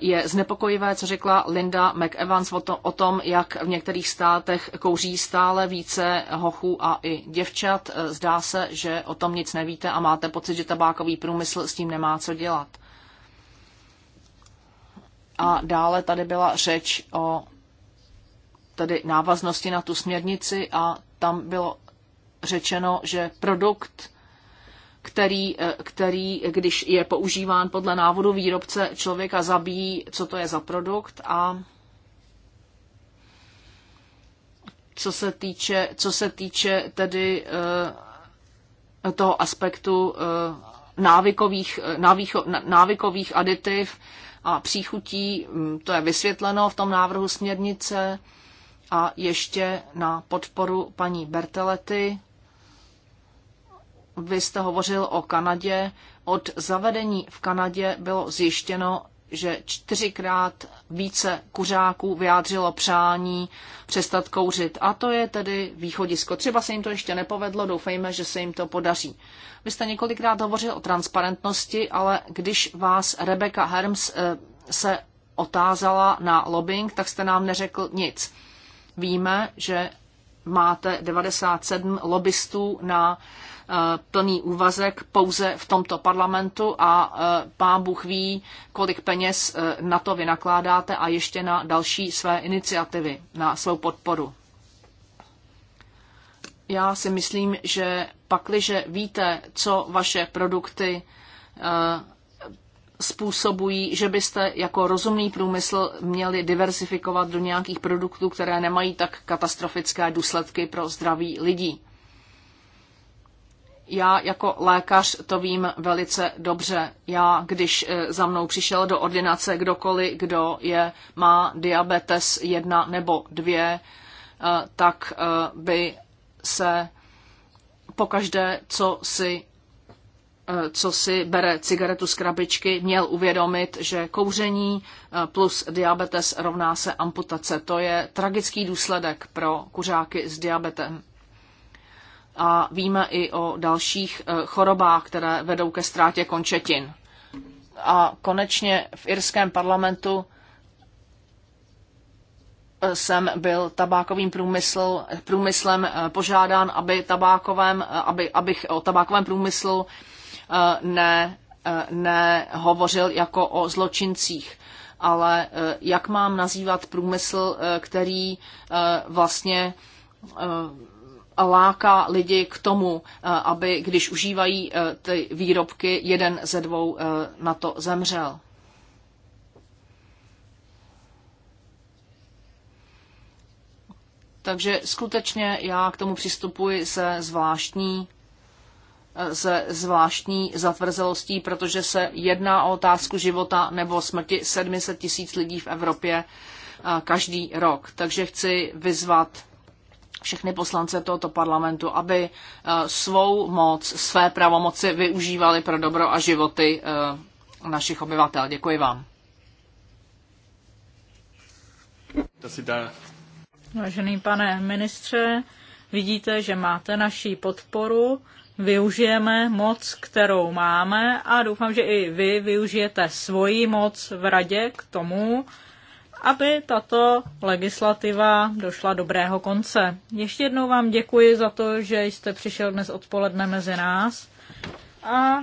je znepokojivé, co řekla Linda McEvans o, to, o tom, jak v některých státech kouří stále více hochů a i děvčat. Zdá se, že o tom nic nevíte a máte pocit, že tabákový průmysl s tím nemá co dělat. A dále tady byla řeč o tedy návaznosti na tu směrnici a tam bylo řečeno, že produkt který, eh, který, když je používán podle návodu výrobce, člověka zabíjí, co to je za produkt a co se týče, co se týče tedy eh, toho aspektu eh, návykových, návycho, návykových aditiv a příchutí, hm, to je vysvětleno v tom návrhu směrnice a ještě na podporu paní Bertelety vy jste hovořil o Kanadě. Od zavedení v Kanadě bylo zjištěno, že čtyřikrát více kuřáků vyjádřilo přání přestat kouřit. A to je tedy východisko. Třeba se jim to ještě nepovedlo, doufejme, že se jim to podaří. Vy jste několikrát hovořil o transparentnosti, ale když vás Rebecca Herms eh, se otázala na lobbying, tak jste nám neřekl nic. Víme, že máte 97 lobbystů na Eh, plný úvazek pouze v tomto parlamentu a eh, pán Bůh ví, kolik peněz eh, na to vynakládáte a ještě na další své iniciativy, na svou podporu. Já si myslím, že pakliže víte, co vaše produkty způsobují, že byste jako rozumný průmysl měli diversifikovat do nějakých produktů, které nemají tak katastrofické důsledky pro zdraví lidí. Já jako lékař to vím velice dobře. Já, když eh, za mnou přišel do ordinace kdokoliv, kdo je, má diabetes jedna nebo dvě, eh, tak eh, by se pokaždé, co si co si bere cigaretu z krabičky, měl uvědomit, že kouření plus diabetes rovná se amputace. To je tragický důsledek pro kuřáky s diabetem a víme i o dalších eh, chorobách, které vedou ke ztrátě končetin. A konečně v irském parlamentu eh, jsem byl tabákovým průmysl, průmyslem eh, požádán, aby, tabákovém, aby abych o tabákovém průmyslu ne, nehovořil jako o zločincích. Ale jak mám nazývat průmysl, který vlastně láká lidi k tomu, eh, aby když užívají eh, ty výrobky, jeden ze dvou eh, na to zemřel. Takže skutečně já k tomu přistupuji se zvláštní se zvláštní zatvrzelostí, protože se jedná o otázku života nebo smrti 700 tisíc lidí v Evropě každý rok. Takže chci vyzvat všechny poslance tohoto parlamentu, aby eh, svou moc, své pravomoci využívali pro dobro a životy eh, našich obyvatel. Děkuji vám. Vážený pane ministře, vidíte, že máte naší podporu, využijeme moc, kterou máme a doufám, že i vy využijete svoji moc v radě k tomu, aby tato legislativa došla dobrého konce. Ještě jednou vám děkuji za to, že jste přišel dnes odpoledne mezi nás. A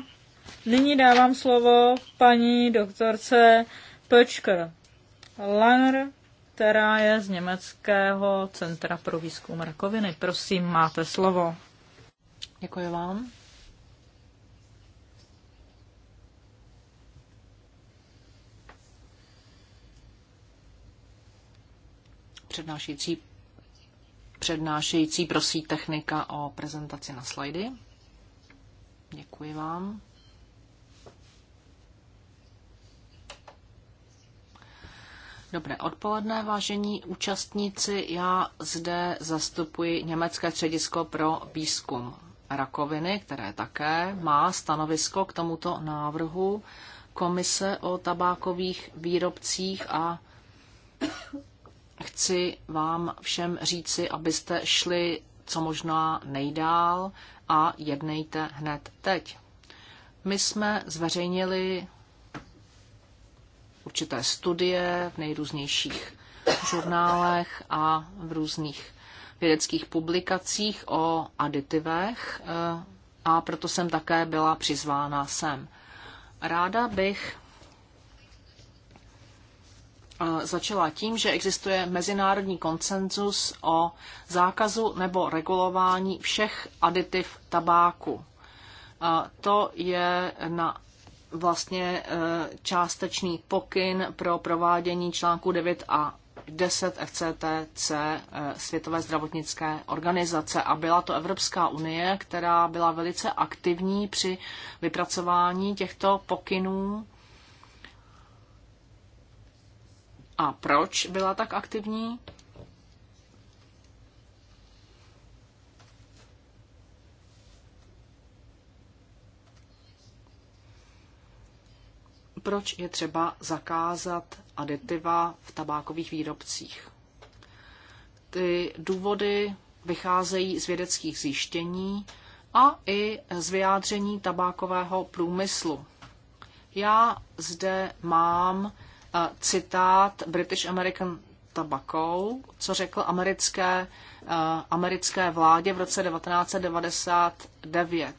nyní dávám slovo paní doktorce Pöčker Langer, která je z Německého centra pro výzkum rakoviny. Prosím, máte slovo. Děkuji vám. přednášející, přednášející prosí technika o prezentaci na slajdy. Děkuji vám. Dobré odpoledne, vážení účastníci. Já zde zastupuji Německé středisko pro výzkum rakoviny, které také má stanovisko k tomuto návrhu Komise o tabákových výrobcích a chci vám všem říci, abyste šli co možná nejdál a jednejte hned teď. My jsme zveřejnili určité studie v nejrůznějších žurnálech a v různých vědeckých publikacích o aditivech eh, a proto jsem také byla přizvána sem. Ráda bych začala tím, že existuje mezinárodní konsenzus o zákazu nebo regulování všech aditiv tabáku. To je na vlastně e, částečný pokyn pro provádění článku 9 a 10 FCTC e, Světové zdravotnické organizace a byla to Evropská unie, která byla velice aktivní při vypracování těchto pokynů a proč byla tak aktivní. Proč je třeba zakázat aditiva v tabákových výrobcích? Ty důvody vycházejí z vědeckých zjištění a i z vyjádření tabákového průmyslu. Já zde mám citát British American Tobacco, co řekl americké, eh, americké vládě v roce 1999.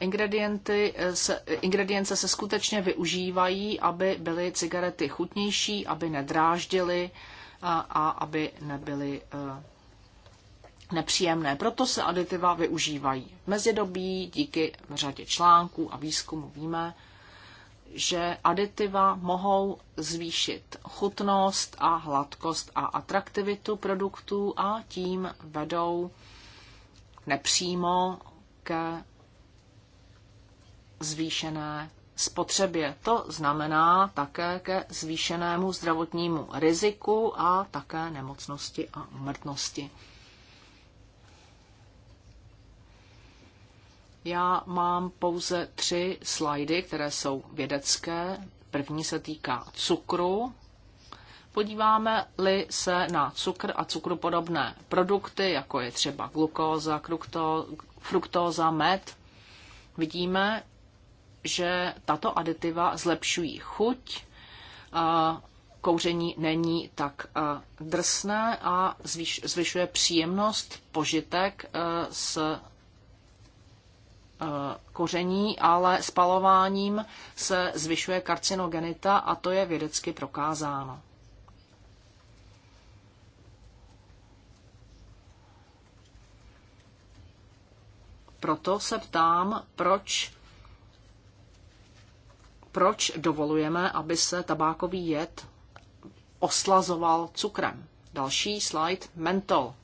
Ingredienty eh, se, ingredience se skutečně využívají, aby byly cigarety chutnější, aby nedráždily a aby nebyly eh, nepříjemné. Proto se aditiva využívají. V mezidobí díky řadě článků a výzkumu víme, že aditiva mohou zvýšit chutnost a hladkost a atraktivitu produktů a tím vedou nepřímo ke zvýšené spotřebě. To znamená také ke zvýšenému zdravotnímu riziku a také nemocnosti a umrtnosti. Já mám pouze tři slajdy, které jsou vědecké. První se týká cukru. Podíváme-li se na cukr a cukropodobné produkty, jako je třeba glukóza, krukto, fruktóza, med, vidíme, že tato aditiva zlepšují chuť, kouření není tak drsné a zvyšuje příjemnost požitek z Eh, koření, ale spalováním se zvyšuje karcinogenita a to je vědecky prokázáno. Proto se ptám, proč, proč dovolujeme, aby se tabákový jed oslazoval cukrem. Další slide, mentol.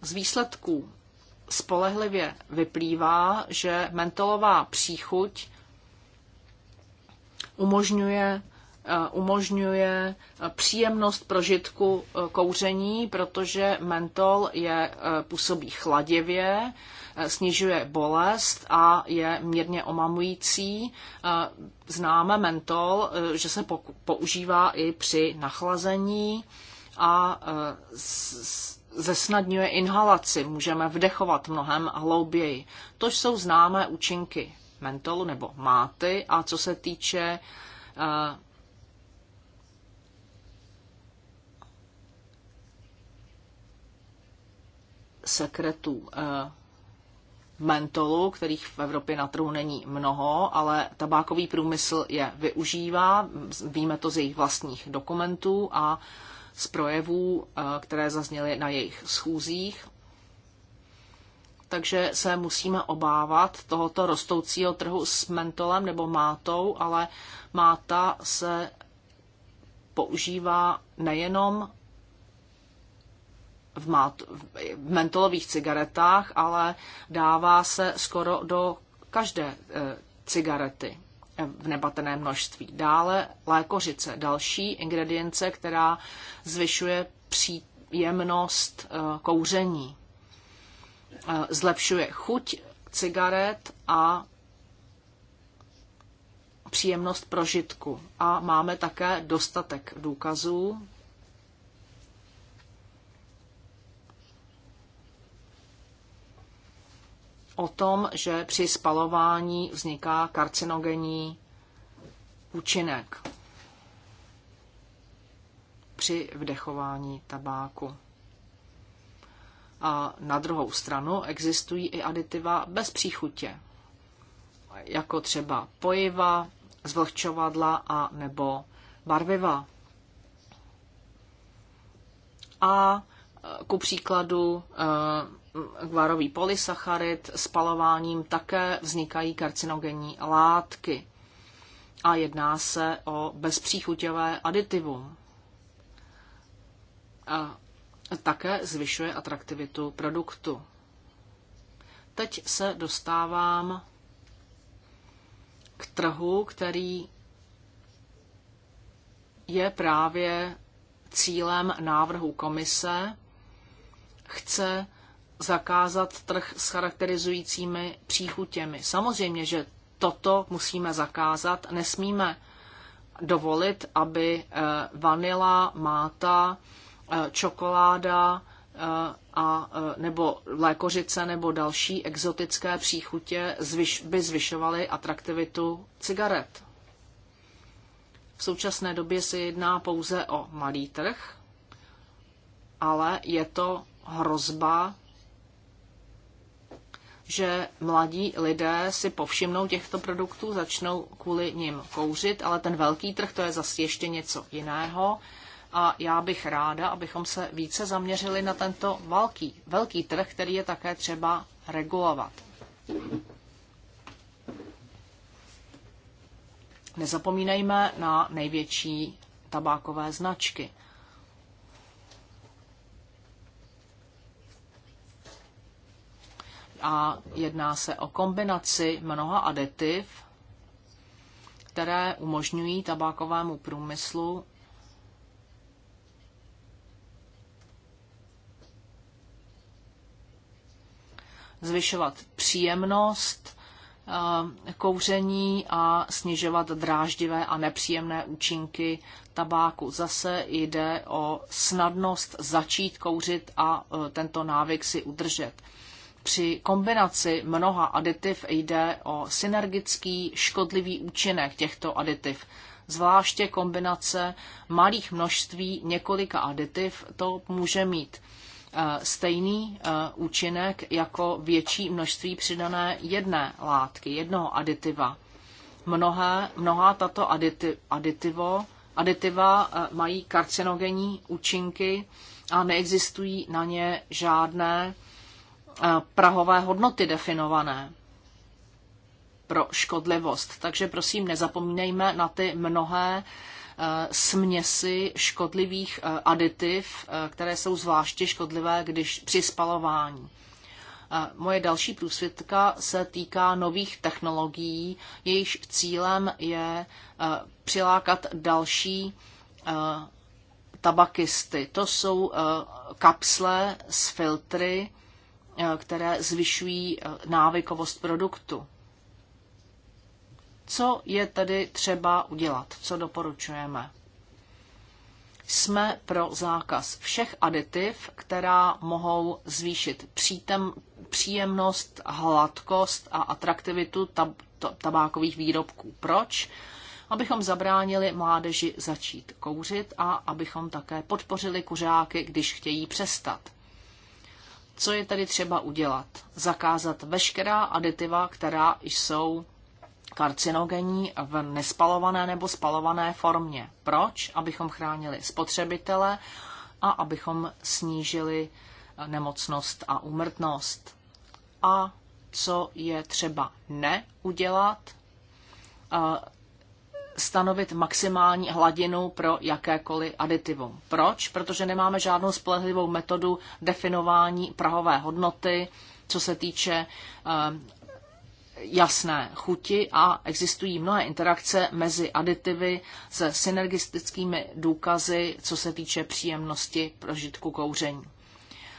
Z výsledků spolehlivě vyplývá, že mentolová příchuť umožňuje eh, umožňuje eh, příjemnost prožitku eh, kouření, protože mentol je, působí chladivě, snižuje bolest a je mírně omamující. Známe mentol, že se používá i při nachlazení a zesnadňuje inhalaci, můžeme vdechovat mnohem hlouběji. To jsou známé účinky mentolu nebo máty a co se týče uh, sekretů uh, mentolu, kterých v Evropě na trhu není mnoho, ale tabákový průmysl je využívá, víme to z jejich vlastních dokumentů a uh, z projevů, eh, které zazněly na jejich schůzích. Takže se musíme obávat tohoto rostoucího trhu s mentolem nebo mátou, ale máta se používá nejenom v, mát, v mentolových cigaretách, ale dává se skoro do každé e, cigarety v nebatené množství. Dále lékořice, další ingredience, která zvyšuje příjemnost eh, kouření. Eh, zlepšuje chuť cigaret a příjemnost prožitku. A máme také dostatek důkazů o tom, že při spalování vzniká karcinogenní účinek při vdechování tabáku. A na druhou stranu existují i aditiva bez příchutě, jako třeba pojiva, zvlhčovadla a nebo barviva. A e, ku příkladu e, kvarový polysacharid, spalováním také vznikají karcinogenní látky. A jedná se o bezpříchuťové aditivum. A také zvyšuje atraktivitu produktu. Teď se dostávám k trhu, který je právě cílem návrhu komise. Chce zakázat trh s charakterizujícími příchutěmi. Samozřejmě, že toto musíme zakázat, nesmíme dovolit, aby eh, vanila, máta, eh, čokoláda eh, a, nebo lékořice nebo další exotické příchutě by zvyšovaly atraktivitu cigaret. V současné době se jedná pouze o malý trh, ale je to hrozba že mladí lidé si povšimnou těchto produktů, začnou kvůli nim kouřit, ale ten velký trh to je zase ještě něco jiného. A já bych ráda, abychom se více zaměřili na tento velký, velký trh, který je také třeba regulovat. Nezapomínejme na největší tabákové značky. a jedná se o kombinaci mnoha aditiv, které umožňují tabákovému průmyslu zvyšovat příjemnost eh, kouření a snižovat dráždivé a nepříjemné účinky tabáku. Zase jde o snadnost začít kouřit a eh, tento návyk si udržet při kombinaci mnoha aditiv jde o synergický škodlivý účinek těchto aditiv. Zvláště kombinace malých množství několika aditiv to může mít eh, stejný eh, účinek jako větší množství přidané jedné látky, jednoho aditiva. Mnohé, mnohá tato aditi, aditivo, aditiva eh, mají karcinogenní účinky a neexistují na ně žádné Eh, prahové hodnoty definované pro škodlivost. Takže prosím, nezapomínejme na ty mnohé eh, směsi škodlivých eh, aditiv, které jsou zvláště škodlivé když při spalování. Moje další průsvědka se týká nových technologií, jejichž cílem je přilákat další tabakisty. To jsou kapsle s filtry, Eh, které zvyšují eh, návykovost produktu. Co je tedy třeba udělat? Co doporučujeme? Jsme pro zákaz všech aditiv, která mohou zvýšit přítem, příjemnost, hladkost a atraktivitu tab, tabákových výrobků. Proč? abychom zabránili mládeži začít kouřit a abychom také podpořili kuřáky, když chtějí přestat. Co je tedy třeba udělat? Zakázat veškerá aditiva, která jsou karcinogenní v nespalované nebo spalované formě. Proč? Abychom chránili spotřebitele a abychom snížili eh, nemocnost a úmrtnost. A co je třeba neudělat? Eh, stanovit maximální hladinu pro jakékoliv aditivum. Proč? Protože nemáme žádnou spolehlivou metodu definování prahové hodnoty, co se týče eh, jasné chuti a existují mnohé interakce mezi aditivy se synergistickými důkazy, co se týče příjemnosti prožitku kouření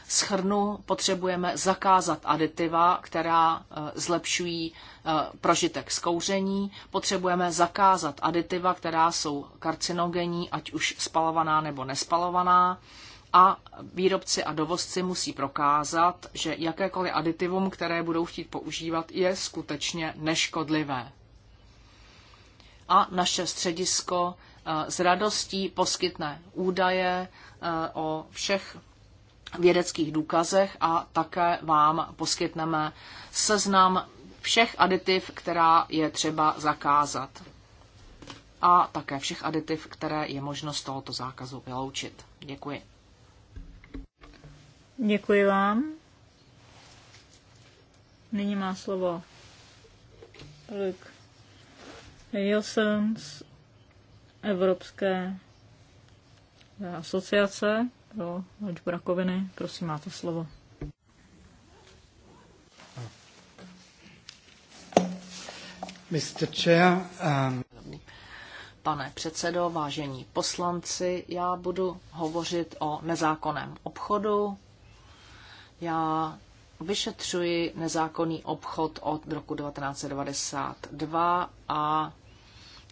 schrnu, potřebujeme zakázat aditiva, která eh, zlepšují eh, prožitek z kouření. Potřebujeme zakázat aditiva, která jsou karcinogenní, ať už spalovaná nebo nespalovaná. A výrobci a dovozci musí prokázat, že jakékoliv aditivum, které budou chtít používat, je skutečně neškodlivé. A naše středisko eh, s radostí poskytne údaje o všech vědeckých důkazech a také vám poskytneme seznam všech aditiv, která je třeba zakázat a také všech aditiv, které je možno z tohoto zákazu vyloučit. Děkuji. Děkuji vám. Nyní má slovo Luk. Wilson z Evropské asociace do no, léčbu rakoviny. Prosím, máte slovo. Mr. Chair, um... Pane předsedo, vážení poslanci, já budu hovořit o nezákonném obchodu. Já vyšetřuji nezákonný obchod od roku 1992 a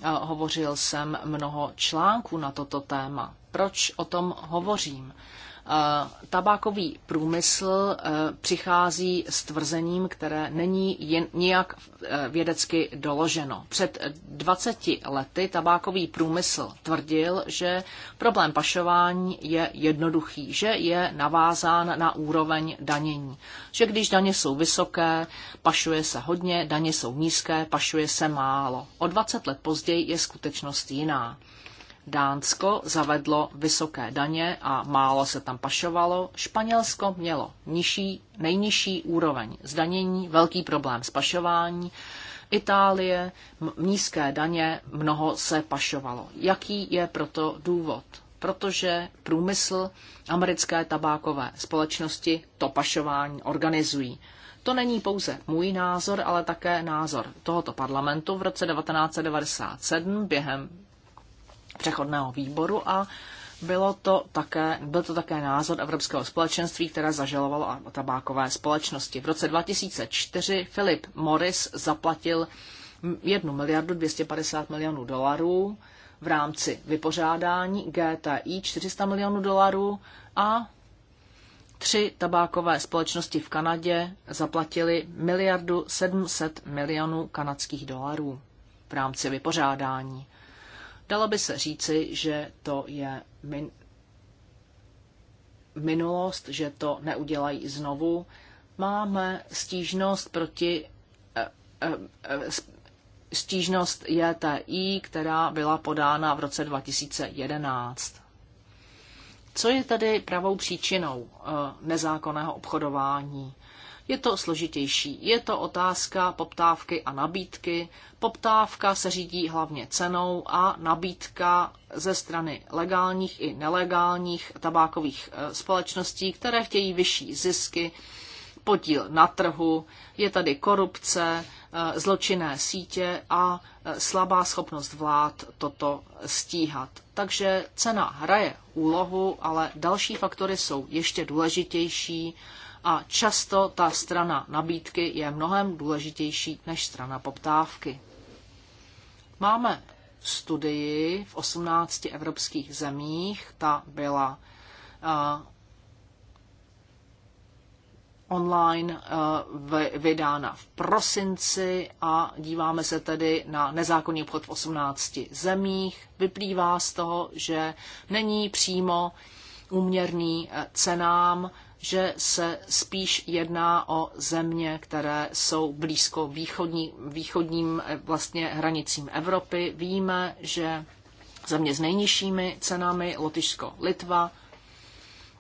hovořil jsem mnoho článků na toto téma. Proč o tom hovořím? E, tabákový průmysl e, přichází s tvrzením, které není jen, nijak e, vědecky doloženo. Před 20 lety tabákový průmysl tvrdil, že problém pašování je jednoduchý, že je navázán na úroveň danění. Že když daně jsou vysoké, pašuje se hodně, daně jsou nízké, pašuje se málo. O 20 let později je skutečnost jiná. Dánsko zavedlo vysoké daně a málo se tam pašovalo. Španělsko mělo nižší, nejnižší úroveň zdanění, velký problém s pašování. Itálie nízké daně, mnoho se pašovalo. Jaký je proto důvod? Protože průmysl americké tabákové společnosti to pašování organizují. To není pouze můj názor, ale také názor tohoto parlamentu v roce 1997 během přechodného výboru a bylo to také, byl to také názor Evropského společenství, které zažalovalo tabákové společnosti. V roce 2004 Philip Morris zaplatil 1 miliardu 250 milionů dolarů v rámci vypořádání GTI 400 milionů dolarů a tři tabákové společnosti v Kanadě zaplatili miliardu 700 milionů kanadských dolarů v rámci vypořádání. Dalo by se říci, že to je min- minulost, že to neudělají znovu. Máme stížnost proti eh, eh, eh, stížnost JTI, která byla podána v roce 2011. Co je tedy pravou příčinou nezákonného obchodování? je to složitější. Je to otázka poptávky a nabídky. Poptávka se řídí hlavně cenou a nabídka ze strany legálních i nelegálních tabákových eh, společností, které chtějí vyšší zisky, podíl na trhu, je tady korupce, eh, zločinné sítě a eh, slabá schopnost vlád toto stíhat. Takže cena hraje úlohu, ale další faktory jsou ještě důležitější a často ta strana nabídky je mnohem důležitější než strana poptávky. Máme studii v 18 evropských zemích, ta byla online vydána v prosinci a díváme se tedy na nezákonný obchod v 18 zemích. Vyplývá z toho, že není přímo úměrný e, cenám že se spíš jedná o země, které jsou blízko východní, východním eh, vlastně hranicím Evropy. Víme, že země s nejnižšími cenami, Lotyšsko, Litva,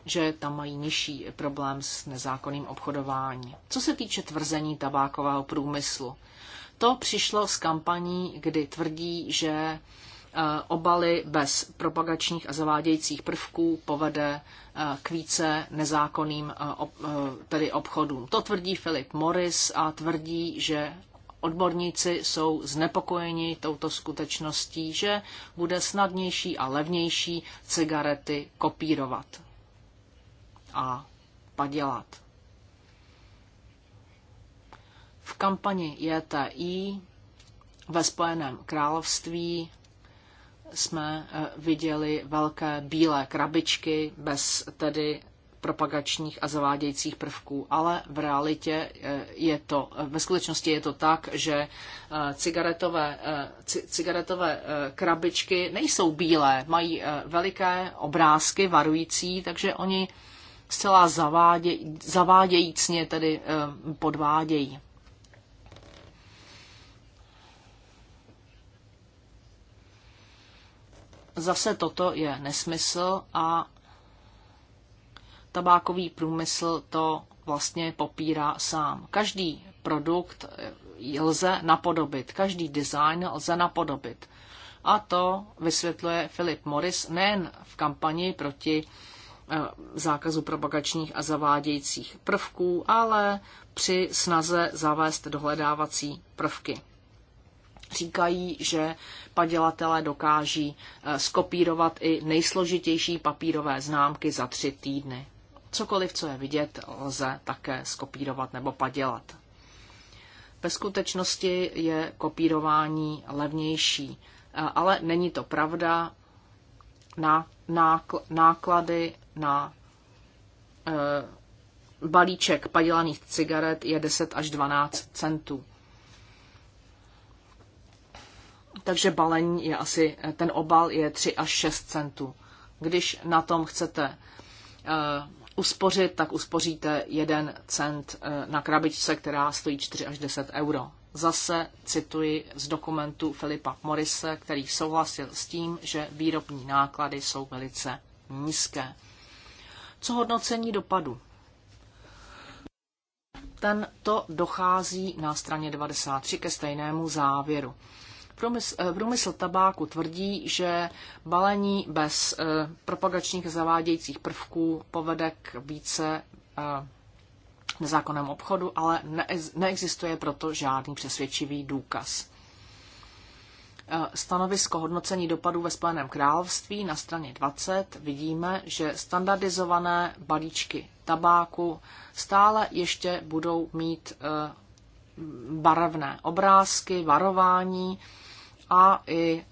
že tam mají nižší problém s nezákonným obchodováním. Co se týče tvrzení tabákového průmyslu, to přišlo z kampaní, kdy tvrdí, že Eh, obaly bez propagačních a zavádějících prvků povede eh, k více nezákonným eh, tedy obchodům. To tvrdí Philip Morris a tvrdí, že odborníci jsou znepokojeni touto skutečností, že bude snadnější a levnější cigarety kopírovat a padělat. V kampani JTI e ve Spojeném království jsme eh, viděli velké bílé krabičky bez tedy propagačních a zavádějících prvků, ale v realitě eh, je to, eh, ve skutečnosti je to tak, že cigaretové, cigaretové krabičky nejsou bílé, mají veliké obrázky varující, takže oni zcela zavádějícně tedy podvádějí. Zase toto je nesmysl a tabákový průmysl to vlastně popírá sám. Každý produkt lze napodobit, každý design lze napodobit. A to vysvětluje Philip Morris nejen v kampani proti eh, zákazu propagačních a zavádějících prvků, ale při snaze zavést dohledávací prvky říkají, že padělatelé dokáží eh, skopírovat i nejsložitější papírové známky za tři týdny. Cokoliv, co je vidět, lze také skopírovat nebo padělat. Ve skutečnosti je kopírování levnější, eh, ale není to pravda. Na náklady na eh, balíček padělaných cigaret je 10 až 12 centů. Takže balení je asi, ten obal je 3 až 6 centů. Když na tom chcete eh, uspořit, tak uspoříte 1 cent eh, na krabičce, která stojí 4 až 10 euro. Zase cituji z dokumentu Filipa Morise, který souhlasil s tím, že výrobní náklady jsou velice nízké. Co hodnocení dopadu? Ten to dochází na straně 93 ke stejnému závěru. Průmysl, eh, průmysl tabáku tvrdí, že balení bez eh, propagačních zavádějících prvků povede k více eh, nezákonnému obchodu, ale neexistuje proto žádný přesvědčivý důkaz. Stanovisko hodnocení dopadů ve Spojeném království na straně 20 vidíme, že standardizované balíčky tabáku stále ještě budou mít barevné obrázky, varování a i e,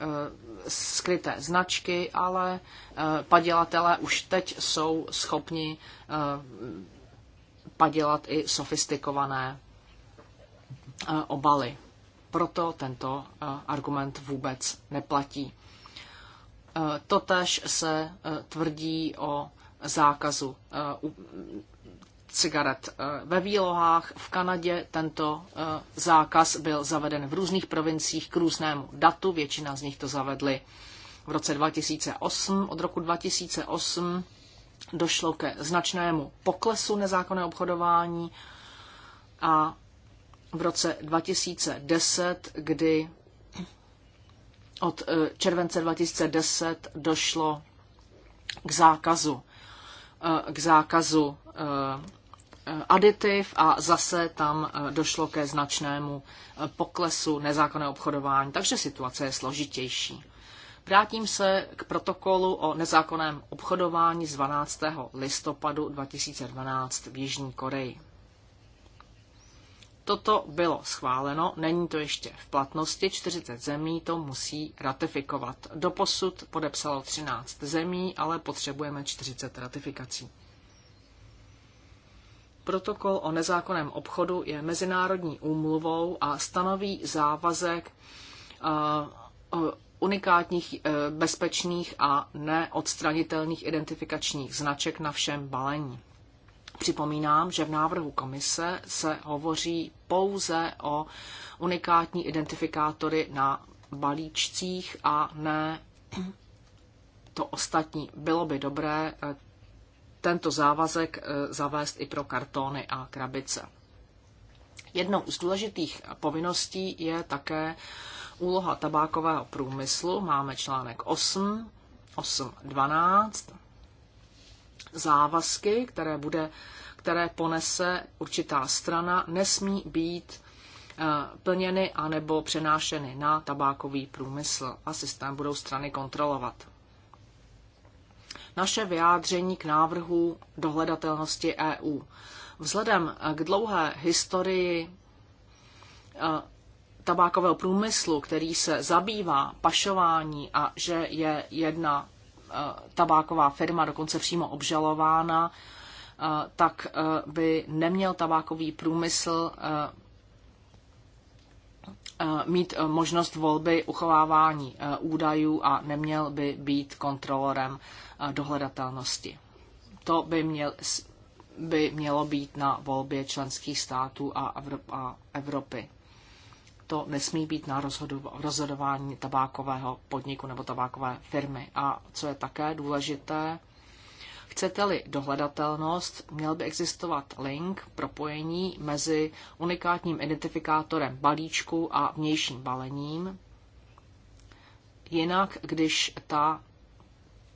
skryté značky, ale e, padělatelé už teď jsou schopni e, padělat i sofistikované obaly. Proto tento argument vůbec neplatí. Totež se tvrdí o zákazu cigaret eh, ve výlohách. V Kanadě tento eh, zákaz byl zaveden v různých provinciích k různému datu. Většina z nich to zavedly v roce 2008. Od roku 2008 došlo ke značnému poklesu nezákonného obchodování a v roce 2010, kdy od eh, července 2010 došlo k zákazu k zákazu aditiv a zase tam eh, došlo ke značnému eh, poklesu nezákonného obchodování, takže situace je složitější. Vrátím se k protokolu o nezákonném obchodování z 12. listopadu 2012 v Jižní Koreji. Toto bylo schváleno, není to ještě v platnosti, 40 zemí to musí ratifikovat. Doposud podepsalo 13 zemí, ale potřebujeme 40 ratifikací. Protokol o nezákonném obchodu je mezinárodní úmluvou a stanoví závazek eh, unikátních, eh, bezpečných a neodstranitelných identifikačních značek na všem balení. Připomínám, že v návrhu komise se hovoří pouze o unikátní identifikátory na balíčcích a ne to ostatní. Bylo by dobré eh, tento závazek eh, zavést i pro kartony a krabice. Jednou z důležitých povinností je také úloha tabákového průmyslu. Máme článek 8, 8, 12. Závazky, které, bude, které ponese určitá strana, nesmí být eh, plněny anebo přenášeny na tabákový průmysl a systém budou strany kontrolovat naše vyjádření k návrhu dohledatelnosti EU. Vzhledem eh, k dlouhé historii eh, tabákového průmyslu, který se zabývá pašování a že je jedna eh, tabáková firma dokonce přímo obžalována, tak by neměl tabákový průmysl Eh, mít eh, možnost volby uchovávání eh, údajů a neměl by být kontrolorem dohledatelnosti. To by, měl, by mělo být na volbě členských států a Evropy. To nesmí být na rozhodování tabákového podniku nebo tabákové firmy. A co je také důležité, Chcete-li dohledatelnost, měl by existovat link propojení mezi unikátním identifikátorem balíčku a vnějším balením. Jinak, když ta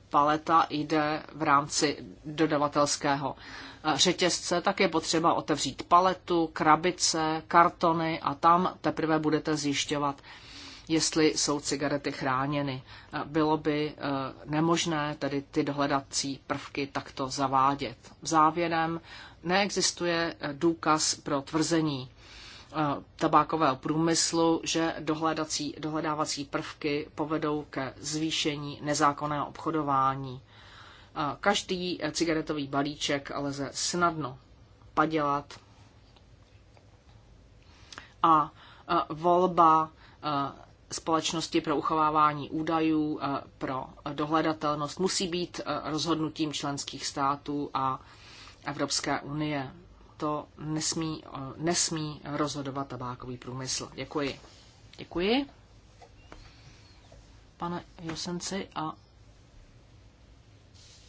paleta jde v rámci dodavatelského eh, řetězce, tak je potřeba otevřít paletu, krabice, kartony a tam teprve budete zjišťovat, jestli jsou cigarety chráněny. Eh, bylo by eh, nemožné tedy ty dohledací prvky takto zavádět. Závěrem neexistuje eh, důkaz pro tvrzení tabákového průmyslu, že dohledací, dohledávací prvky povedou ke zvýšení nezákonného obchodování. Každý cigaretový balíček lze snadno padělat a volba společnosti pro uchovávání údajů, eh, pro dohledatelnost musí být eh, rozhodnutím členských států a Evropské unie. To nesmí, eh, nesmí rozhodovat tabákový průmysl. Děkuji. Děkuji. Pane Josenci a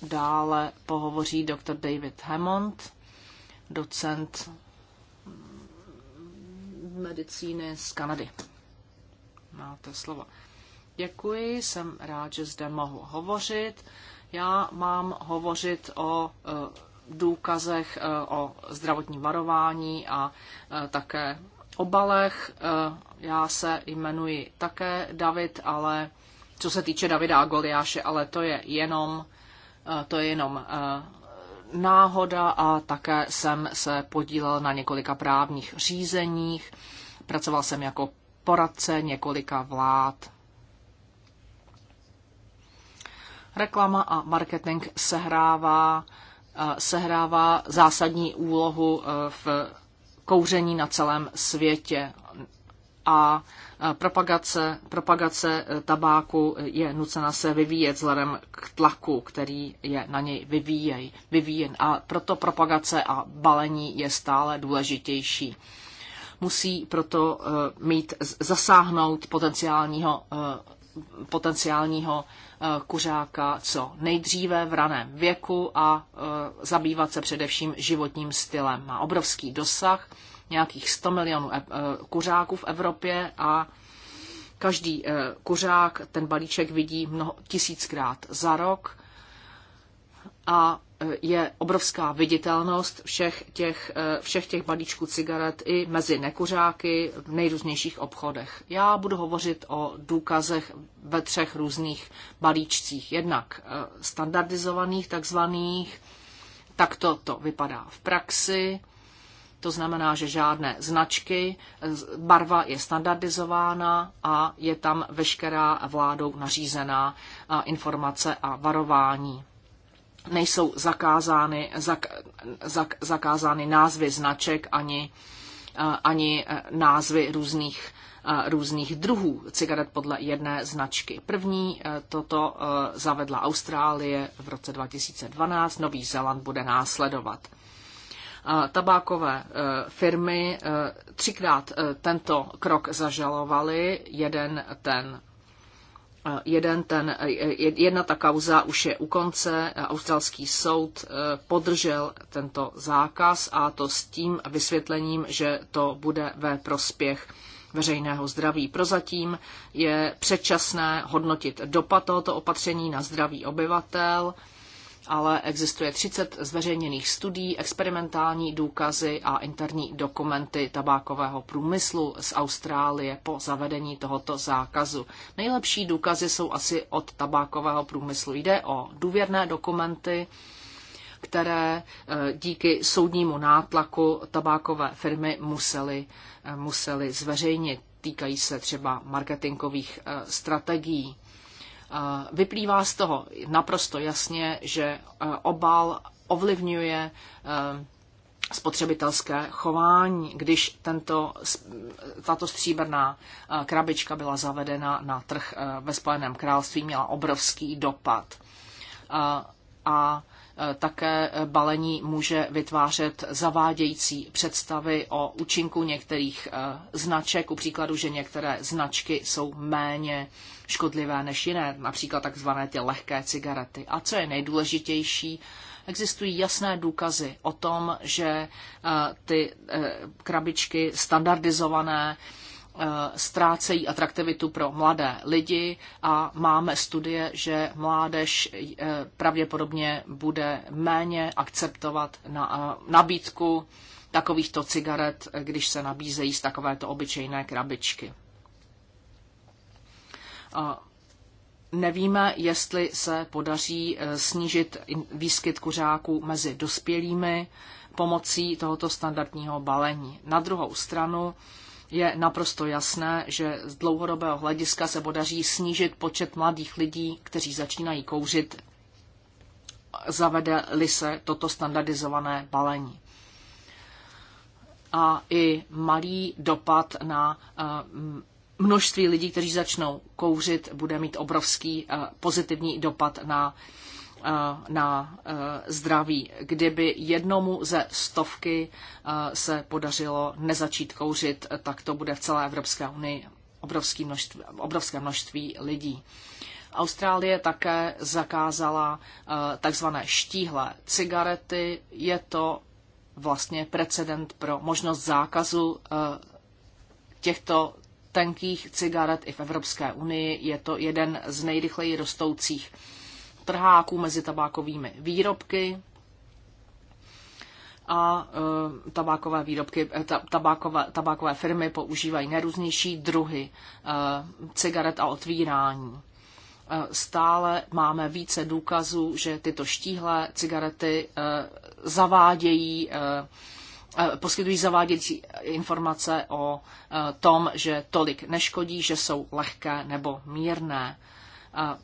dále pohovoří dr. David Hammond, docent mm, medicíny z Kanady máte slovo. Děkuji, jsem rád, že zde mohu hovořit. Já mám hovořit o e, důkazech e, o zdravotním varování a e, také obalech. Já se jmenuji také David, ale co se týče Davida a Goliáše, ale to je jenom, to je jenom náhoda a také jsem se podílel na několika právních řízeních. Pracoval jsem jako poradce několika vlád. Reklama a marketing sehrává, eh, sehrává zásadní úlohu eh, v kouření na celém světě a eh, propagace, propagace tabáku je nucena se vyvíjet vzhledem k tlaku, který je na něj vyvíjen. A proto propagace a balení je stále důležitější musí proto eh, mít zasáhnout potenciálního, eh, potenciálního eh, kuřáka co nejdříve v raném věku a zabývat se především životním stylem. Má obrovský dosah, nějakých 100 milionů kuřáků v Evropě a každý kuřák ten balíček vidí mnoho tisíckrát za rok a je obrovská viditelnost všech těch, eh, všech těch balíčků cigaret i mezi nekuřáky v nejrůznějších obchodech. Já budu hovořit o důkazech ve třech různých balíčcích. Jednak eh, standardizovaných, takzvaných, tak to, to vypadá v praxi, to znamená, že žádné značky, barva je standardizována a je tam veškerá vládou nařízená eh, informace a varování nejsou zakázány, zak, zak, zakázány názvy značek ani, eh, ani eh, názvy různých eh, různých druhů cigaret podle jedné značky. První toto zavedla Austrálie v roce 2012, Nový Zéland bude následovat. Tabákové firmy třikrát tento krok zažalovaly, jeden ten Jeden ten, eh, jedna ta kauza už je u konce. Australský soud eh, podržel tento zákaz a to s tím vysvětlením, že to bude ve prospěch veřejného zdraví. Prozatím je předčasné hodnotit dopad tohoto opatření na zdraví obyvatel ale existuje 30 zveřejněných studií, experimentální důkazy a interní dokumenty tabákového průmyslu z Austrálie po zavedení tohoto zákazu. Nejlepší důkazy jsou asi od tabákového průmyslu. Jde o důvěrné dokumenty, které eh, díky soudnímu nátlaku tabákové firmy museli, eh, musely zveřejnit. Týkají se třeba marketingových eh, strategií Vyplývá z toho naprosto jasně, že e, obal ovlivňuje e, spotřebitelské chování, když tento, tato stříbrná e, krabička byla zavedena na trh ve Spojeném království, měla obrovský dopad. A, a také balení může vytvářet zavádějící představy o účinku některých značek, u příkladu, že některé značky jsou méně uh, škodlivé než jiné, například takzvané ty lehké cigarety. A co je nejdůležitější, existují jasné důkazy o tom, že eh, ty eh, krabičky standardizované eh, ztrácejí atraktivitu pro mladé lidi a máme studie, že mládež pravděpodobně bude méně akceptovat na nabídku takovýchto cigaret, když se nabízejí z takovéto obyčejné krabičky. Nevíme, jestli se podaří eh, snížit výskyt kuřáků mezi dospělými pomocí tohoto standardního balení. Na druhou stranu je naprosto jasné, že z dlouhodobého hlediska se podaří snížit počet mladých lidí, kteří začínají kouřit, zavede-li se toto standardizované balení a i malý dopad na eh, množství lidí, kteří začnou kouřit, bude mít obrovský eh, pozitivní dopad na, eh, na eh, zdraví. Kdyby jednomu ze stovky se podařilo nezačít kouřit, tak to bude v celé Evropské unii obrovské množství, obrovské množství lidí. Austrálie také zakázala takzvané štíhlé cigarety. Je to vlastně precedent pro možnost zákazu těchto tenkých cigaret i v Evropské unii. Je to jeden z nejrychleji rostoucích trháků mezi tabákovými výrobky a e, tabákové výrobky, e, tabákové, tabákové firmy používají nejrůznější druhy e, cigaret a otvírání. Stále máme více důkazů, že tyto štíhlé cigarety zavádějí Eh, poskytují zavádějící informace o eh, tom, že tolik neškodí, že jsou lehké nebo mírné. Eh,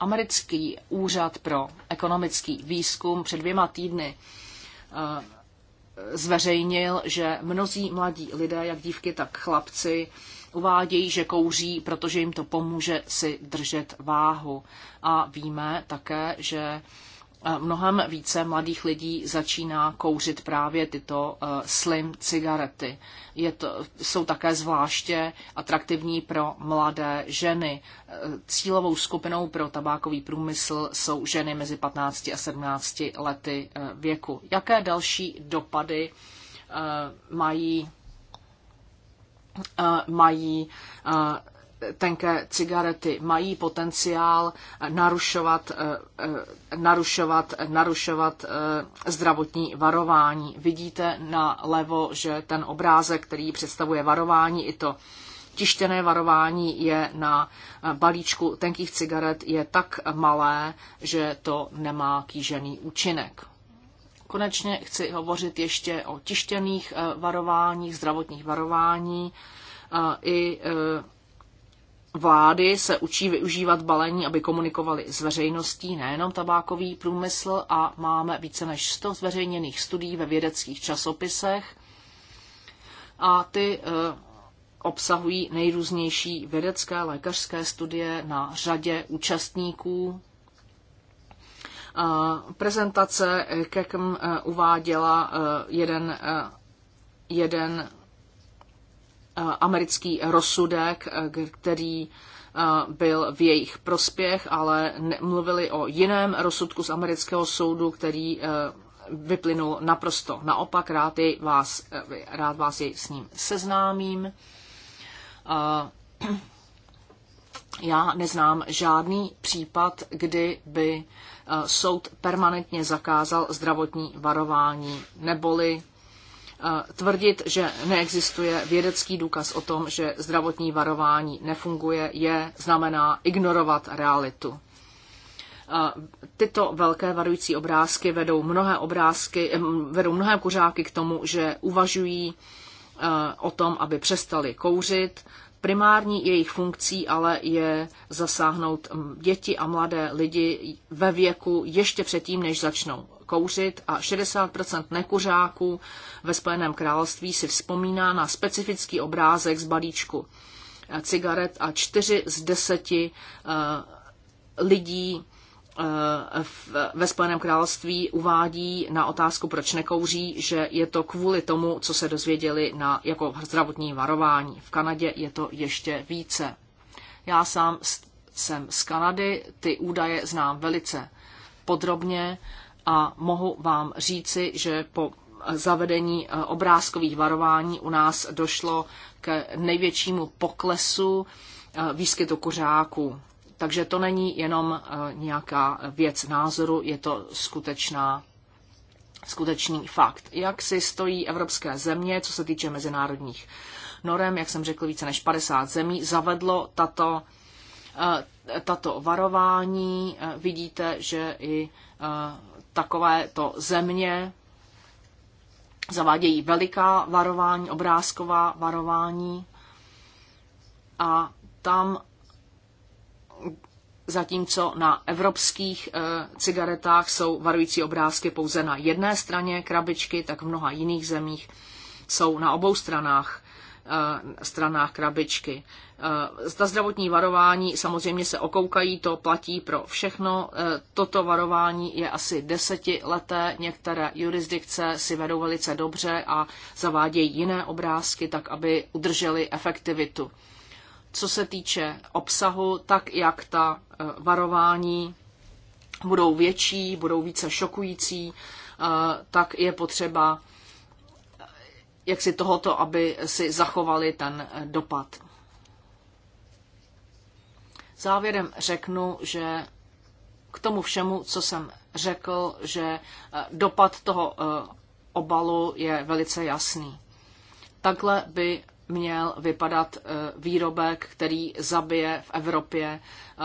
americký úřad pro ekonomický výzkum před dvěma týdny zveřejnil, že mnozí mladí lidé, jak dívky, tak chlapci, uvádějí, že kouří, protože jim to pomůže si držet váhu. A víme také, že mnohem více mladých lidí začíná kouřit právě tyto eh, slim cigarety. Je to, jsou také zvláště atraktivní pro mladé ženy. Eh, cílovou skupinou pro tabákový průmysl jsou ženy mezi 15 a 17 lety eh, věku. Jaké další dopady mají mají tenké cigarety mají potenciál narušovat, eh, eh, narušovat, narušovat eh, zdravotní varování. Vidíte na levo, že ten obrázek, který představuje varování, i to tištěné varování je na balíčku tenkých cigaret je tak malé, že to nemá kýžený účinek. Konečně chci hovořit ještě o tištěných varováních, zdravotních varování i vlády se učí využívat balení, aby komunikovali s veřejností, nejenom tabákový průmysl a máme více než 100 zveřejněných studií ve vědeckých časopisech a ty eh, obsahují nejrůznější vědecké lékařské studie na řadě účastníků. Eh, prezentace eh, KEKM uváděla jeden, jeden Eh, americký rozsudek, eh, který eh, byl v jejich prospěch, ale mluvili o jiném rozsudku z amerického soudu, který vyplynul naprosto naopak. Rád, vás, rád vás jej s ním seznámím. Já neznám žádný případ, kdy by soud permanentně zakázal zdravotní varování, neboli Tvrdit, že neexistuje vědecký důkaz o tom, že zdravotní varování nefunguje, je znamená ignorovat realitu. Tyto velké varující obrázky vedou mnohé obrázky, vedou mnohé kuřáky k tomu, že uvažují eh, o tom, aby přestali kouřit, Primární jejich funkcí ale je zasáhnout mm, děti a mladé lidi ve věku ještě předtím, než začnou kouřit a 60% nekuřáků ve Spojeném království si vzpomíná na specifický obrázek z balíčku eh, cigaret a 4 z 10 eh, lidí Eh, ve Spojeném království uvádí na otázku, proč nekouří, že je to kvůli tomu, co se dozvěděli na, jako zdravotní varování. V Kanadě je to ještě více. Já sám jsem z Kanady, ty údaje znám velice podrobně a mohu vám říci, že po zavedení eh, obrázkových varování u nás došlo k největšímu poklesu eh, výskytu kuřáků. Takže to není jenom eh, nějaká věc názoru, je to skutečná skutečný fakt. Jak si stojí evropské země, co se týče mezinárodních norem, jak jsem řekl, více než 50 zemí zavedlo tato, eh, tato varování. Eh, vidíte, že i takovéto země zavádějí veliká varování, obrázková varování a tam zatímco na evropských eh, cigaretách jsou varující obrázky pouze na jedné straně krabičky, tak v mnoha jiných zemích jsou na obou stranách eh, stranách krabičky. Ta eh, zdravotní varování samozřejmě se okoukají, to platí pro všechno. Toto varování je asi desetileté, některé jurisdikce si vedou velice dobře a zavádějí jiné obrázky, tak aby udrželi efektivitu co se týče obsahu, tak jak ta e, varování budou větší, budou více šokující, e, tak je potřeba e, jak si tohoto, aby si zachovali ten dopad. Závěrem řeknu, že k tomu všemu, co jsem řekl, že dopad toho obalu je velice jasný. Takhle by měl vypadat eh, výrobek, který zabije v Evropě eh,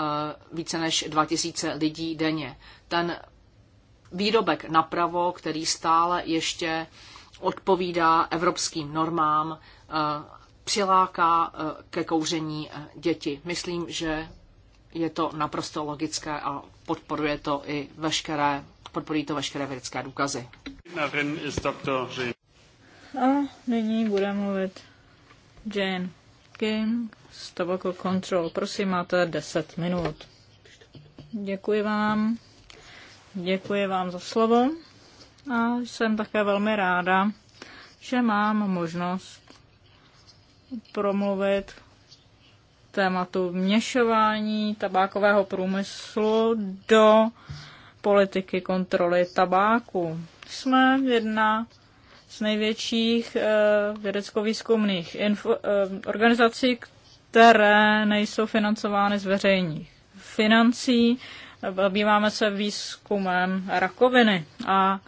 více než 2000 lidí denně. Ten výrobek napravo, který stále ještě odpovídá evropským normám, eh, přiláká ke kouření děti. Myslím, že je to naprosto logické a podporuje to i veškeré, podporují to veškeré vědecké důkazy. A nyní bude mluvit Jane King z Tobacco Control. Prosím, máte 10 minut. Děkuji vám. Děkuji vám za slovo. A jsem také velmi ráda, že mám možnost promluvit tématu vměšování tabákového průmyslu do politiky kontroly tabáku. Jsme jedna z největších eh, vědecko-výzkumných eh, organizací, které nejsou financovány z veřejných financí. Býváme se výzkumem rakoviny a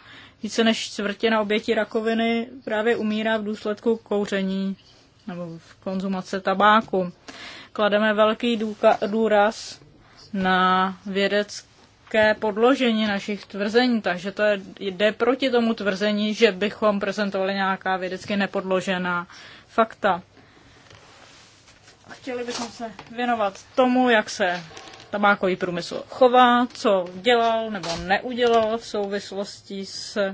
více než čtvrtina obětí rakoviny právě umírá v důsledku kouření nebo v konzumace tabáku. Klademe velký důka, důraz na vědecké vědecké podložení našich tvrzení, takže to je, jde proti tomu tvrzení, že bychom prezentovali nějaká vědecky nepodložená fakta. Chtěli bychom se věnovat tomu, jak se tabákový průmysl chová, co dělal nebo neudělal v souvislosti s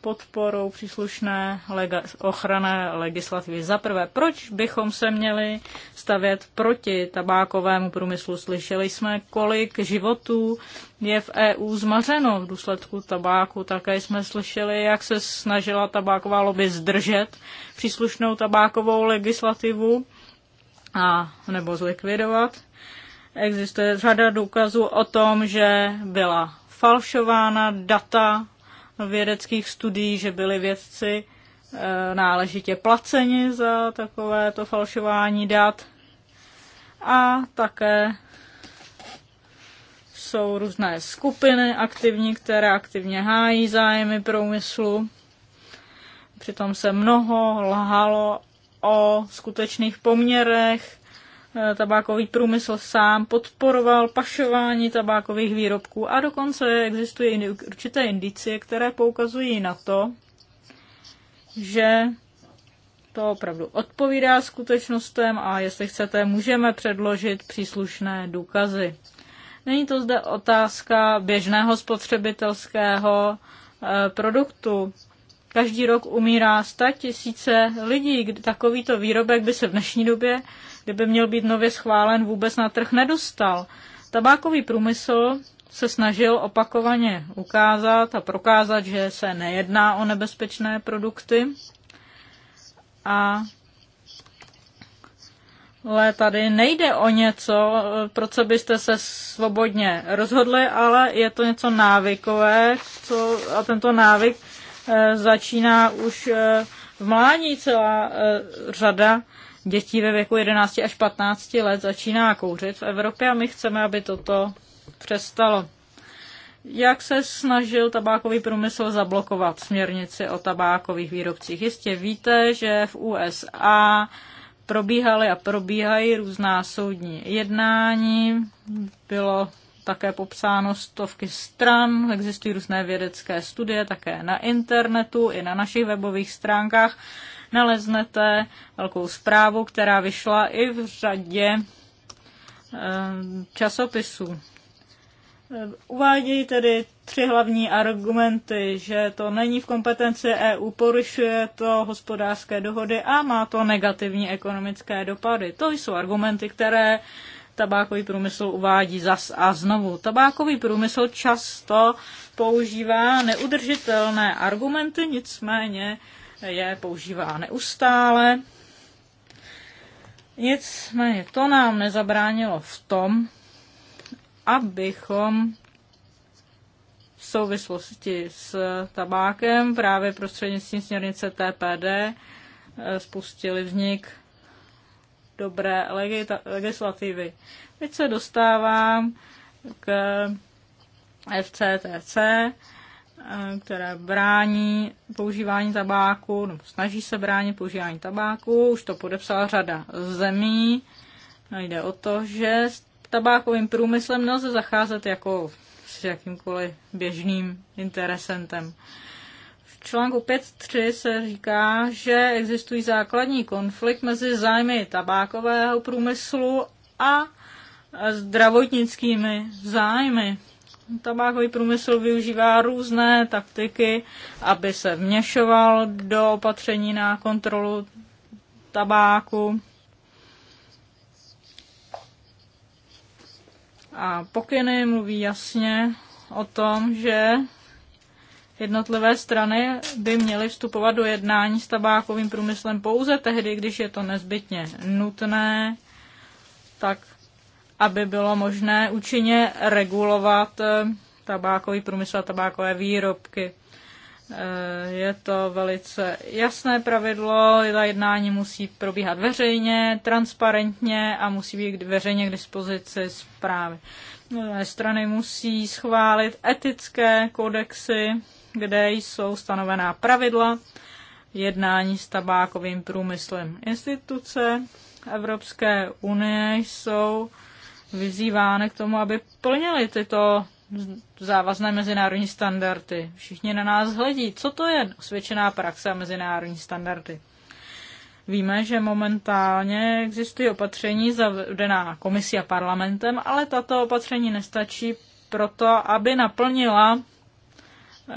podporou příslušné lega- ochranné legislativy. Za prvé, proč bychom se měli stavět proti tabákovému průmyslu? Slyšeli jsme, kolik životů je v EU zmařeno v důsledku tabáku. Také jsme slyšeli, jak se snažila tabáková lobby zdržet příslušnou tabákovou legislativu a nebo zlikvidovat. Existuje řada důkazů o tom, že byla falšována data vědeckých studií, že byli vědci eh, náležitě placeni za takovéto falšování dat. A také jsou různé skupiny aktivní, které aktivně hájí zájmy průmyslu. Přitom se mnoho lhalo o skutečných poměrech Eh, tabákový průmysl sám podporoval pašování tabákových výrobků a dokonce existují určité indicie, které poukazují na to, že to opravdu odpovídá skutečnostem a jestli chcete, můžeme předložit příslušné důkazy. Není to zde otázka běžného spotřebitelského eh, produktu. Každý rok umírá 100 tisíce lidí. Takovýto výrobek by se v dnešní době kdyby měl být nově schválen, vůbec na trh nedostal. Tabákový průmysl se snažil opakovaně ukázat a prokázat, že se nejedná o nebezpečné produkty. A ale tady nejde o něco, pro co byste se svobodně rozhodli, ale je to něco návykové co, a tento návyk e, začíná už e, v mládí celá e, řada dětí ve věku 11 až 15 let začíná kouřit v Evropě a my chceme, aby toto přestalo. Jak se snažil tabákový průmysl zablokovat směrnici o tabákových výrobcích? Jistě víte, že v USA probíhaly a probíhají různá soudní jednání. Bylo také popsáno stovky stran, existují různé vědecké studie také na internetu i na našich webových stránkách naleznete velkou zprávu, která vyšla i v řadě eh, časopisů. Eh, uvádějí tedy tři hlavní argumenty, že to není v kompetenci EU, porušuje to hospodářské dohody a má to negativní ekonomické dopady. To jsou argumenty, které tabákový průmysl uvádí zas a znovu. Tabákový průmysl často používá neudržitelné argumenty, nicméně je používá neustále. Nicméně to nám nezabránilo v tom, abychom v souvislosti s tabákem právě prostřednictvím směrnice TPD eh, spustili vznik dobré legislativy. Teď se dostávám k FCTC, Eh, které brání používání tabáku, nebo snaží se bránit používání tabáku. Už to podepsala řada zemí. Jde o to, že s tabákovým průmyslem nelze zacházet jako s jakýmkoliv běžným interesentem. V článku 5.3 se říká, že existují základní konflikt mezi zájmy tabákového průmyslu a zdravotnickými zájmy tabákový průmysl využívá různé taktiky, aby se vměšoval do opatření na kontrolu tabáku. A pokyny mluví jasně o tom, že jednotlivé strany by měly vstupovat do jednání s tabákovým průmyslem pouze tehdy, když je to nezbytně nutné, tak aby bylo možné účinně regulovat eh, tabákový průmysl a tabákové výrobky. Eh, je to velice jasné pravidlo, ta jednání musí probíhat veřejně, transparentně a musí být veřejně k dispozici zprávy. Strany musí schválit etické kodexy, kde jsou stanovená pravidla jednání s tabákovým průmyslem. Instituce Evropské unie jsou vyzývány k tomu, aby plnili tyto závazné mezinárodní standardy. Všichni na nás hledí. Co to je osvědčená praxe a mezinárodní standardy? Víme, že momentálně existují opatření zavedená komisí a parlamentem, ale tato opatření nestačí proto, aby naplnila eh,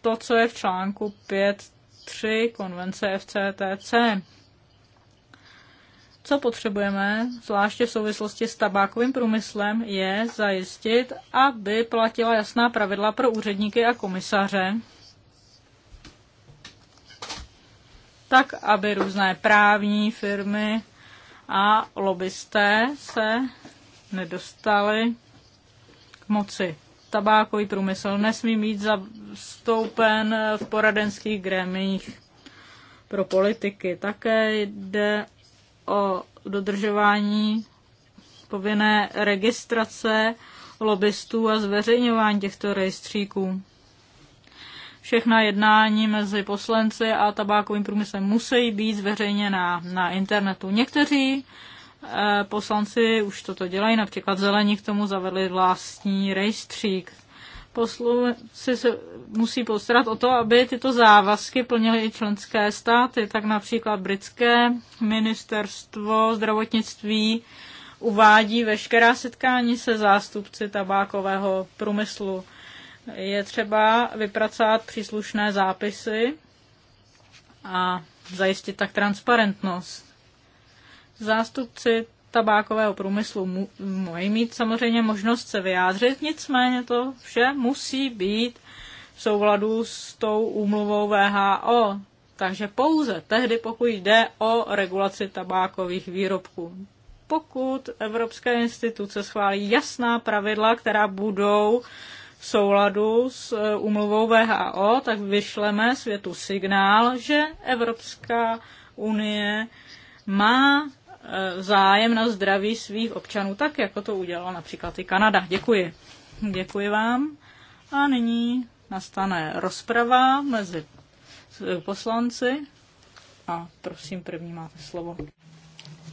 to, co je v článku 5.3 konvence FCTC. Co potřebujeme, zvláště v souvislosti s tabákovým průmyslem, je zajistit, aby platila jasná pravidla pro úředníky a komisaře, tak aby různé právní firmy a lobbysté se nedostali k moci. Tabákový průmysl nesmí být zastoupen v poradenských grémích pro politiky. Také jde o dodržování povinné registrace lobbystů a zveřejňování těchto rejstříků. Všechna jednání mezi poslanci a tabákovým průmyslem musí být zveřejněna na internetu. Někteří eh, poslanci už toto dělají, například zelení k tomu zavedli vlastní rejstřík poslanci se musí postarat o to, aby tyto závazky plnily i členské státy. Tak například britské ministerstvo zdravotnictví uvádí veškerá setkání se zástupci tabákového průmyslu. Je třeba vypracovat příslušné zápisy a zajistit tak transparentnost. Zástupci tabákového průmyslu mají mít samozřejmě možnost se vyjádřit, nicméně to vše musí být v souladu s tou úmluvou VHO. Takže pouze tehdy, pokud jde o regulaci tabákových výrobků. Pokud evropské instituce schválí jasná pravidla, která budou v souladu s eh, úmluvou VHO, tak vyšleme světu signál, že Evropská unie má zájem na zdraví svých občanů, tak jako to udělala například i Kanada. Děkuji. Děkuji vám. A nyní nastane rozprava mezi poslanci. A prosím, první máte slovo.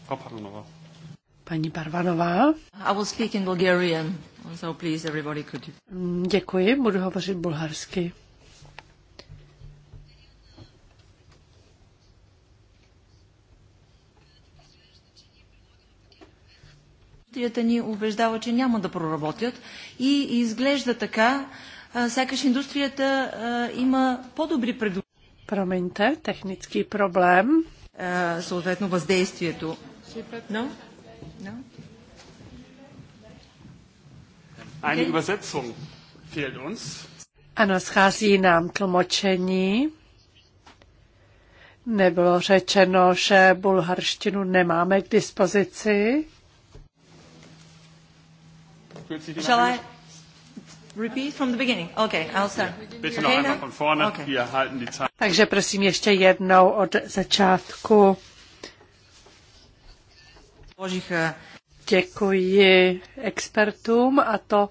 A Parvanová. Paní Parvanová. I will speak in Bulgarian, so please everybody could... Děkuji, budu hovořit bulharsky. индустрията ни убеждава, че няма да проработят и изглежда така, сякаш индустрията има по-добри предложения. Промените, технически проблем. Съответно въздействието. No? No? Eine Übersetzung Ano, schází nám tlumočení. Nebylo řečeno, že bulharštinu nemáme k dispozici. Shall I repeat from the beginning? Okay, I'll start. Bitte noch einmal no? von vorne. Okay. Wir halten die Zeit. Takže prosím ještě jednou od začátku. Božích eh, děkuji expertům a to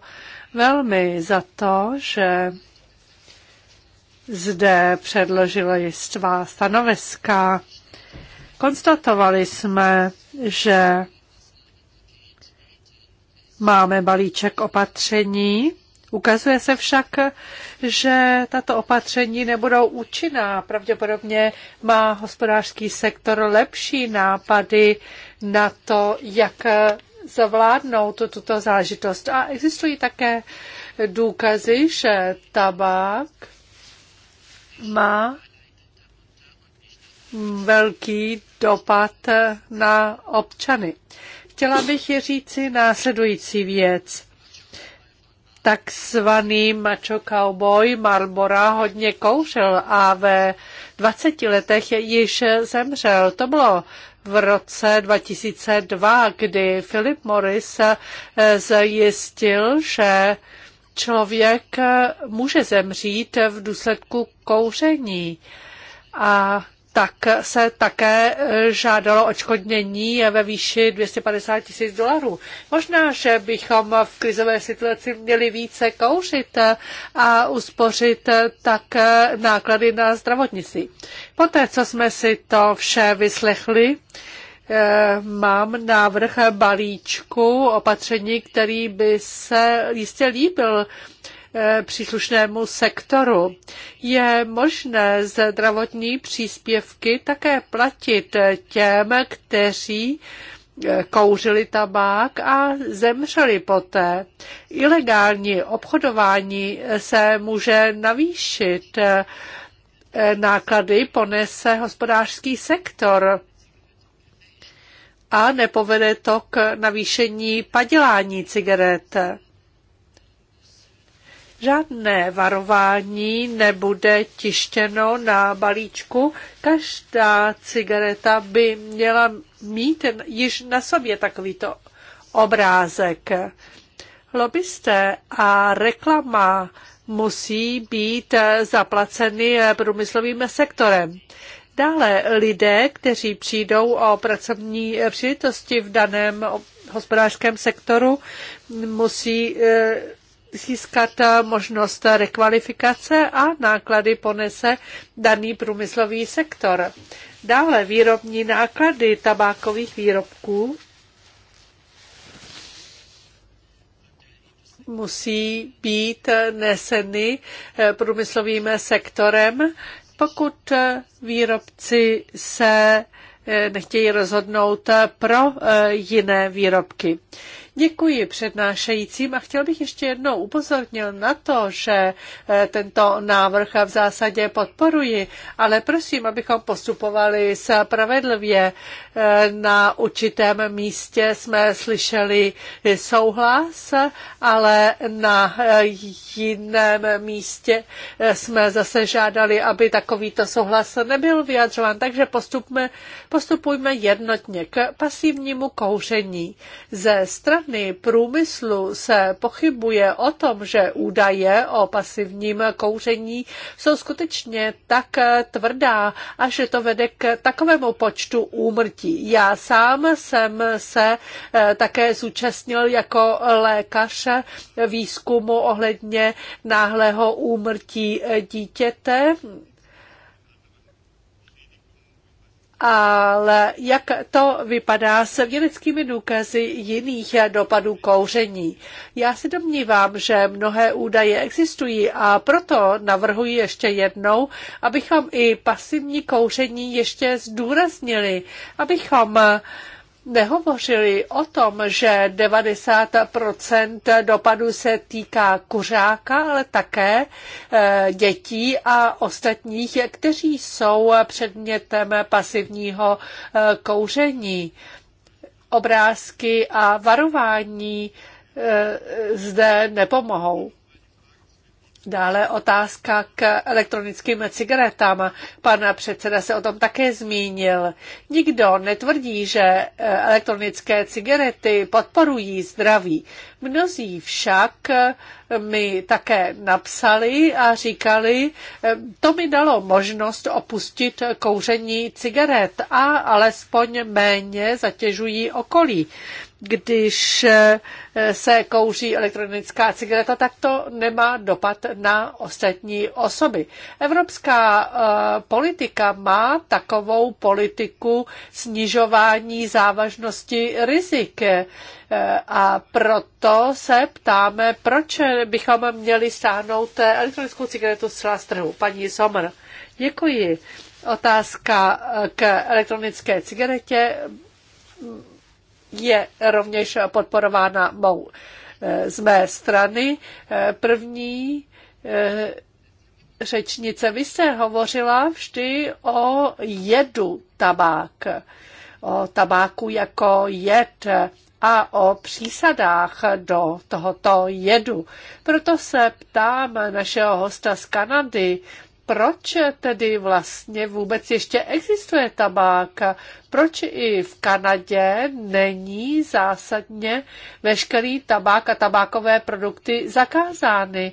velmi za to, že zde předložili svá stanoviska. Konstatovali jsme, že Máme balíček opatření. Ukazuje se však, že tato opatření nebudou účinná. Pravděpodobně má hospodářský sektor lepší nápady na to, jak zavládnout tuto zážitost. A existují také důkazy, že tabák má velký dopad na občany. Chtěla bych je říci následující věc takzvaný macho cowboy Marlbora hodně kouřil a ve 20 letech již zemřel. To bylo v roce 2002, kdy Philip Morris zjistil, že člověk může zemřít v důsledku kouření. A tak se také eh, žádalo očkodnění ve výši 250 tisíc dolarů. Možná, že bychom v krizové situaci měli více kouřit a uspořit eh, tak eh, náklady na zdravotnictví. Poté, co jsme si to vše vyslechli, mám návrh balíčku opatření, který by se jistě líbil Eh, příslušnému sektoru. Je možné zdravotní příspěvky také platit těm, kteří eh, kouřili tabák a zemřeli poté. Ilegální obchodování se může navýšit. Eh, náklady ponese hospodářský sektor a nepovede to k navýšení padělání cigaret. Žádné varování nebude tištěno na balíčku. Každá cigareta by měla mít již na sobě takovýto obrázek. Lobbysté a reklama musí být zaplaceny průmyslovým sektorem. Dále lidé, kteří přijdou o pracovní příležitosti v daném hospodářském sektoru, musí eh, získat eh, možnost rekvalifikace a náklady ponese daný průmyslový sektor. Dále výrobní náklady tabákových výrobků musí být neseny eh, průmyslovým sektorem, pokud eh, výrobci se nechtějí rozhodnout pro jiné výrobky. Děkuji přednášejícím a chtěl bych ještě jednou upozornil na to, že eh, tento návrh v zásadě podporuji, ale prosím, abychom postupovali spravedlivě. Eh, na určitém místě jsme slyšeli souhlas, ale na eh, jiném místě jsme zase žádali, aby takovýto souhlas nebyl vyjadřován, takže postupme, postupujme jednotně k pasivnímu kouření. Ze strany orgány průmyslu se pochybuje o tom, že údaje o pasivním kouření jsou skutečně tak tvrdá a že to vede k takovému počtu úmrtí. Já sám jsem se eh, také zúčastnil jako lékař výzkumu ohledně náhlého úmrtí dítěte ale jak to vypadá s vědeckými důkazy jiných dopadů kouření? Já se domnívám, že mnohé údaje existují a proto navrhuji ještě jednou, abychom i pasivní kouření ještě zdůraznili, abychom nehovořili o tom, že 90 dopadů se týká kuřáka, ale také eh, dětí a ostatních, kteří jsou předmětem pasivního eh, kouření. Obrázky a varování eh, zde nepomohou. Dále otázka k elektronickým cigaretám. Pan předseda se o tom také zmínil. Nikdo netvrdí, že eh, elektronické cigarety podporují zdraví. Mnozí však eh, mi také napsali a říkali, eh, to mi dalo možnost opustit kouření cigaret a alespoň méně zatěžují okolí když eh, se kouří elektronická cigareta, tak to nemá dopad na ostatní osoby. Evropská eh, politika má takovou politiku snižování závažnosti rizik. Eh, a proto se ptáme, proč bychom měli stáhnout elektronickou cigaretu z trhu. Paní Sommer, děkuji. Otázka k elektronické cigaretě je rovněž podporována mou, eh, z mé strany. Eh, první eh, řečnice, vy jste hovořila vždy o jedu tabák, o tabáku jako jed a o přísadách do tohoto jedu. Proto se ptám našeho hosta z Kanady, proč tedy vlastně vůbec ještě existuje tabák? Proč i v Kanadě není zásadně veškerý tabák a tabákové produkty zakázány?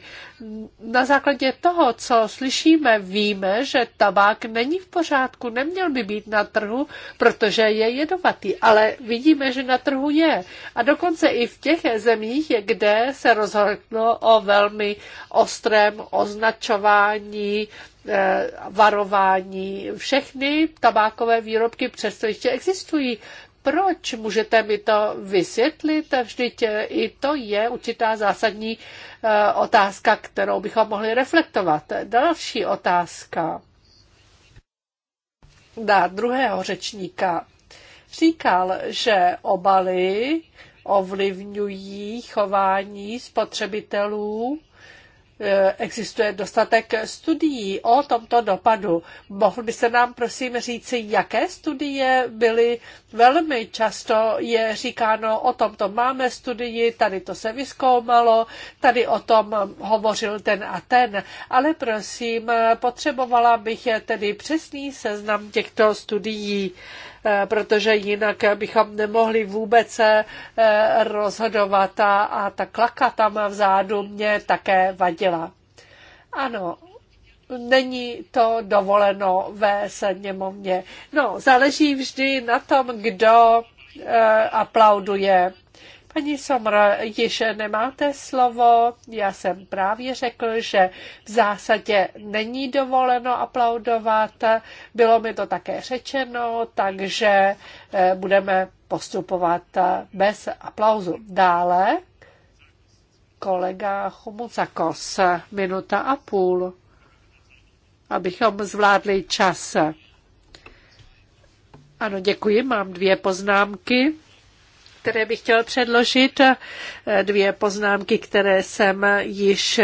na základě toho, co slyšíme, víme, že tabák není v pořádku, neměl by být na trhu, protože je jedovatý, ale vidíme, že na trhu je. A dokonce i v těch zemích, kde se rozhodlo o velmi ostrém označování, eh, varování. Všechny tabákové výrobky přesto ještě existují, proč? Můžete mi to vysvětlit? Vždyť eh, i to je určitá zásadní eh, otázka, kterou bychom mohli reflektovat. Další otázka na druhého řečníka. Říkal, že obaly ovlivňují chování spotřebitelů E, existuje dostatek studií o tomto dopadu. Mohl byste nám prosím říci, jaké studie byly? Velmi často je říkáno o tomto máme studii, tady to se vyskoumalo, tady o tom hovořil ten a ten. Ale prosím, potřebovala bych tedy přesný seznam těchto studií. Eh, protože jinak bychom nemohli vůbec eh, rozhodovat a, a ta klaka tam vzadu mě také vadila. Ano, není to dovoleno ve sněmovně. No, záleží vždy na tom, kdo eh, aplauduje. Paní Somra, již nemáte slovo. Já jsem právě řekl, že v zásadě není dovoleno aplaudovat. Bylo mi to také řečeno, takže eh, budeme postupovat eh, bez aplauzu. Dále kolega Chumucakos, minuta a půl, abychom zvládli čas. Ano, děkuji, mám dvě poznámky které bych chtěl předložit. Dvě poznámky, které jsem již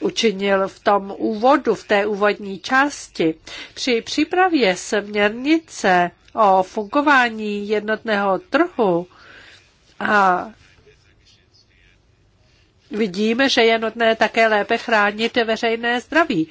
učinil v tom úvodu, v té úvodní části. Při přípravě směrnice o fungování jednotného trhu a vidíme, že je nutné také lépe chránit veřejné zdraví.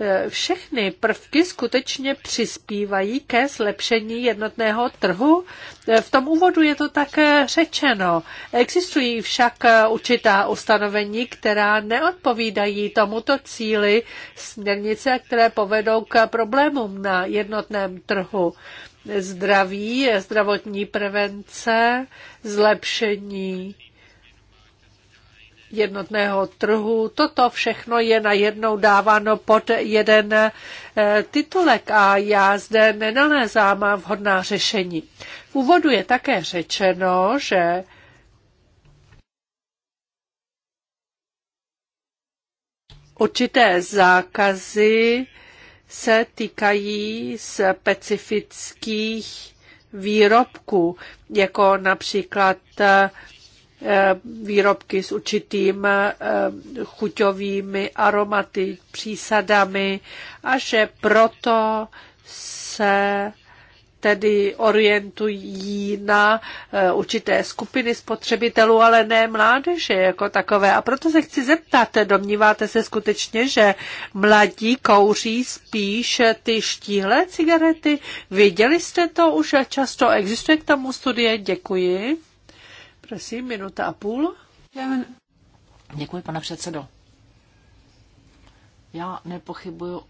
Eh, všechny prvky skutečně přispívají ke zlepšení jednotného trhu. Eh, v tom úvodu je to také řečeno. Existují však eh, určitá ustanovení, která neodpovídají tomuto cíli směrnice, které povedou k problémům na jednotném trhu zdraví, zdravotní prevence, zlepšení jednotného trhu. Toto všechno je najednou dáváno pod jeden eh, titulek a já zde nenalézám vhodná řešení. V úvodu je také řečeno, že určité zákazy se týkají specifických výrobků, jako například eh, Eh, výrobky s určitým eh, chuťovými aromaty, přísadami a že proto se tedy orientují na eh, určité skupiny spotřebitelů, ale ne mládeže jako takové. A proto se chci zeptat, domníváte se skutečně, že mladí kouří spíš ty štíhlé cigarety? Viděli jste to už často? Existuje k tomu studie? Děkuji. Prosím, minuta a půl. Děkuji, pane předsedo. Já nepochybuju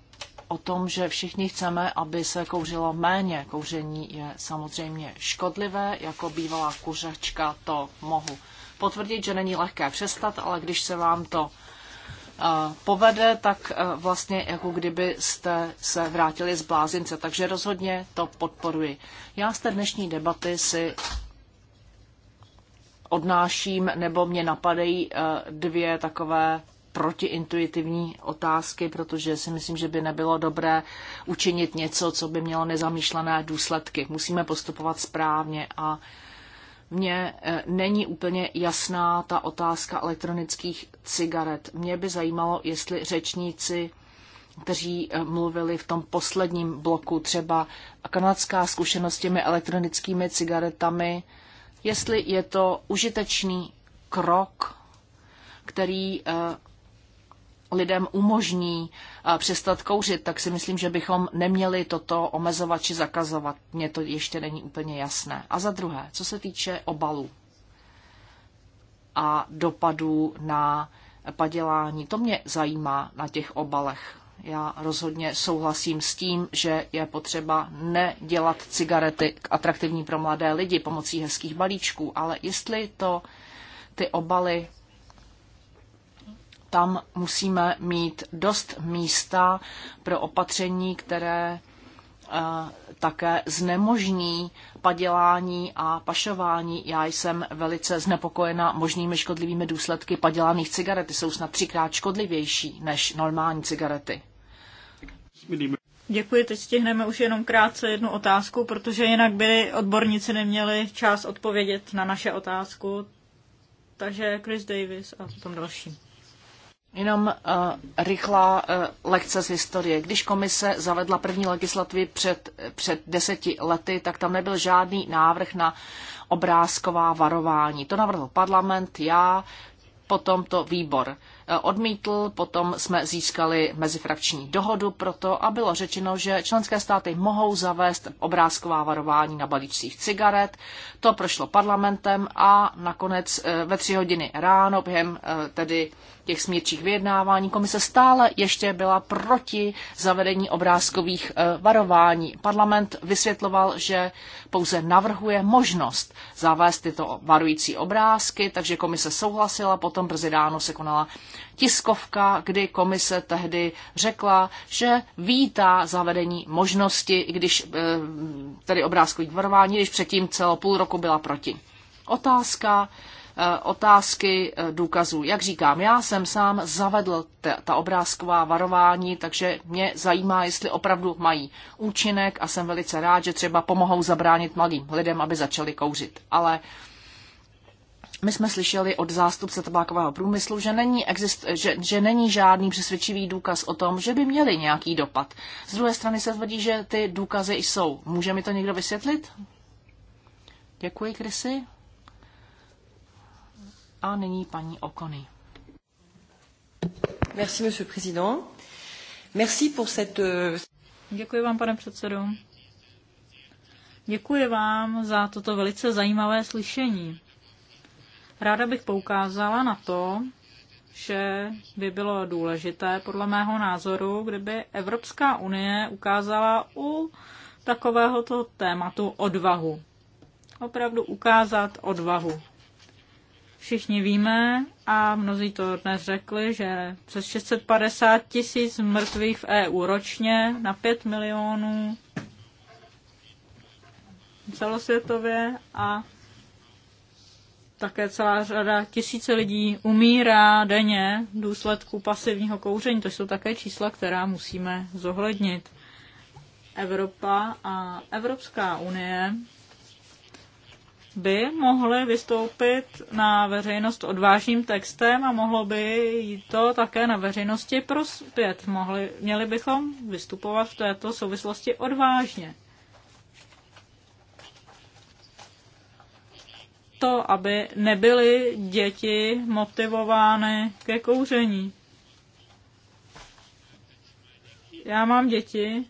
o tom, že všichni chceme, aby se kouřilo méně. Kouření je samozřejmě škodlivé, jako bývalá kuřačka to mohu potvrdit, že není lehké přestat, ale když se vám to eh, povede, tak eh, vlastně jako kdyby jste se vrátili z blázince. Takže rozhodně to podporuji. Já z té dnešní debaty si odnáším, nebo mě napadají eh, dvě takové protiintuitivní otázky, protože si myslím, že by nebylo dobré učinit něco, co by mělo nezamýšlené důsledky. Musíme postupovat správně a mně eh, není úplně jasná ta otázka elektronických cigaret. Mě by zajímalo, jestli řečníci, kteří eh, mluvili v tom posledním bloku, třeba kanadská zkušenost s těmi elektronickými cigaretami, jestli je to užitečný krok, který eh, lidem umožní eh, přestat kouřit, tak si myslím, že bychom neměli toto omezovat či zakazovat. Mně to ještě není úplně jasné. A za druhé, co se týče obalů a dopadů na padělání, to mě zajímá na těch obalech já rozhodně souhlasím s tím, že je potřeba nedělat cigarety atraktivní pro mladé lidi pomocí hezkých balíčků, ale jestli to ty obaly tam musíme mít dost místa pro opatření, které eh, také znemožní padělání a pašování. Já jsem velice znepokojena možnými škodlivými důsledky padělaných cigaret. Jsou snad třikrát škodlivější než normální cigarety. Děkuji, teď stihneme už jenom krátce jednu otázku, protože jinak by odborníci neměli čas odpovědět na naše otázku. Takže Chris Davis a potom další. Jenom uh, rychlá uh, lekce z historie. Když komise zavedla první legislativy před, před deseti lety, tak tam nebyl žádný návrh na obrázková varování. To navrhl parlament, já, potom to výbor. Uh, odmítl, potom jsme získali mezifrakční dohodu proto a bylo řečeno, že členské státy mohou zavést obrázková varování na balíčcích cigaret. To prošlo parlamentem a nakonec eh, ve tři hodiny ráno během eh, tedy těch smírčích vyjednávání komise stále ještě byla proti zavedení obrázkových eh, varování. Parlament vysvětloval, že pouze navrhuje možnost zavést tyto varující obrázky, takže komise souhlasila, potom brzy ráno se konala tiskovka, kdy komise tehdy řekla, že vítá zavedení možnosti, když eh, tedy obrázkových varování, když předtím celou půl roku byla proti. Otázka, Eh, otázky eh, důkazů. Jak říkám, já jsem sám zavedl ta, ta obrázková varování, takže mě zajímá, jestli opravdu mají účinek a jsem velice rád, že třeba pomohou zabránit malým lidem, aby začali kouřit. Ale my jsme slyšeli od zástupce tabákového průmyslu, že není, exist, že, že není žádný přesvědčivý důkaz o tom, že by měli nějaký dopad. Z druhé strany se tvrdí, že ty důkazy jsou. Může mi to někdo vysvětlit? Děkuji, Krysy. A nyní paní Okony. Merci, monsieur président. Merci pour cette... Euh, Děkuji vám, pane předsedo. Děkuji vám za toto velice zajímavé slyšení. Ráda bych poukázala na to, že by bylo důležité, podle mého názoru, kdyby Evropská unie ukázala u takovéhoto tématu odvahu. Opravdu ukázat odvahu. Všichni víme a mnozí to dnes řekli, že přes 650 tisíc mrtvých v EU ročně na 5 milionů celosvětově a také celá řada tisíce lidí umírá denně v důsledku pasivního kouření. To jsou také čísla, která musíme zohlednit. Evropa a Evropská unie by mohly vystoupit na veřejnost odvážným textem a mohlo by jí to také na veřejnosti prospět. Mohli, měli bychom vystupovat v této souvislosti odvážně. To, aby nebyly děti motivovány ke kouření. Já mám děti,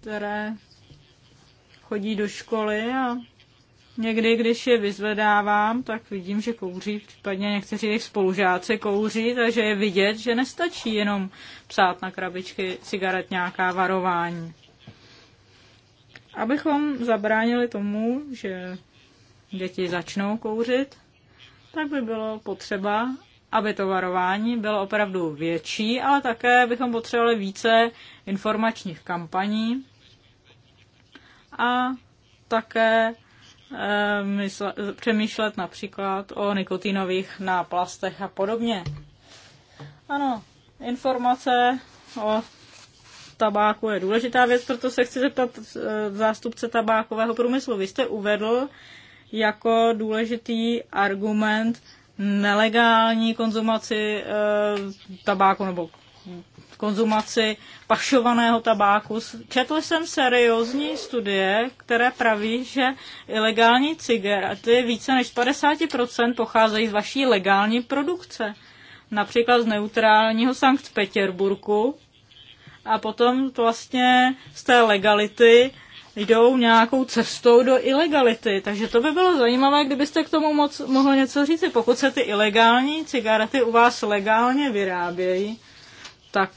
které chodí do školy a někdy, když je vyzvedávám, tak vidím, že kouří, případně někteří jejich spolužáci kouří, takže je vidět, že nestačí jenom psát na krabičky cigaret nějaká varování. Abychom zabránili tomu, že děti začnou kouřit, tak by bylo potřeba, aby to varování bylo opravdu větší, ale také bychom potřebovali více informačních kampaní, a také eh, mysle, přemýšlet například o nikotinových náplastech a podobně. Ano, informace o tabáku je důležitá věc, proto se chci zeptat eh, zástupce tabákového průmyslu. Vy jste uvedl jako důležitý argument nelegální konzumaci e, tabáku nebo konzumaci pašovaného tabáku. Četl jsem seriózní studie, které praví, že ilegální cigarety více než 50% pocházejí z vaší legální produkce. Například z neutrálního Sankt Petěrburku. A potom to vlastně z té legality jdou nějakou cestou do ilegality. Takže to by bylo zajímavé, kdybyste k tomu moc, mohli něco říct. Pokud se ty ilegální cigarety u vás legálně vyrábějí, tak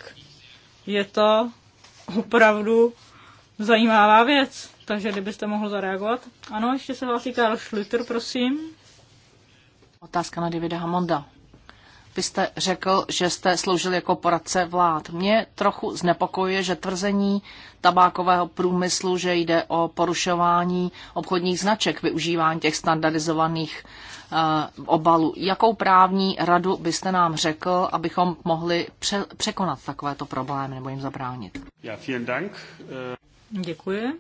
je to opravdu zajímavá věc. Takže kdybyste mohl zareagovat. Ano, ještě se hlásí Karl Schlitter, prosím. Otázka na Davida Hamonda. Vy jste řekl, že jste sloužil jako poradce vlád. Mě trochu znepokojuje, že tvrzení tabákového průmyslu, že jde o porušování obchodních značek, využívání těch standardizovaných uh, obalů. Jakou právní radu byste nám řekl, abychom mohli pře- překonat takovéto problémy nebo jim zabránit? Ja, vielen Dank. Eh, Děkuji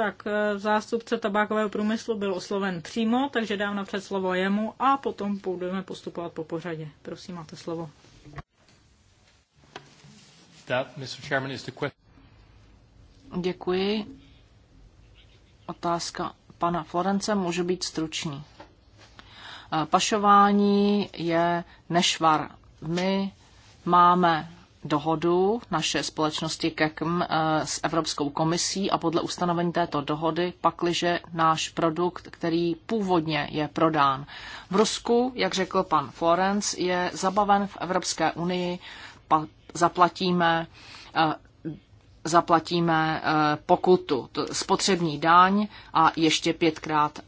tak eh, zástupce tabákového průmyslu byl osloven přímo, takže dám napřed slovo jemu a potom budeme postupovat po pořadě. Prosím, máte slovo. That, Mr. Chairman, is the question. Děkuji. Otázka pana Florence může být stručný. Eh, pašování je nešvar. My máme dohodu naše společnosti KECM eh, s Evropskou komisí a podle ustanovení této dohody pakliže náš produkt, který původně je prodán v Rusku, jak řekl pan Florence, je zabaven v Evropské unii, zaplatíme eh, zaplatíme eh, pokutu, spotřební daň a ještě pětkrát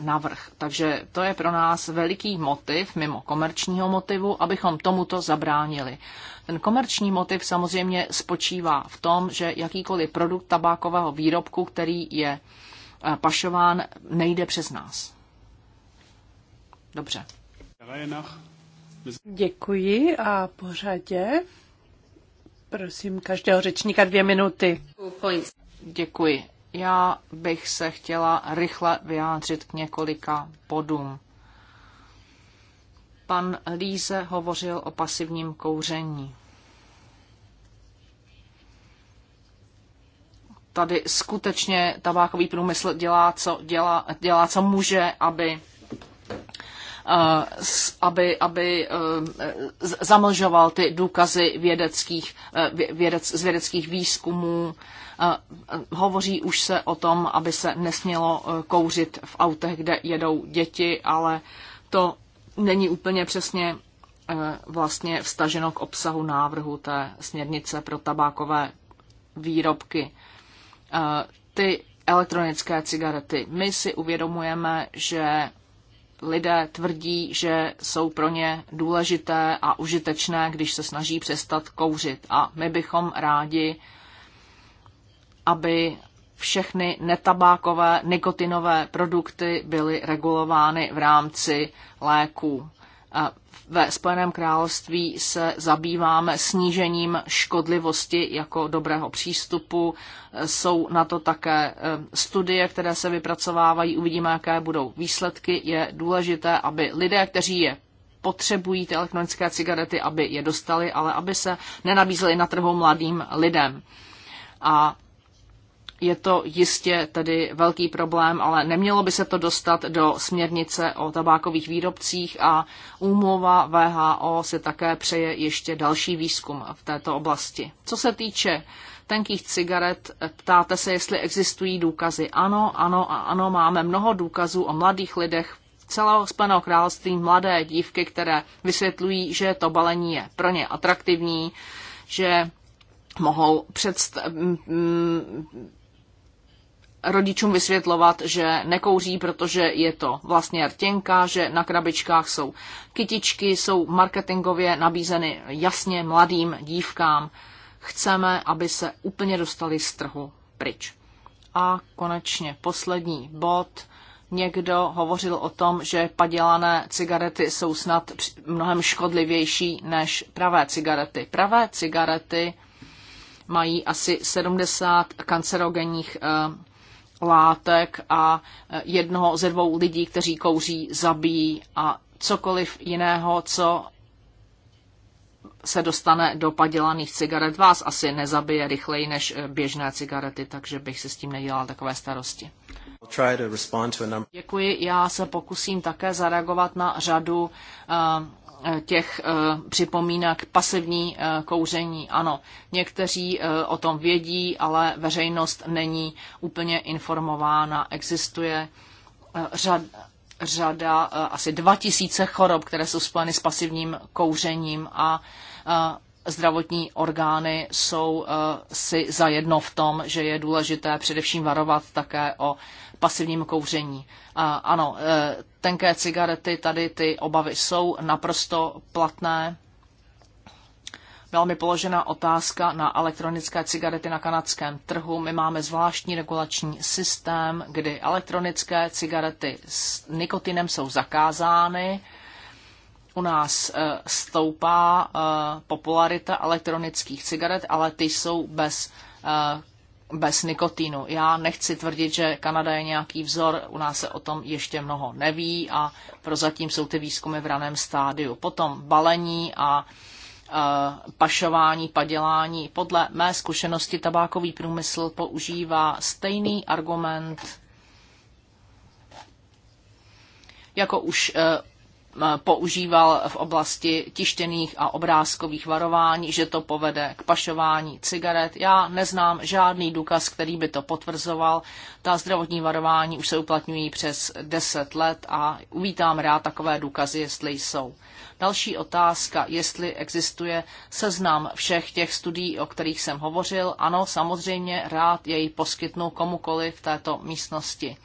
navrh. Takže to je pro nás veliký motiv, mimo komerčního motivu, abychom tomuto zabránili. Ten komerční motiv samozřejmě spočívá v tom, že jakýkoliv produkt tabákového výrobku, který je eh, pašován, nejde přes nás. Dobře. Děkuji a pořadě. Prosím, každého řečníka dvě minuty. Děkuji. Já bych se chtěla rychle vyjádřit k několika bodům. Pan Líze hovořil o pasivním kouření. Tady skutečně tabákový průmysl dělá, co, dělá, dělá, co může, aby Eh, aby, aby eh, zamlžoval ty důkazy vědeckých, eh, vědec, z vědeckých výzkumů. Hovoří už se o tom, aby se nesmělo kouřit v autech, kde jedou děti, ale to není úplně přesně vlastně vstaženo k obsahu návrhu té směrnice pro tabákové výrobky. Ty elektronické cigarety. My si uvědomujeme, že lidé tvrdí, že jsou pro ně důležité a užitečné, když se snaží přestat kouřit. A my bychom rádi, aby všechny netabákové nikotinové produkty byly regulovány v rámci léků ve Spojeném království se zabýváme snížením škodlivosti jako dobrého přístupu. Jsou na to také e, studie, které se vypracovávají, uvidíme, jaké budou výsledky. Je důležité, aby lidé, kteří je potřebují ty elektronické cigarety, aby je dostali, ale aby se nenabízely na trhu mladým lidem. A je to jistě tedy velký problém, ale nemělo by se to dostat do směrnice o tabákových výrobcích a úmluva VHO si také přeje ještě další výzkum v této oblasti. Co se týče tenkých cigaret, ptáte se, jestli existují důkazy. Ano, ano a ano, máme mnoho důkazů o mladých lidech celého Spojeného království, mladé dívky, které vysvětlují, že to balení je pro ně atraktivní, že mohou předst- rodičům vysvětlovat, že nekouří, protože je to vlastně rtěnka, že na krabičkách jsou kytičky, jsou marketingově nabízeny jasně mladým dívkám. Chceme, aby se úplně dostali z trhu pryč. A konečně poslední bod. Někdo hovořil o tom, že padělané cigarety jsou snad mnohem škodlivější než pravé cigarety. Pravé cigarety mají asi 70 kancerogenních eh, látek a e, jednoho ze dvou lidí, kteří kouří, zabíjí a cokoliv jiného, co se dostane do padělaných cigaret, vás asi nezabije rychleji než e, běžné cigarety, takže bych se s tím nedělal takové starosti. Děkuji, já se pokusím také zareagovat na řadu uh, těch eh, připomínek pasivní eh, kouření. Ano, někteří eh, o tom vědí, ale veřejnost není úplně informována. Existuje řada, řada asi 2000 chorob, které jsou spojeny s pasivním kouřením a zdravotní orgány jsou si zajedno v tom, že je důležité především varovat také o pasivním kouření. Ano, e, tenké cigarety, tady ty obavy jsou naprosto platné. Byla mi položena otázka na elektronické cigarety na kanadském trhu. My máme zvláštní regulační systém, kdy elektronické cigarety s nikotinem jsou zakázány. U nás e, stoupá e, popularita elektronických cigaret, ale ty jsou bez bez nikotínu. Já nechci tvrdit, že Kanada je nějaký vzor, u nás se o tom ještě mnoho neví a prozatím jsou ty výzkumy v raném stádiu. Potom balení a e, pašování, padělání. Podle mé zkušenosti tabákový průmysl používá stejný argument jako už e, používal v oblasti tištěných a obrázkových varování, že to povede k pašování cigaret. Já neznám žádný důkaz, který by to potvrzoval. Ta zdravotní varování už se uplatňují přes 10 let a uvítám rád takové důkazy, jestli jsou. Další otázka, jestli existuje seznam všech těch studií, o kterých jsem hovořil. Ano, samozřejmě rád jej poskytnu komukoli v této místnosti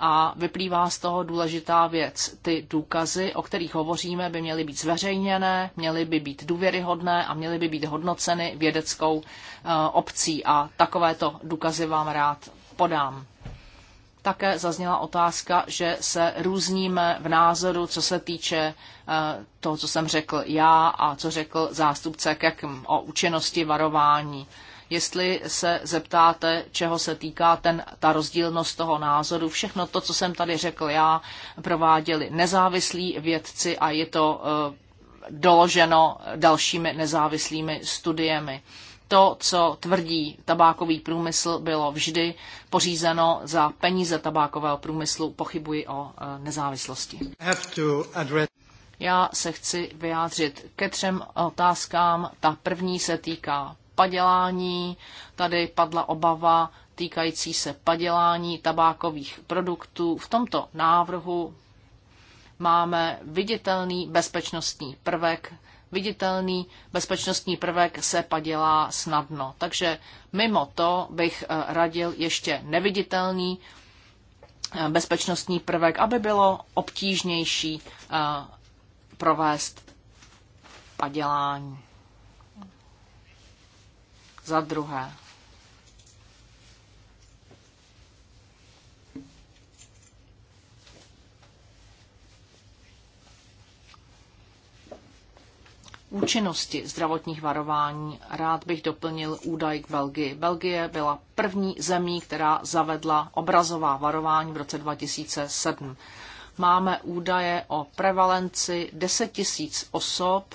a vyplývá z toho důležitá věc. Ty důkazy, o kterých hovoříme, by měly být zveřejněné, měly by být důvěryhodné a měly by být hodnoceny vědeckou eh, obcí a takovéto důkazy vám rád podám. Také zazněla otázka, že se různíme v názoru, co se týče eh, toho, co jsem řekl já a co řekl zástupce KEKM o účinnosti varování jestli se zeptáte, čeho se týká ten, ta rozdílnost toho názoru. Všechno to, co jsem tady řekl já, prováděli nezávislí vědci a je to eh, doloženo dalšími nezávislými studiemi. To, co tvrdí tabákový průmysl, bylo vždy pořízeno za peníze tabákového průmyslu. Pochybuji o eh, nezávislosti. Já se chci vyjádřit ke třem otázkám. Ta první se týká padělání. Tady padla obava týkající se padělání tabákových produktů. V tomto návrhu máme viditelný bezpečnostní prvek. Viditelný bezpečnostní prvek se padělá snadno. Takže mimo to bych eh, radil ještě neviditelný eh, bezpečnostní prvek, aby bylo obtížnější eh, provést padělání. Za druhé. účinnosti zdravotních varování rád bych doplnil údaj k Belgii. Belgie byla první zemí, která zavedla obrazová varování v roce 2007. Máme údaje o prevalenci 10 000 osob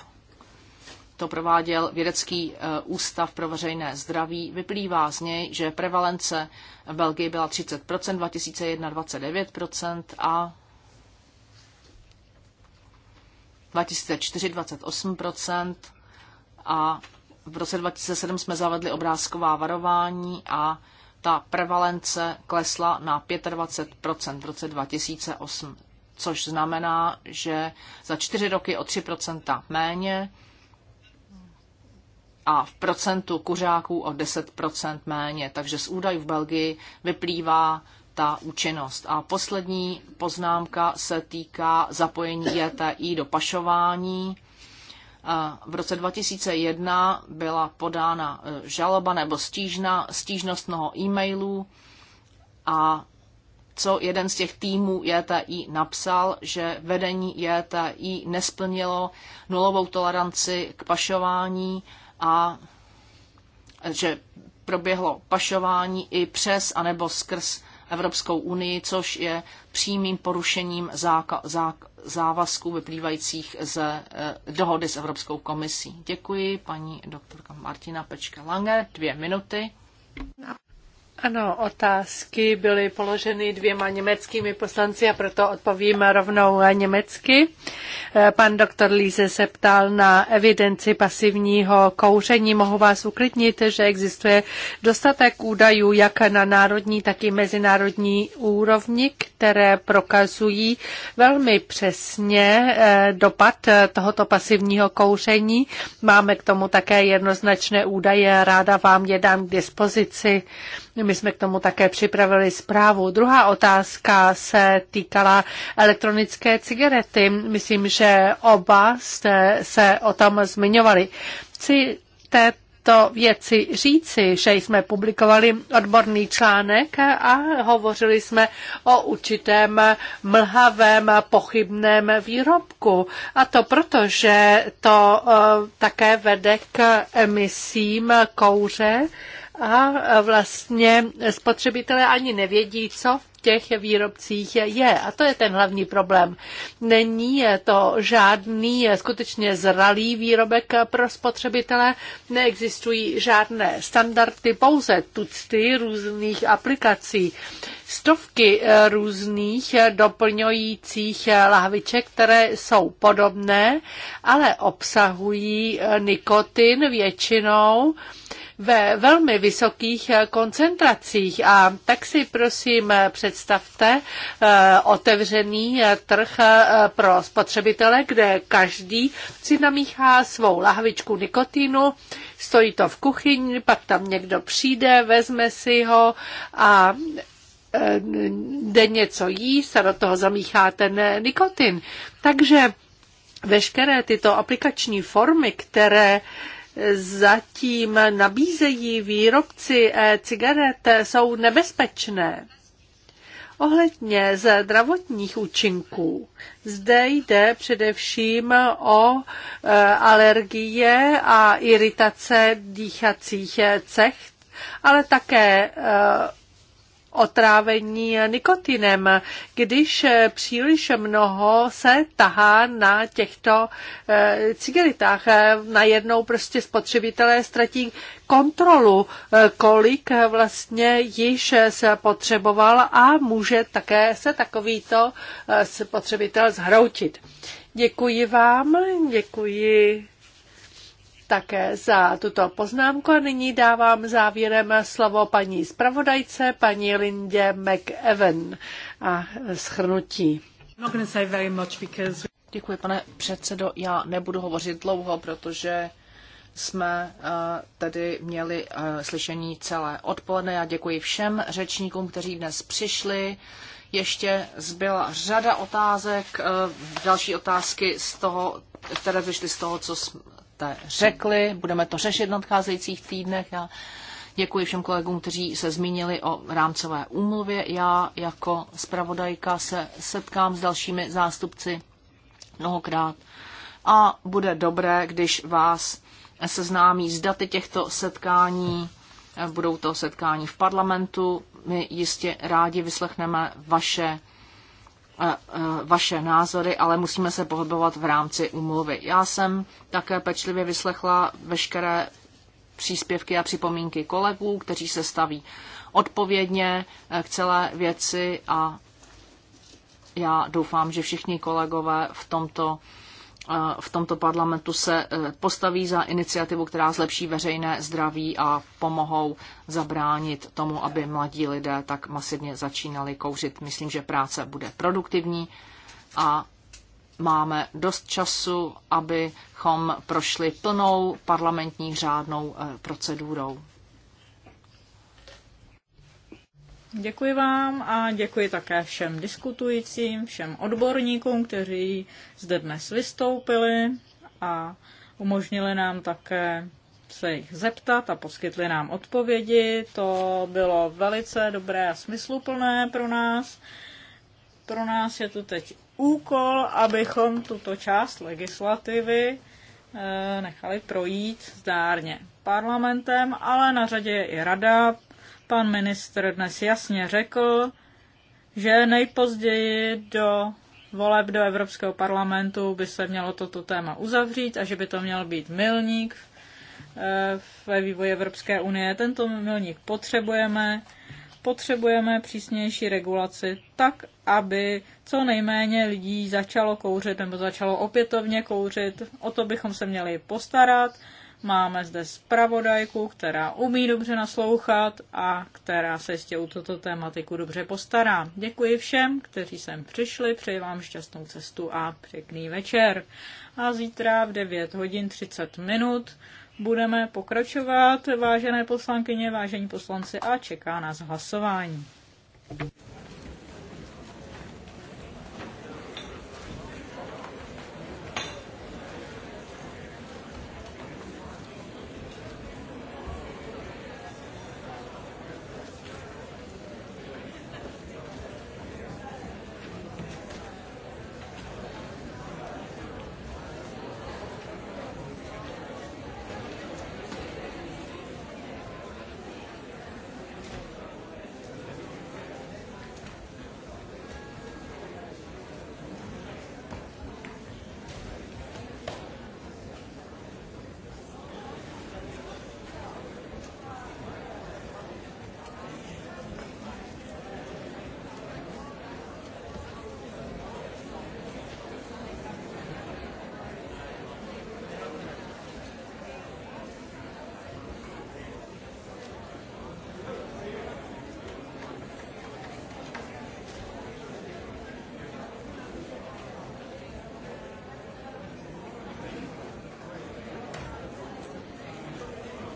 to prováděl Vědecký eh, ústav pro veřejné zdraví. Vyplývá z něj, že prevalence v Belgii byla 30%, 2001 29% a 2004 28% a v roce 2007 jsme zavedli obrázková varování a ta prevalence klesla na 25% v roce 2008, což znamená, že za čtyři roky o 3% méně a v procentu kuřáků o 10% méně. Takže z údajů v Belgii vyplývá ta účinnost. A poslední poznámka se týká zapojení JTI do pašování. V roce 2001 byla podána e, žaloba nebo stížna, stížnost mnoho e-mailů a co jeden z těch týmů JTI napsal, že vedení JTI nesplnilo nulovou toleranci k pašování a že proběhlo pašování i přes anebo skrz Evropskou unii, což je přímým porušením záka, zá, závazků vyplývajících z eh, dohody s Evropskou komisí. Děkuji paní doktorka Martina Pečka Lange, dvě minuty. Ano, otázky byly položeny dvěma německými poslanci a proto odpovím rovnou německy. Eh, pan doktor Líze se ptal na evidenci pasivního kouření. Mohu vás uklidnit, že existuje dostatek údajů jak na národní, tak i mezinárodní úrovni, které prokazují velmi přesně eh, dopad tohoto pasivního kouření. Máme k tomu také jednoznačné údaje, ráda vám je dám k dispozici. My jsme k tomu také připravili zprávu. Druhá otázka se týkala elektronické cigarety. Myslím, že oba jste se o tom zmiňovali. Chci této věci říci, že jsme publikovali odborný článek a hovořili jsme o určitém mlhavém pochybném výrobku. A to proto, že to eh, také vede k emisím kouře a vlastně spotřebitelé ani nevědí, co v těch výrobcích je. A to je ten hlavní problém. Není to žádný skutečně zralý výrobek pro spotřebitele, neexistují žádné standardy, pouze tucty různých aplikací. Stovky různých doplňujících lahviček, které jsou podobné, ale obsahují nikotin většinou ve velmi vysokých eh, koncentracích. A tak si prosím eh, představte eh, otevřený trh pro spotřebitele, kde každý si namíchá svou lahvičku nikotinu, stojí to v kuchyni, pak tam někdo přijde, vezme si ho a jde něco jíst a do toho zamíchá ten nikotin. Takže veškeré tyto aplikační formy, které uh, zatím nabízejí výrobci cigaret, jsou nebezpečné. Ohledně zdravotních účinků. Zde jde především o e, alergie a iritace dýchacích cech, ale také e, otrávení nikotinem, když příliš mnoho se tahá na těchto eh, cigaretách. Najednou prostě spotřebitelé ztratí kontrolu, eh, kolik vlastně již se potřeboval a může také se takovýto eh, spotřebitel zhroutit. Děkuji vám, děkuji také za tuto poznámku a nyní dávám závěrem slovo paní zpravodajce, paní Lindě McEwen a schrnutí. Děkuji, pane předsedo. Já nebudu hovořit dlouho, protože jsme eh, tedy měli eh, slyšení celé odpoledne. Já děkuji všem řečníkům, kteří dnes přišli. Ještě zbyla řada otázek, eh, další otázky z toho, které vyšly z toho, co, jste řekli. Budeme to řešit v nadcházejících týdnech. Já děkuji všem kolegům, kteří se zmínili o rámcové úmluvě. Já jako zpravodajka se setkám s dalšími zástupci mnohokrát a bude dobré, když vás seznámí s daty těchto setkání. Budou to setkání v parlamentu. My jistě rádi vyslechneme vaše vaše názory, ale musíme se pohybovat v rámci umluvy. Já jsem také pečlivě vyslechla veškeré příspěvky a připomínky kolegů, kteří se staví odpovědně eh, k celé věci a já doufám, že všichni kolegové v tomto v tomto parlamentu se eh, postaví za iniciativu, která zlepší veřejné zdraví a pomohou zabránit tomu, aby mladí lidé tak masivně začínali kouřit. Myslím, že práce bude produktivní a máme dost času, abychom prošli plnou parlamentní řádnou eh, procedurou. Děkuji vám a děkuji také všem diskutujícím, všem odborníkům, kteří zde dnes vystoupili a umožnili nám také se jich zeptat a poskytli nám odpovědi. To bylo velice dobré a smysluplné pro nás. Pro nás je to teď úkol, abychom tuto část legislativy eh, nechali projít zdárně parlamentem, ale na řadě je i rada, Pan ministr dnes jasně řekl, že nejpozději do voleb do Evropského parlamentu by se mělo toto téma uzavřít a že by to měl být milník eh, ve vývoji Evropské unie. Tento milník potřebujeme. Potřebujeme přísnější regulaci tak, aby co nejméně lidí začalo kouřit nebo začalo opětovně kouřit. O to bychom se měli postarat Máme zde zpravodajku, která umí dobře naslouchat a která se jistě u toto tématiku dobře postará. Děkuji všem, kteří sem přišli, přeji vám šťastnou cestu a pěkný večer. A zítra v 9 hodin 30 minut budeme pokračovat, vážené poslankyně, vážení poslanci, a čeká nás hlasování.